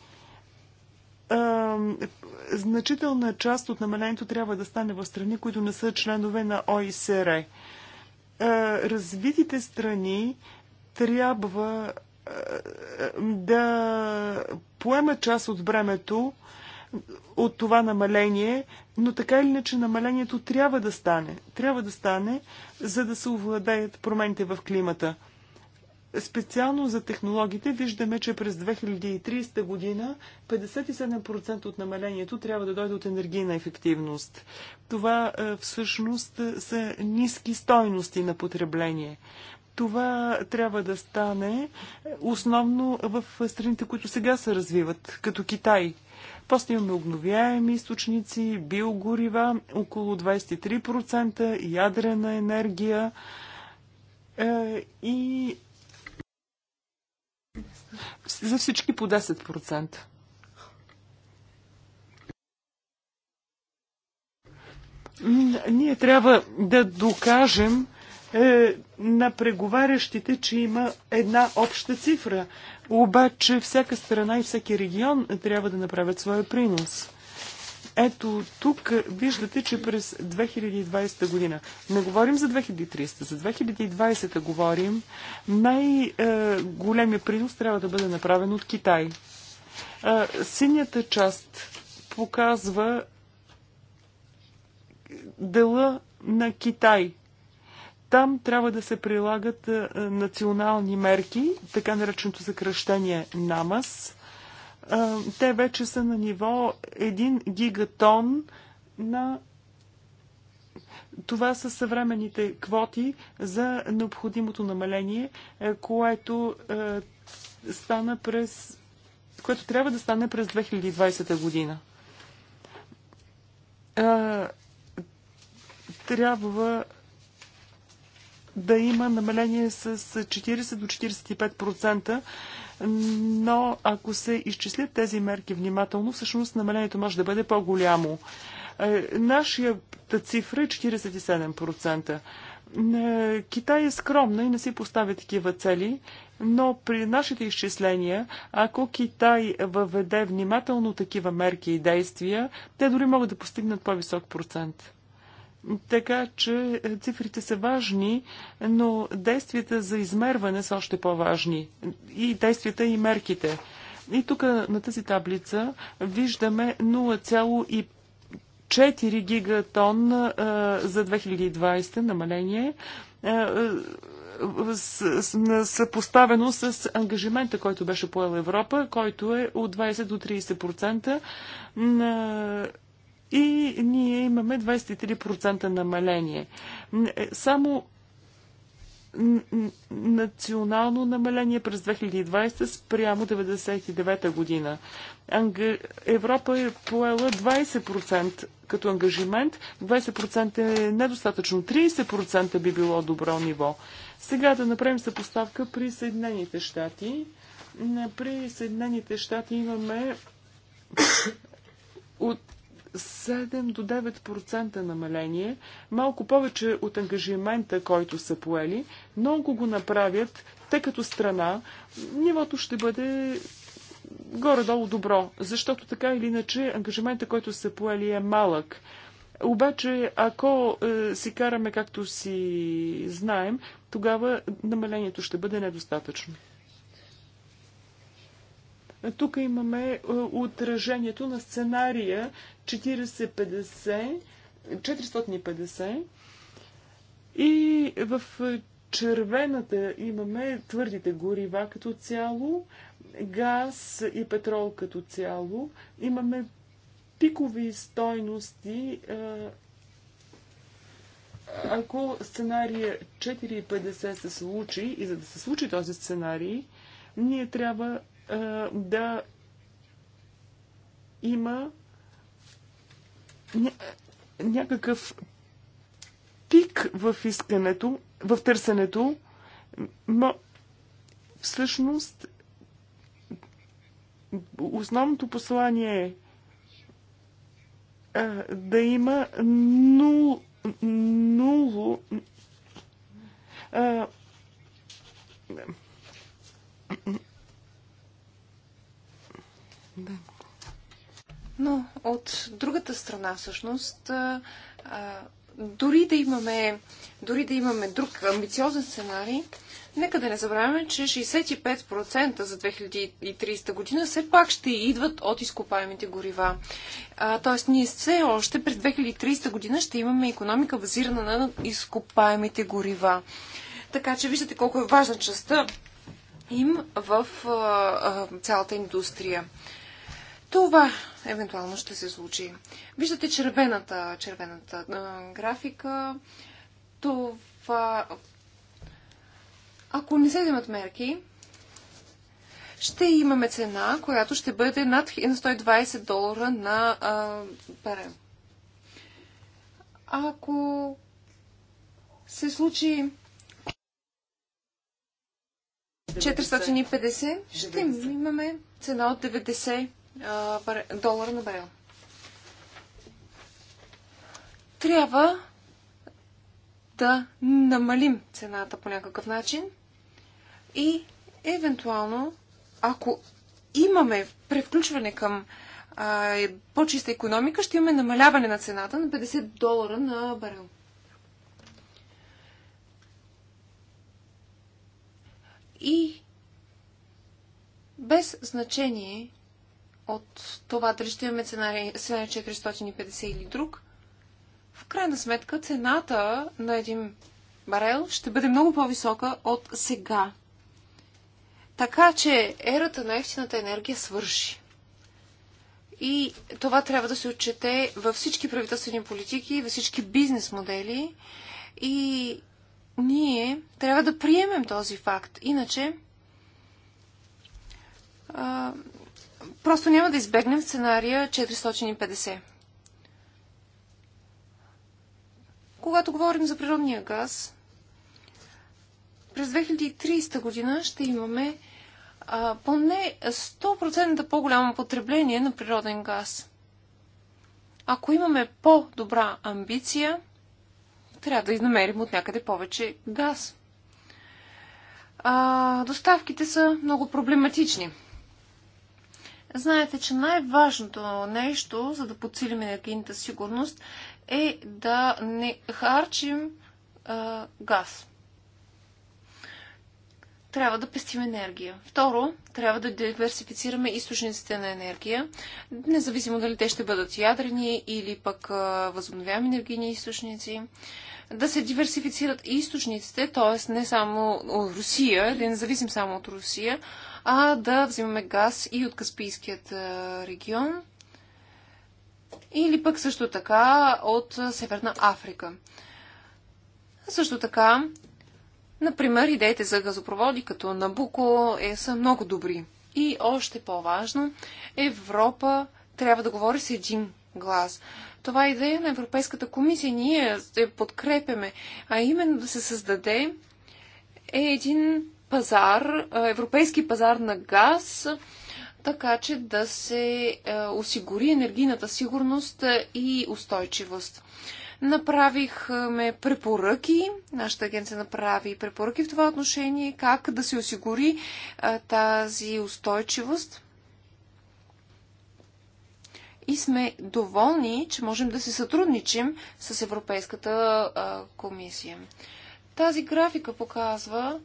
значителна част от намалението трябва да стане в страни, които не са членове на ОИСР. Развитите страни трябва да поемат част от времето от това намаление, но така или иначе намалението трябва да стане. Трябва да стане, за да се овладеят промените в климата. Специално за технологиите виждаме, че през 2030 година 57% от намалението трябва да дойде от енергийна ефективност. Това е, всъщност са ниски стойности на потребление. Това трябва да стане е, основно в страните, които сега се развиват, като Китай. После имаме обновяеми източници, биогорива, около 23%, ядрена енергия е, и за всички по 10%. Ние трябва да докажем, е, на преговарящите, че има една обща цифра. Обаче всяка страна и всеки регион трябва да направят своя принос. Ето тук виждате, че през 2020 година, не говорим за 2300, за 2020 говорим, най-големия принос трябва да бъде направен от Китай. Синята част показва дела на Китай. Там трябва да се прилагат национални мерки, така нареченото съкръщение НАМАС те вече са на ниво 1 гигатон на това са съвременните квоти за необходимото намаление, е, което е, стана през което трябва да стане през 2020 година. трябва да има намаление с 40 до 45%, но ако се изчислят тези мерки внимателно, всъщност намалението може да бъде по-голямо. Е, нашата цифра е 47%. Е, Китай е скромна и не си поставя такива цели, но при нашите изчисления, ако Китай въведе внимателно такива мерки и действия, те дори могат да постигнат по-висок процент. Така че е, цифрите са важни, но действията за измерване са още по-важни. И действията и мерките. И тук на тази таблица виждаме 0,5 4 гигатон а, е, за 2020 намаление е, съпоставено с ангажимента, който беше поел Европа, който е от 20 до 30% на и ние имаме 23% намаление. Е, само национално намаление през 2020 спрямо 1999 година. Европа е поела 20% като ангажимент, 20% е недостатъчно, 30% би било добро ниво. Сега да направим съпоставка при Съединените щати. При Съединените щати имаме от 7 до 9% намаление, малко повече от ангажимента, който са поели, но ако го направят, тъй като страна, нивото ще бъде горе-долу добро, защото така или иначе ангажимента, който са поели е малък. Обаче, ако е, си караме както си знаем, тогава намалението ще бъде недостатъчно. Тук имаме е, отражението на сценария 40-50, 450 и в червената имаме твърдите горива като цяло, газ и петрол като цяло. Имаме пикови стойности. Е, ако сценария 4,50 се случи, и за да се случи този сценарий, ние трябва да има ня... някакъв пик в искането, в търсенето, но всъщност основното послание е да има нул, нуло а, но от другата страна, всъщност, дори да имаме, дори да имаме друг амбициозен сценарий, нека да не забравяме, че 65% за 2030 година все пак ще идват от изкопаемите горива. А, тоест, ние все още през 2030 година ще имаме економика базирана на изкопаемите горива. Така че виждате колко е важна частта им в а, а, цялата индустрия. Това евентуално ще се случи. Виждате червената, червената а, графика. Това... Ако не се вземат мерки, ще имаме цена, която ще бъде над 120 долара на а, барел. Ако се случи 450, ще имаме цена от 90 долара на барел. Трябва да намалим цената по някакъв начин и евентуално, ако имаме превключване към по-чиста економика, ще имаме намаляване на цената на 50 долара на барел. И без значение от това дали ще имаме сценарий 450 или друг, в крайна сметка цената на един барел ще бъде много по-висока от сега. Така че ерата на ефтината енергия свърши. И това трябва да се отчете във всички правителствени политики, във всички бизнес модели. И ние трябва да приемем този факт. Иначе просто няма да избегнем сценария 450. Когато говорим за природния газ, през 2030 година ще имаме а, поне 100% по-голямо потребление на природен газ. Ако имаме по-добра амбиция, трябва да изнамерим от някъде повече газ. А, доставките са много проблематични. Знаете, че най-важното нещо, за да подсилим енергийната сигурност, е да не харчим а, газ. Трябва да пестим енергия. Второ, трябва да диверсифицираме източниците на енергия, независимо дали те ще бъдат ядрени или пък възобновяеми енергийни източници. Да се диверсифицират и източниците, т.е. не само Русия, да не зависим само от Русия, а да взимаме газ и от Каспийският регион или пък също така от Северна Африка. Също така, например, идеите за газопроводи като Набуко е, са много добри. И още по-важно, Европа трябва да говори с един глас. Това е идея на Европейската комисия. Ние я подкрепяме, а именно да се създаде е един пазар, европейски пазар на газ, така че да се осигури енергийната сигурност и устойчивост. Направихме препоръки, нашата агенция направи препоръки в това отношение, как да се осигури тази устойчивост. И сме доволни, че можем да се сътрудничим с Европейската комисия. Тази графика показва,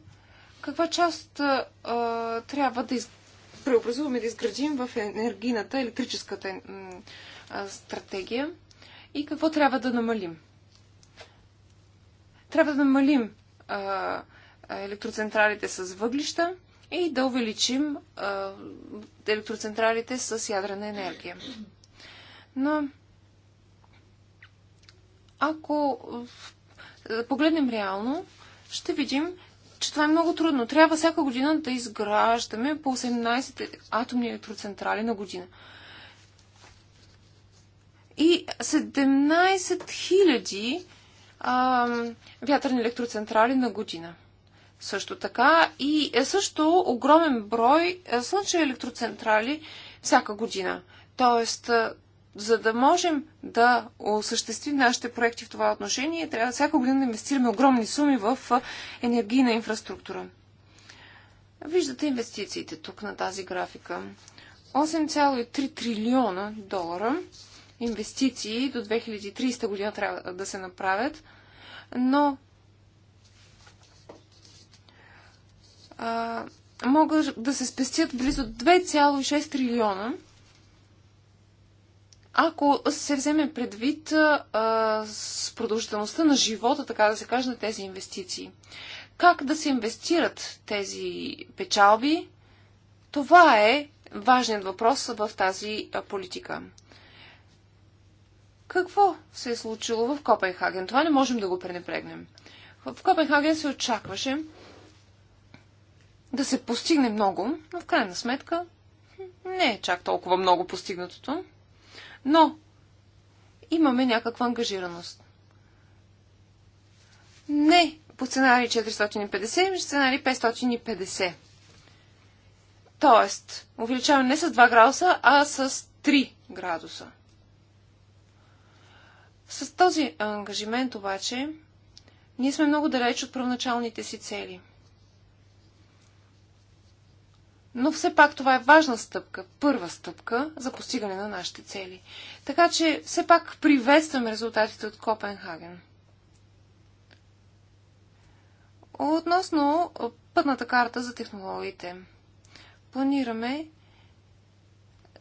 каква част а, трябва да из... преобразуваме, да изградим в енергийната, електрическата а, стратегия и какво трябва да намалим? Трябва да намалим а, електроцентралите с въглища и да увеличим а, електроцентралите с ядрена енергия. Но ако погледнем реално, ще видим, че това е много трудно. Трябва всяка година да изграждаме по 18 атомни електроцентрали на година. И 17 хиляди вятърни електроцентрали на година. Също така и е също огромен брой е, слънчеви електроцентрали всяка година. Тоест, е, за да можем да осъществим нашите проекти в това отношение, трябва всяка година да инвестираме огромни суми в енергийна инфраструктура. Виждате инвестициите тук на тази графика. 8,3 трилиона долара инвестиции до 2030 година трябва да се направят, но а, могат да се спестят близо 2,6 трилиона – ако се вземе предвид а, с продължителността на живота, така да се каже, на тези инвестиции. Как да се инвестират тези печалби? Това е важният въпрос в тази политика. Какво се е случило в Копенхаген? Това не можем да го пренебрегнем. В Копенхаген се очакваше да се постигне много, но в крайна сметка не е чак толкова много постигнатото. Но имаме някаква ангажираност. Не по сценарий 450, ами сценарий 550. Тоест, увеличаваме не с 2 градуса, а с 3 градуса. С този ангажимент обаче, ние сме много далеч от първоначалните си цели – но все пак това е важна стъпка, първа стъпка за постигане на нашите цели. Така че все пак приветствам резултатите от Копенхаген. Относно пътната карта за технологиите. Планираме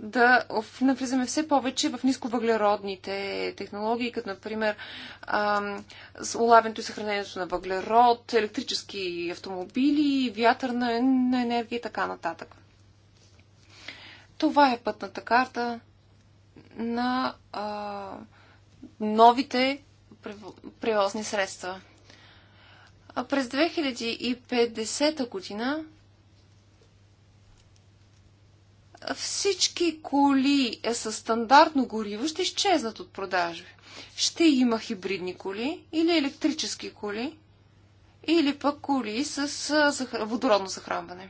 да навлизаме все повече в нисковъглеродните технологии, като например улавянето и съхранението на въглерод, електрически автомобили, вятърна енергия и така нататък. Това е пътната карта на а, новите превозни средства. А през 2050 година всички коли с стандартно гориво ще изчезнат от продажби. Ще има хибридни коли или електрически коли, или пък коли с водородно захранване.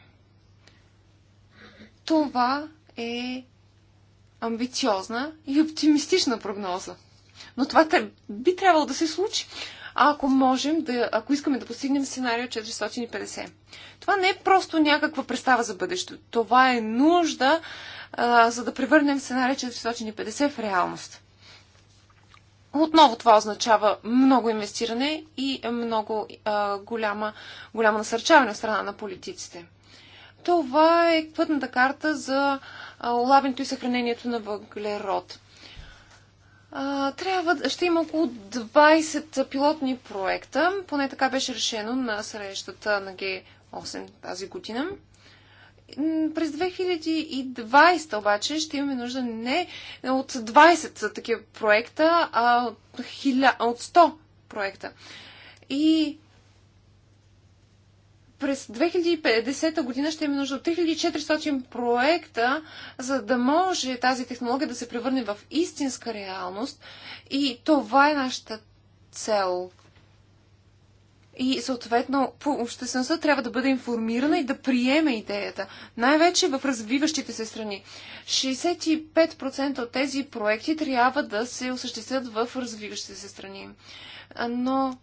Това е амбициозна и оптимистична прогноза. Но това би трябвало да се случи ако можем да, ако искаме да постигнем сценария 450. Това не е просто някаква представа за бъдещето. Това е нужда, а, за да превърнем сценария 450 в реалност. Отново това означава много инвестиране и много а, голяма, голямо насърчаване от страна на политиците. Това е пътната карта за улавянето и съхранението на въглерод трябва, ще има около 20 пилотни проекта, поне така беше решено на срещата на Г8 тази година. През 2020 обаче ще имаме нужда не от 20 такива проекта, а от, от 100 проекта. И през 2050 година ще има нужда от 3400 проекта, за да може тази технология да се превърне в истинска реалност. И това е нашата цел. И съответно, обществеността трябва да бъде информирана и да приеме идеята. Най-вече в развиващите се страни. 65% от тези проекти трябва да се осъществят в развиващите се страни. Но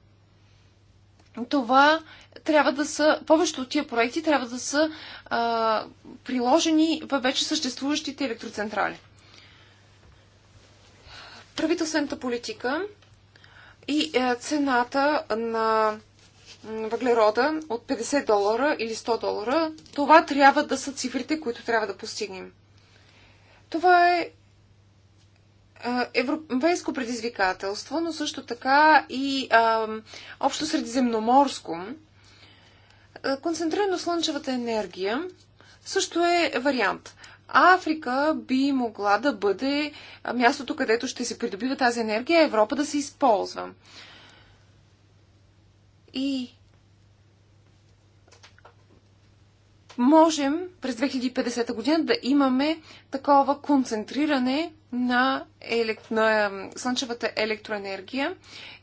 това трябва да са, повечето от тия проекти трябва да са а, приложени във вече съществуващите електроцентрали. Правителствената политика и е, цената на въглерода от 50 долара или 100 долара, това трябва да са цифрите, които трябва да постигнем. Това е европейско предизвикателство, но също така и а, общо средиземноморско. Концентрирано слънчевата енергия също е вариант. Африка би могла да бъде мястото, където ще се придобива тази енергия, а Европа да се използва. И можем през 2050 година да имаме такова концентриране на, елект... на слънчевата електроенергия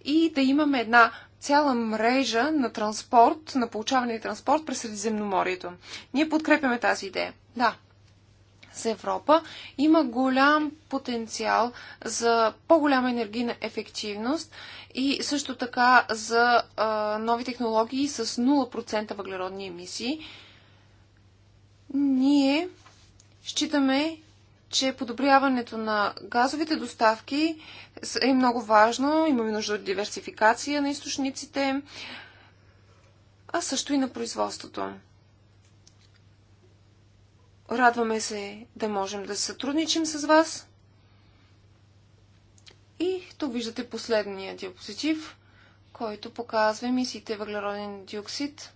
и да имаме една цяла мрежа на транспорт, на получаване и транспорт през Средиземноморието. Ние подкрепяме тази идея. Да, за Европа има голям потенциал за по-голяма енергийна ефективност и също така за а, нови технологии с 0% въглеродни емисии. Ние считаме, че подобряването на газовите доставки е много важно. Имаме нужда от диверсификация на източниците, а също и на производството. Радваме се да можем да се сътрудничим с вас. И тук виждате последния диапозитив, който показва емисиите въглероден диоксид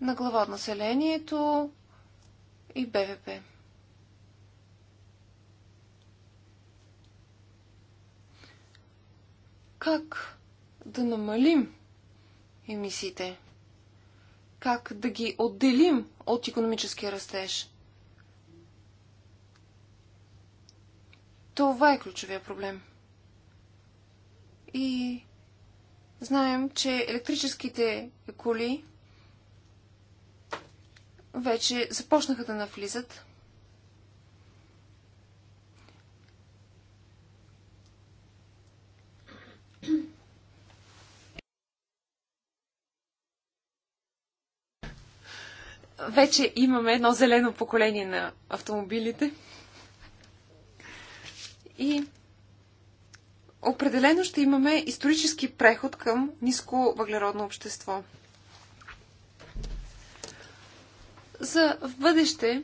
на глава от населението и БВП. Как да намалим емисиите? Как да ги отделим от економическия растеж? Това е ключовия проблем. И знаем, че електрическите коли вече започнаха да навлизат. Вече имаме едно зелено поколение на автомобилите. И определено ще имаме исторически преход към ниско въглеродно общество. за в бъдеще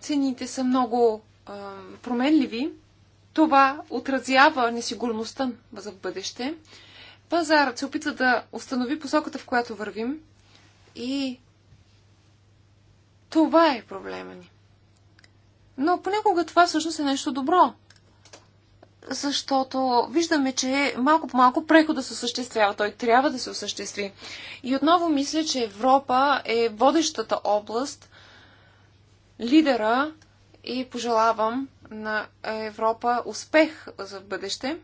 цените са много а, променливи. Това отразява несигурността за в бъдеще. Пазарът се опитва да установи посоката, в която вървим и това е проблема ни. Но понякога това всъщност е нещо добро, защото виждаме, че малко по малко прехода се осъществява. Той трябва да се осъществи. И отново мисля, че Европа е водещата област, лидера и пожелавам на Европа успех за бъдеще.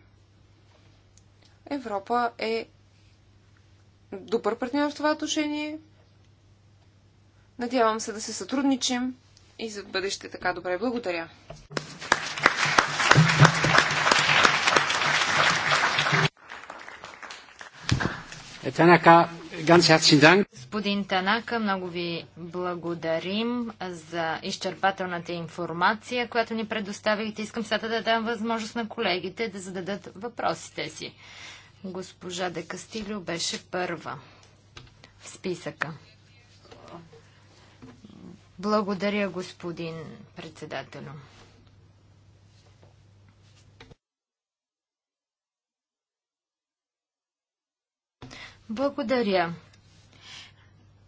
Европа е добър партньор в това отношение. Надявам се да се сътрудничим и за бъдеще така добре. Благодаря. Танака, Господин Танака, много ви благодарим за изчерпателната информация, която ни предоставихте. Искам сега да дам възможност на колегите да зададат въпросите си. Госпожа Де Кастилио беше първа в списъка. Благодаря, господин председател. Благодаря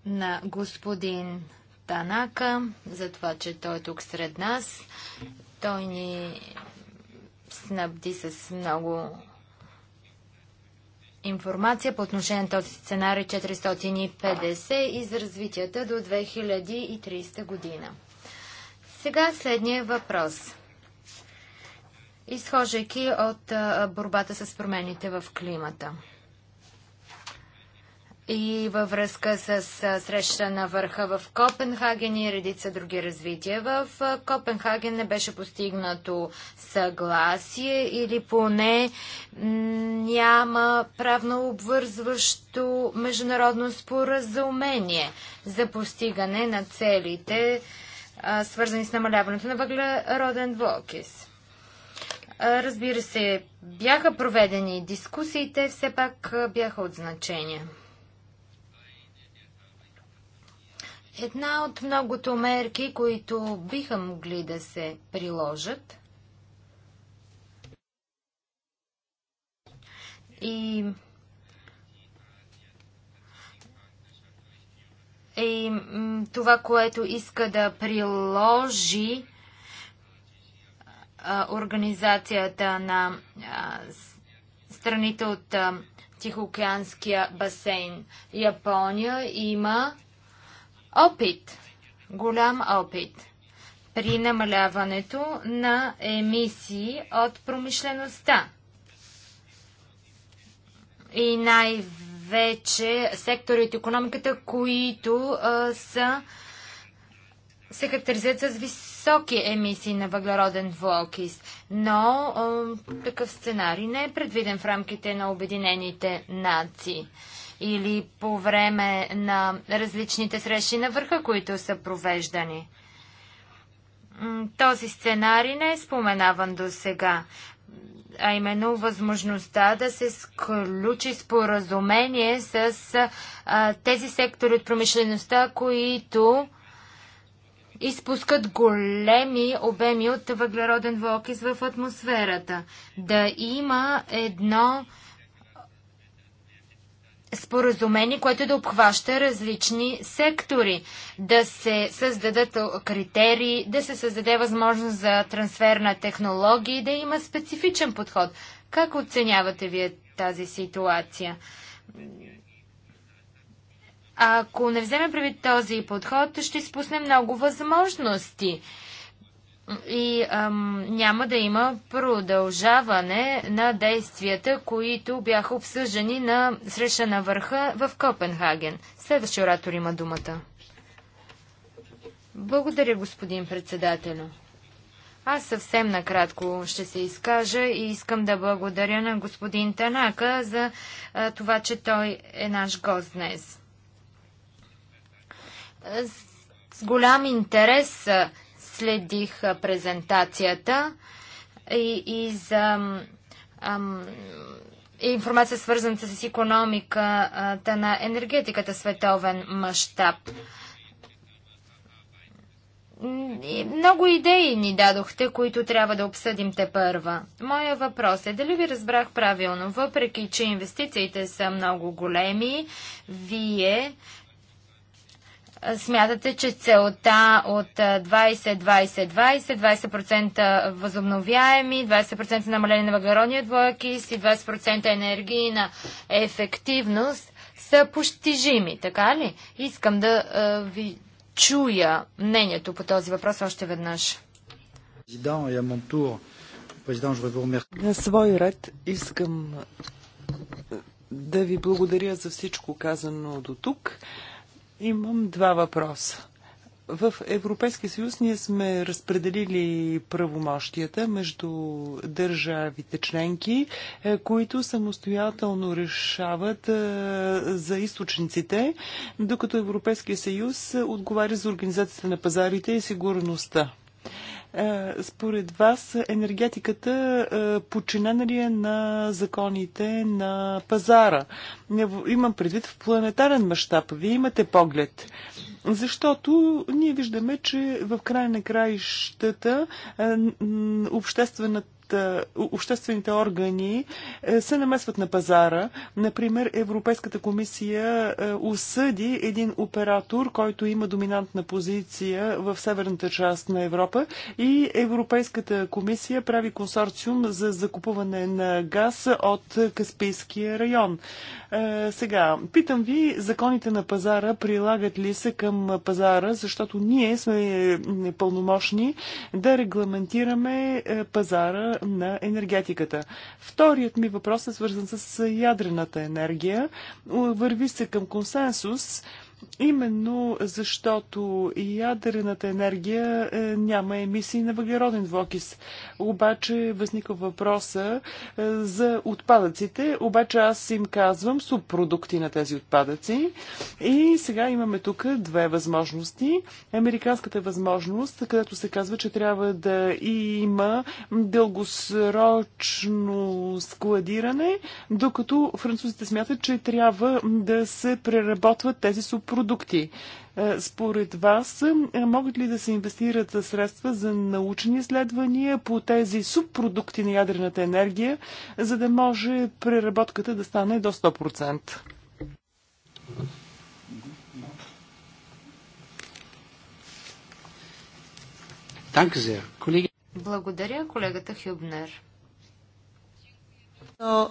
на господин Танака за това, че той е тук сред нас. Той ни снабди с много информация по отношение на този сценарий 450 и за развитията до 2030 година. Сега следния въпрос. Изхождайки от борбата с промените в климата и във връзка с среща на върха в Копенхаген и редица други развития. В Копенхаген не беше постигнато съгласие или поне няма правно обвързващо международно споразумение за постигане на целите, свързани с намаляването на въглероден двуокис. Разбира се, бяха проведени дискусиите, все пак бяха от значение. Една от многото мерки, които биха могли да се приложат и е и това, което иска да приложи а, организацията на а, страните от а, Тихоокеанския басейн. Япония има Опит, голям опит при намаляването на емисии от промишлеността. И най-вече сектори от економиката, които а, са се характеризират с високи емисии на въглероден двуокис, но а, такъв сценарий не е предвиден в рамките на Обединените нации или по време на различните срещи на върха, които са провеждани. Този сценарий не е споменаван до сега, а именно възможността да се сключи споразумение с а, тези сектори от промишлеността, които изпускат големи обеми от въглероден двуокис в атмосферата. Да има едно споразумение, което да обхваща различни сектори, да се създадат критерии, да се създаде възможност за трансфер на технологии, да има специфичен подход. Как оценявате вие тази ситуация? Ако не вземе прави този подход, ще изпусне много възможности и ам, няма да има продължаване на действията, които бяха обсъждани на среща на върха в Копенхаген. Следващия оратор има думата. Благодаря, господин председателю. Аз съвсем накратко ще се изкажа и искам да благодаря на господин Танака за а, това, че той е наш гост днес. С голям интерес следих презентацията и, и за ам, информация свързана с економиката на енергетиката световен мащаб. Много идеи ни дадохте, които трябва да обсъдим те първа. Моя въпрос е, дали ви разбрах правилно, въпреки че инвестициите са много големи, вие Смятате, че целта от 20-20-20, 20% възобновяеми, 20% намаление на въглеродния двоекис и 20% енергийна ефективност са постижими, така ли? Искам да а, ви чуя мнението по този въпрос още веднъж. Е на свой ред искам да ви благодаря за всичко казано до тук. Имам два въпроса. В Европейския съюз ние сме разпределили правомощията между държавите членки, е, които самостоятелно решават е, за източниците, докато Европейския съюз е, отговаря за организацията на пазарите и сигурността. Е, според вас енергетиката подчинена ли е на законите на пазара? Имам предвид в планетарен мащаб. Вие имате поглед. Защото ние виждаме, че в край на краищата е, обществената обществените органи е, се намесват на пазара. Например, Европейската комисия е, осъди един оператор, който има доминантна позиция в северната част на Европа и Европейската комисия прави консорциум за закупуване на газ от Каспийския район. Е, сега, питам ви, законите на пазара прилагат ли се към пазара, защото ние сме пълномощни да регламентираме пазара на енергетиката. Вторият ми въпрос е свързан с ядрената енергия. Върви се към консенсус Именно защото ядрената енергия е, няма емисии на въглероден двокис. Обаче възниква въпроса е, за отпадъците, обаче аз им казвам субпродукти на тези отпадъци. И сега имаме тук две възможности. Американската възможност, където се казва, че трябва да има дългосрочно складиране, докато французите смятат, че трябва да се преработват тези субпродукти продукти. Е, според вас, е, могат ли да се инвестират средства за научни изследвания по тези субпродукти на ядрената енергия, за да може преработката да стане до 100%? Благодаря, колегата Хюбнер.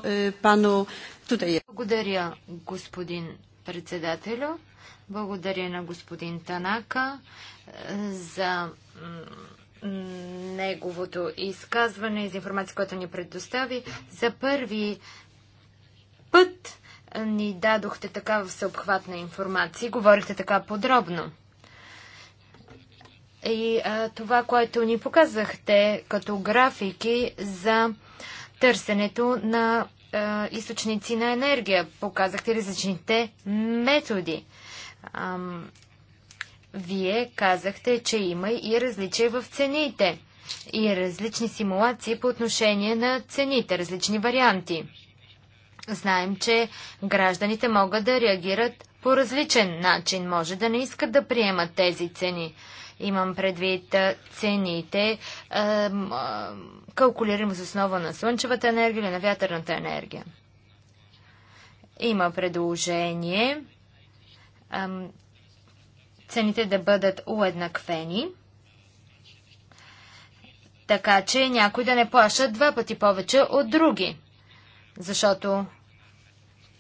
Е, Благодаря, господин председателю. Благодаря на господин Танака е, за неговото изказване и за информация, която ни предостави. За първи път е, ни дадохте такава всеобхватна информация и говорихте така подробно. И а, е, това, което ни показахте като графики за търсенето на а, източници на енергия, показахте различните методи. Ам, вие казахте, че има и различия в цените и различни симулации по отношение на цените, различни варианти. Знаем, че гражданите могат да реагират по различен начин, може да не искат да приемат тези цени. Имам предвид цените, калкулирам с основа на слънчевата енергия или на вятърната енергия. Има предложение цените да бъдат уеднаквени, така че някой да не плаща два пъти повече от други, защото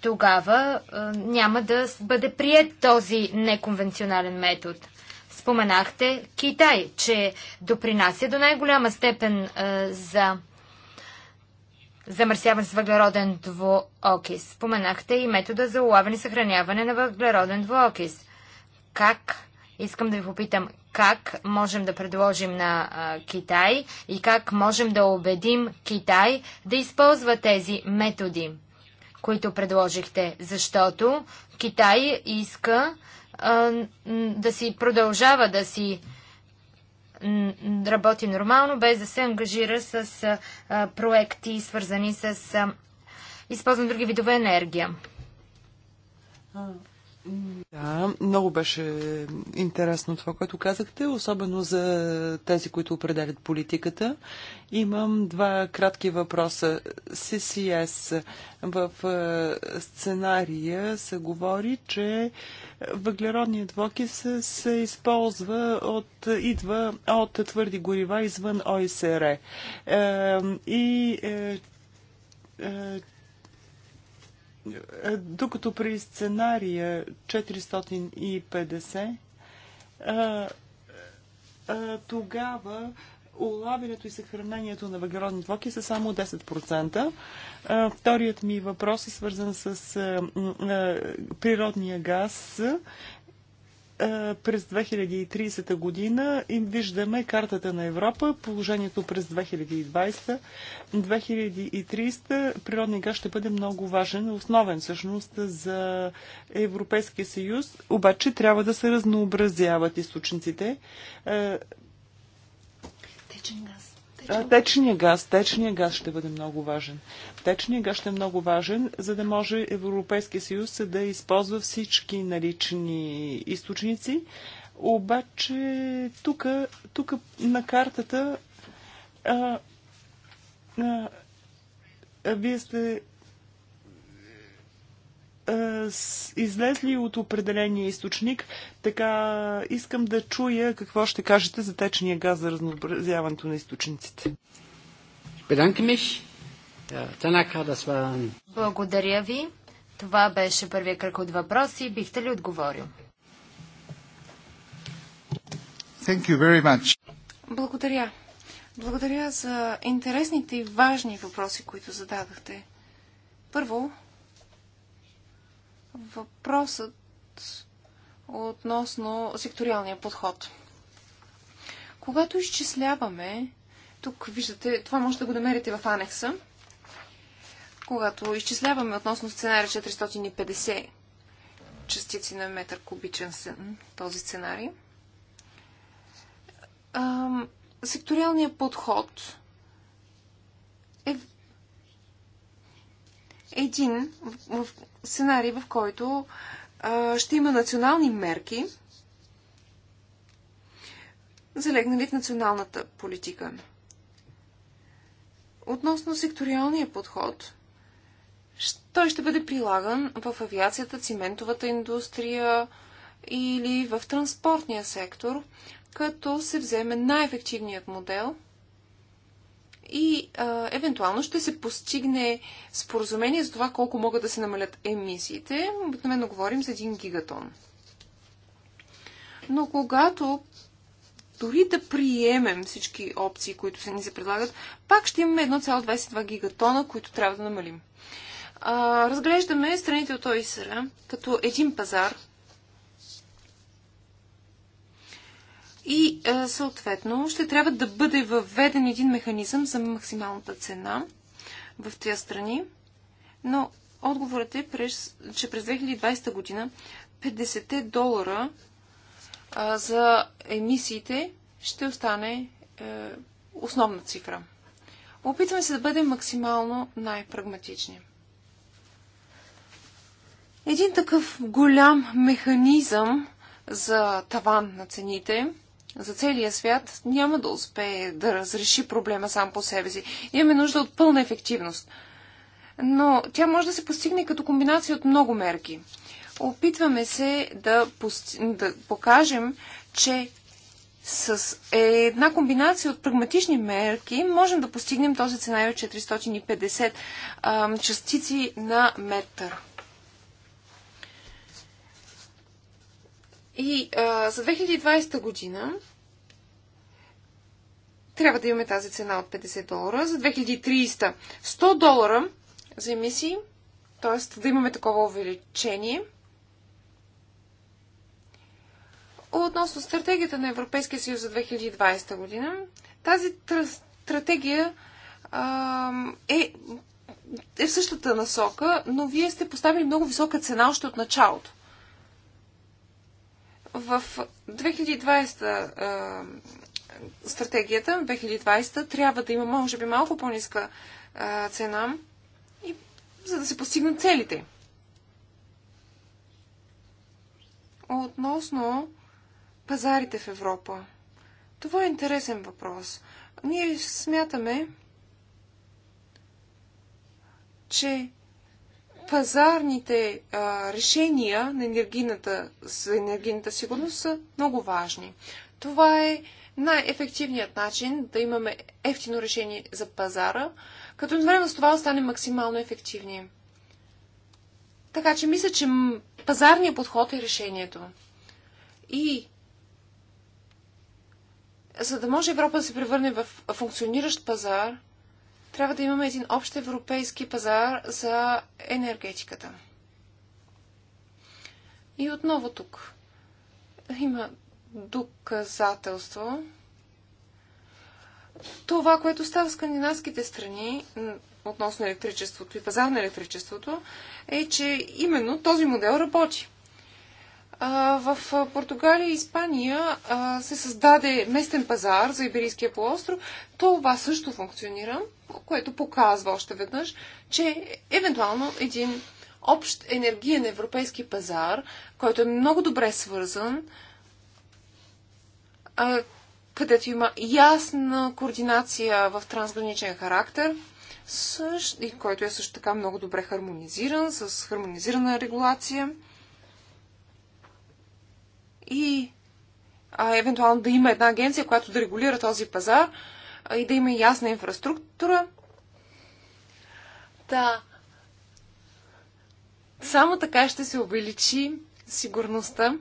тогава няма да бъде прият този неконвенционален метод. Споменахте Китай, че допринася до най-голяма степен за замърсяване с въглероден двуокис. Споменахте и метода за улавяне и съхраняване на въглероден двуокис. Как, искам да ви попитам, как можем да предложим на а, Китай и как можем да убедим Китай да използва тези методи, които предложихте, защото Китай иска а, да си продължава да си работи нормално, без да се ангажира с а, проекти, свързани с а, използване на други видове енергия. Да, много беше интересно това, което казахте, особено за тези, които определят политиката. Имам два кратки въпроса. CCS в е, сценария се говори, че въглеродният двоки се използва от, идва от твърди горива извън ОСР. И е, докато при сценария 450 а, а, тогава улавянето и съхранението на въглеродни двоки са само 10%. А, вторият ми въпрос е свързан с природния газ е, през 2030 година им виждаме картата на Европа, положението през 2020. 2030 природния газ ще бъде много важен, основен всъщност за Европейския съюз, обаче трябва да се разнообразяват източниците. Е, Течен Течния. Течния газ. Течния газ ще бъде много важен. Течния газ ще е много важен, за да може Европейския съюз да използва всички налични източници. Обаче тук, тук на картата а, а, вие сте е, излезли от определения източник. Така искам да чуя какво ще кажете за течния газ за разнообразяването на източниците. Благодаря ви. Това беше първия кръг от въпроси. Бихте ли отговорил? Thank you very much. Благодаря. Благодаря за интересните и важни въпроси, които зададахте. Първо, Въпросът относно секториалния подход. Когато изчисляваме, тук виждате, това може да го намерите в анекса, когато изчисляваме относно сценария 450 частици на метър кубичен този сценарий, секториалният подход един в, в сценарий, в който а, ще има национални мерки, залегнали в националната политика. Относно секториалния подход, той ще бъде прилаган в авиацията, циментовата индустрия или в транспортния сектор, като се вземе най-ефективният модел – и а, евентуално ще се постигне споразумение за това колко могат да се намалят емисиите. Обикновено говорим за 1 гигатон. Но когато дори да приемем всички опции, които се ни се предлагат, пак ще имаме 1,22 гигатона, които трябва да намалим. А, разглеждаме страните от ОИСР като един пазар, И е, съответно ще трябва да бъде въведен един механизъм за максималната цена в тези страни, но отговорът е, през, че през 2020 година 50 долара за емисиите ще остане е, основна цифра. Опитваме се да бъдем максимално най-прагматични. Един такъв голям механизъм за таван на цените за целия свят няма да успее да разреши проблема сам по себе си. Имаме нужда от пълна ефективност. Но тя може да се постигне като комбинация от много мерки. Опитваме се да, пост... да покажем, че с една комбинация от прагматични мерки можем да постигнем този от 450 частици на метър. И а, за 2020 година трябва да имаме тази цена от 50 долара. За 2300 100 долара за емисии, т.е. да имаме такова увеличение. Относно стратегията на Европейския съюз за 2020 година, тази стратегия е, е в същата насока, но вие сте поставили много висока цена още от началото. В 2020 стратегията, 2020 трябва да има, може би, малко по-ниска цена, и, за да се постигнат целите. Относно пазарите в Европа. Това е интересен въпрос. Ние смятаме, че пазарните а, решения на енергийната, за енергийната сигурност са много важни. Това е най-ефективният начин да имаме ефтино решение за пазара, като едновременно с това стане максимално ефективни. Така че мисля, че пазарният подход е решението. И за да може Европа да се превърне в функциониращ пазар, трябва да имаме един общ европейски пазар за енергетиката. И отново тук има доказателство. Това, което става в скандинавските страни относно електричеството и пазар на електричеството, е, че именно този модел работи. В Португалия и Испания се създаде местен пазар за Иберийския полуостров. Това също функционира, което показва още веднъж, че евентуално един общ енергиен европейски пазар, който е много добре свързан, където има ясна координация в трансграничен характер, и който е също така много добре хармонизиран, с хармонизирана регулация – и а, евентуално да има една агенция, която да регулира този пазар а, и да има ясна инфраструктура. Да. Само така ще се увеличи сигурността.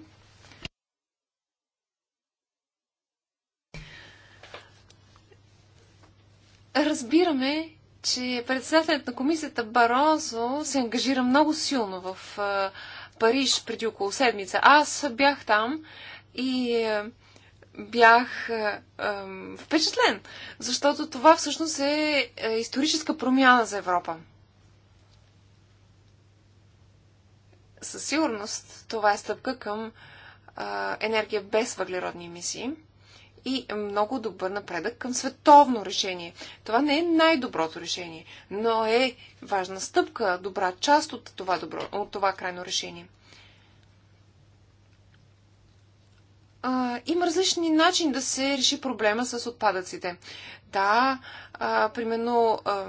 Разбираме, че председателят на комисията Барозо се ангажира много силно в Париж преди около седмица. Аз бях там и е, бях е, е, впечатлен, защото това всъщност е, е историческа промяна за Европа. Със сигурност това е стъпка към е, енергия без въглеродни емисии – и много добър напредък към световно решение. Това не е най-доброто решение, но е важна стъпка, добра част от това, добро, от това крайно решение. а, има различни начини да се реши проблема с отпадъците. Да, а, примерно а,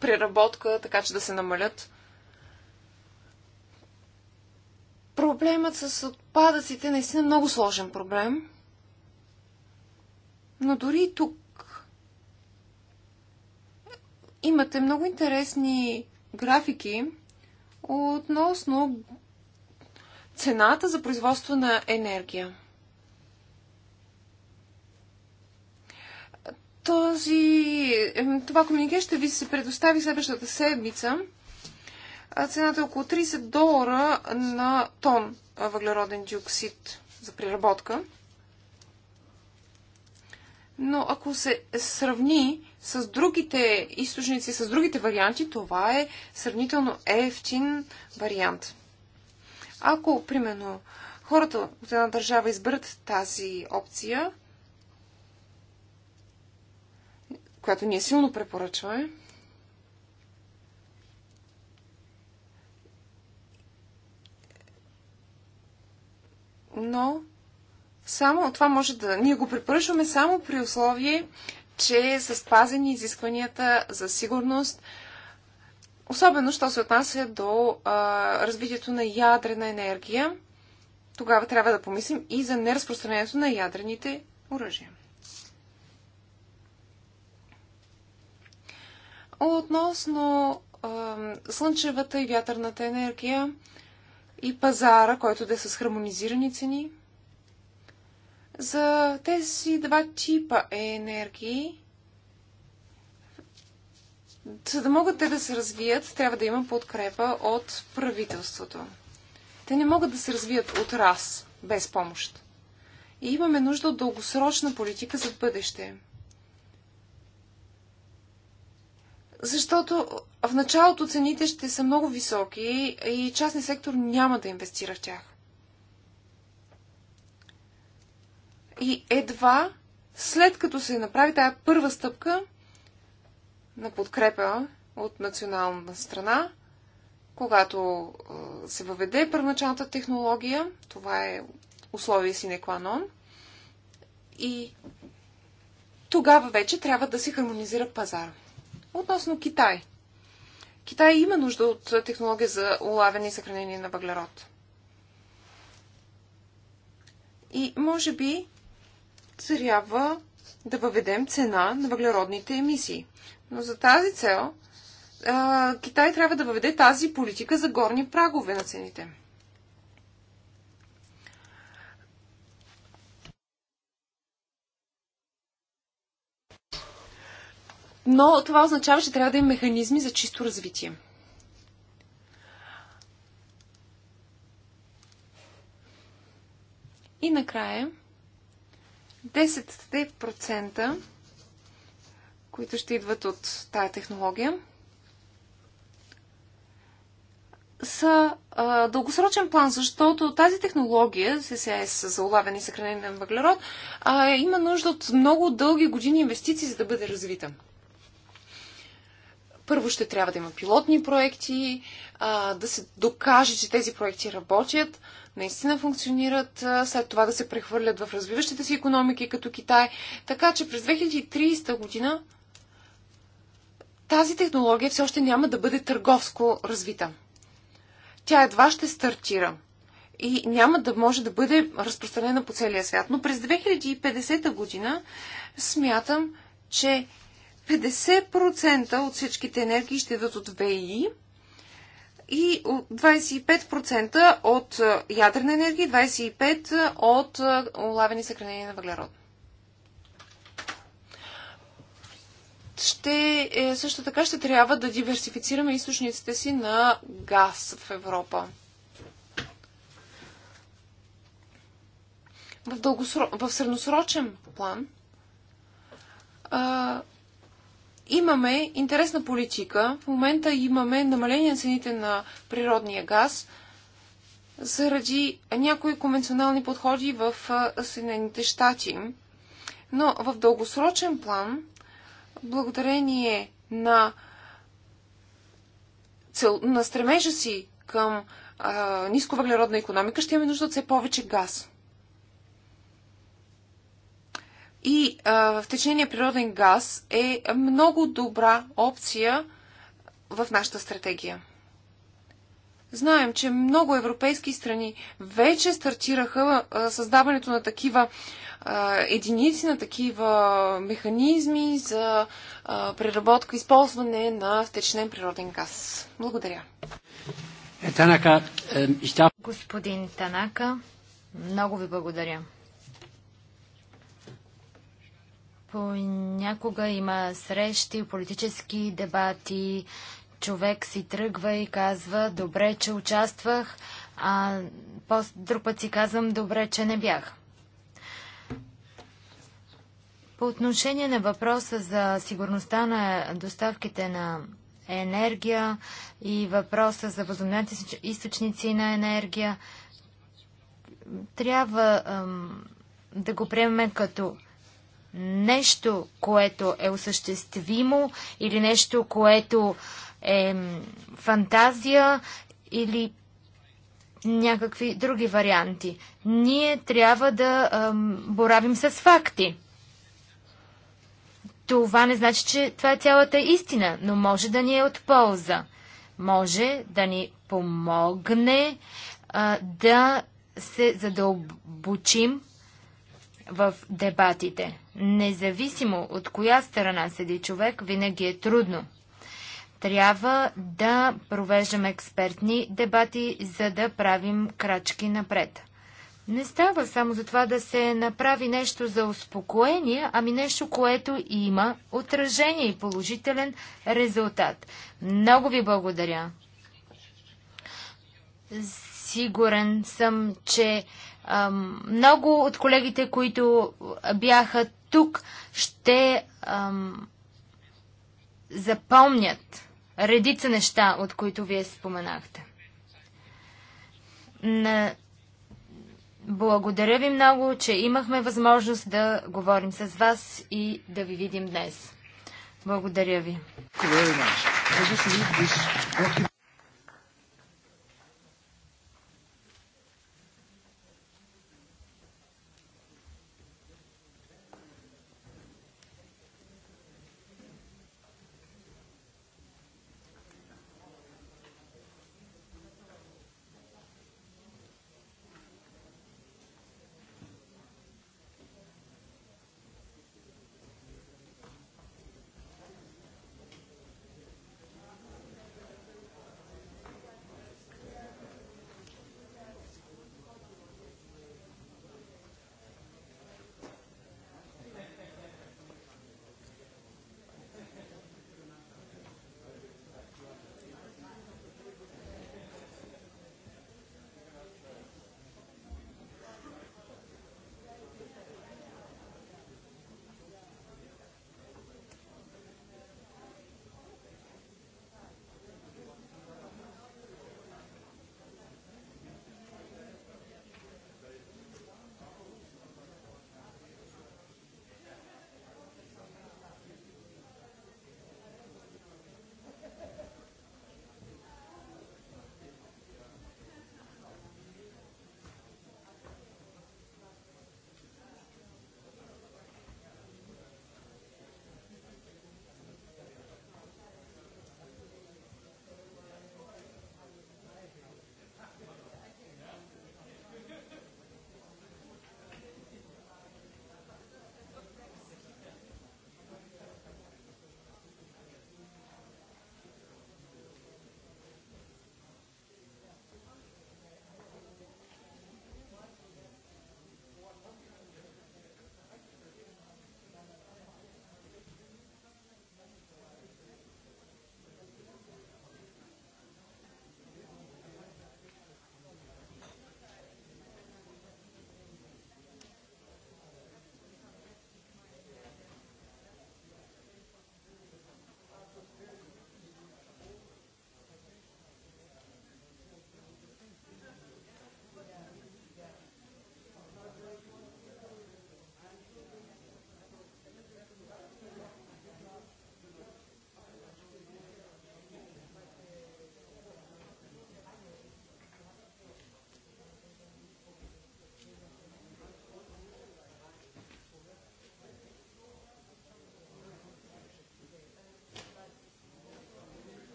преработка, така че да се намалят. Проблемът с отпадъците е наистина много сложен проблем. Но дори и тук имате много интересни графики относно цената за производство на енергия. Този, това комунике ще ви се предостави следващата седмица. Цената е около 30 долара на тон въглероден диоксид за преработка но ако се сравни с другите източници, с другите варианти, това е сравнително ефтин вариант. Ако, примерно, хората от една държава изберат тази опция, която ние силно препоръчваме, но само това може да... Ние го препоръчваме само при условие, че са спазени изискванията за сигурност, особено, що се отнася до а, развитието на ядрена енергия. Тогава трябва да помислим и за неразпространението на ядрените оръжия. Относно а, слънчевата и вятърната енергия и пазара, който да е с хармонизирани цени – за тези два типа енергии, за да могат те да се развият, трябва да има подкрепа от правителството. Те не могат да се развият от раз, без помощ. И имаме нужда от дългосрочна политика за бъдеще. Защото в началото цените ще са много високи и частния сектор няма да инвестира в тях. И едва след като се направи тая първа стъпка на подкрепа от национална страна, когато се въведе първоначалната технология, това е условие си qua и тогава вече трябва да се хармонизира пазар. Относно Китай. Китай има нужда от технология за улавяне и съхранение на въглерод. И може би трябва да въведем цена на въглеродните емисии. Но за тази цел Китай трябва да въведе тази политика за горни прагове на цените. Но това означава, че трябва да има механизми за чисто развитие. И накрая. 10% които ще идват от тая технология, са а, дългосрочен план, защото тази технология, ССС за улавяне и съхранение на въглерод, а, има нужда от много дълги години инвестиции, за да бъде развита. Първо ще трябва да има пилотни проекти, а, да се докаже, че тези проекти работят, наистина функционират, след това да се прехвърлят в развиващите си економики, като Китай. Така че през 2030 година тази технология все още няма да бъде търговско развита. Тя едва ще стартира и няма да може да бъде разпространена по целия свят. Но през 2050 година смятам, че 50% от всичките енергии ще идват от ВИИ, и 25% от е, ядрена енергия, 25% от е, улавени съхранения на въглерод. Ще, е, също така ще трябва да диверсифицираме източниците си на газ в Европа. В, дългосро... в средносрочен план а, Имаме интересна политика. В момента имаме намаление на цените на природния газ заради някои конвенционални подходи в Съединените щати. Но в дългосрочен план, благодарение на, цел, на стремежа си към а, нисковъглеродна економика, ще имаме нужда от все повече газ. И а, втечнения природен газ е много добра опция в нашата стратегия. Знаем, че много европейски страни вече стартираха а, създаването на такива а, единици, на такива механизми за а, преработка, използване на втечнен природен газ. Благодаря. Е, е, Господин Танака, много ви благодаря. Понякога има срещи, политически дебати, човек си тръгва и казва, добре, че участвах, а друг път си казвам, добре, че не бях. По отношение на въпроса за сигурността на доставките на енергия и въпроса за възобновяемите източници на енергия, трябва да го приемем като нещо, което е осъществимо или нещо, което е фантазия или някакви други варианти. Ние трябва да ам, боравим с факти. Това не значи, че това е цялата истина, но може да ни е от полза. Може да ни помогне а, да се задълбочим в дебатите независимо от коя страна седи човек, винаги е трудно. Трябва да провеждаме експертни дебати, за да правим крачки напред. Не става само за това да се направи нещо за успокоение, ами нещо, което има отражение и положителен резултат. Много ви благодаря. Сигурен съм, че много от колегите, които бяха тук ще ам, запомнят редица неща, от които вие споменахте. На... Благодаря ви много, че имахме възможност да говорим с вас и да ви видим днес. Благодаря ви.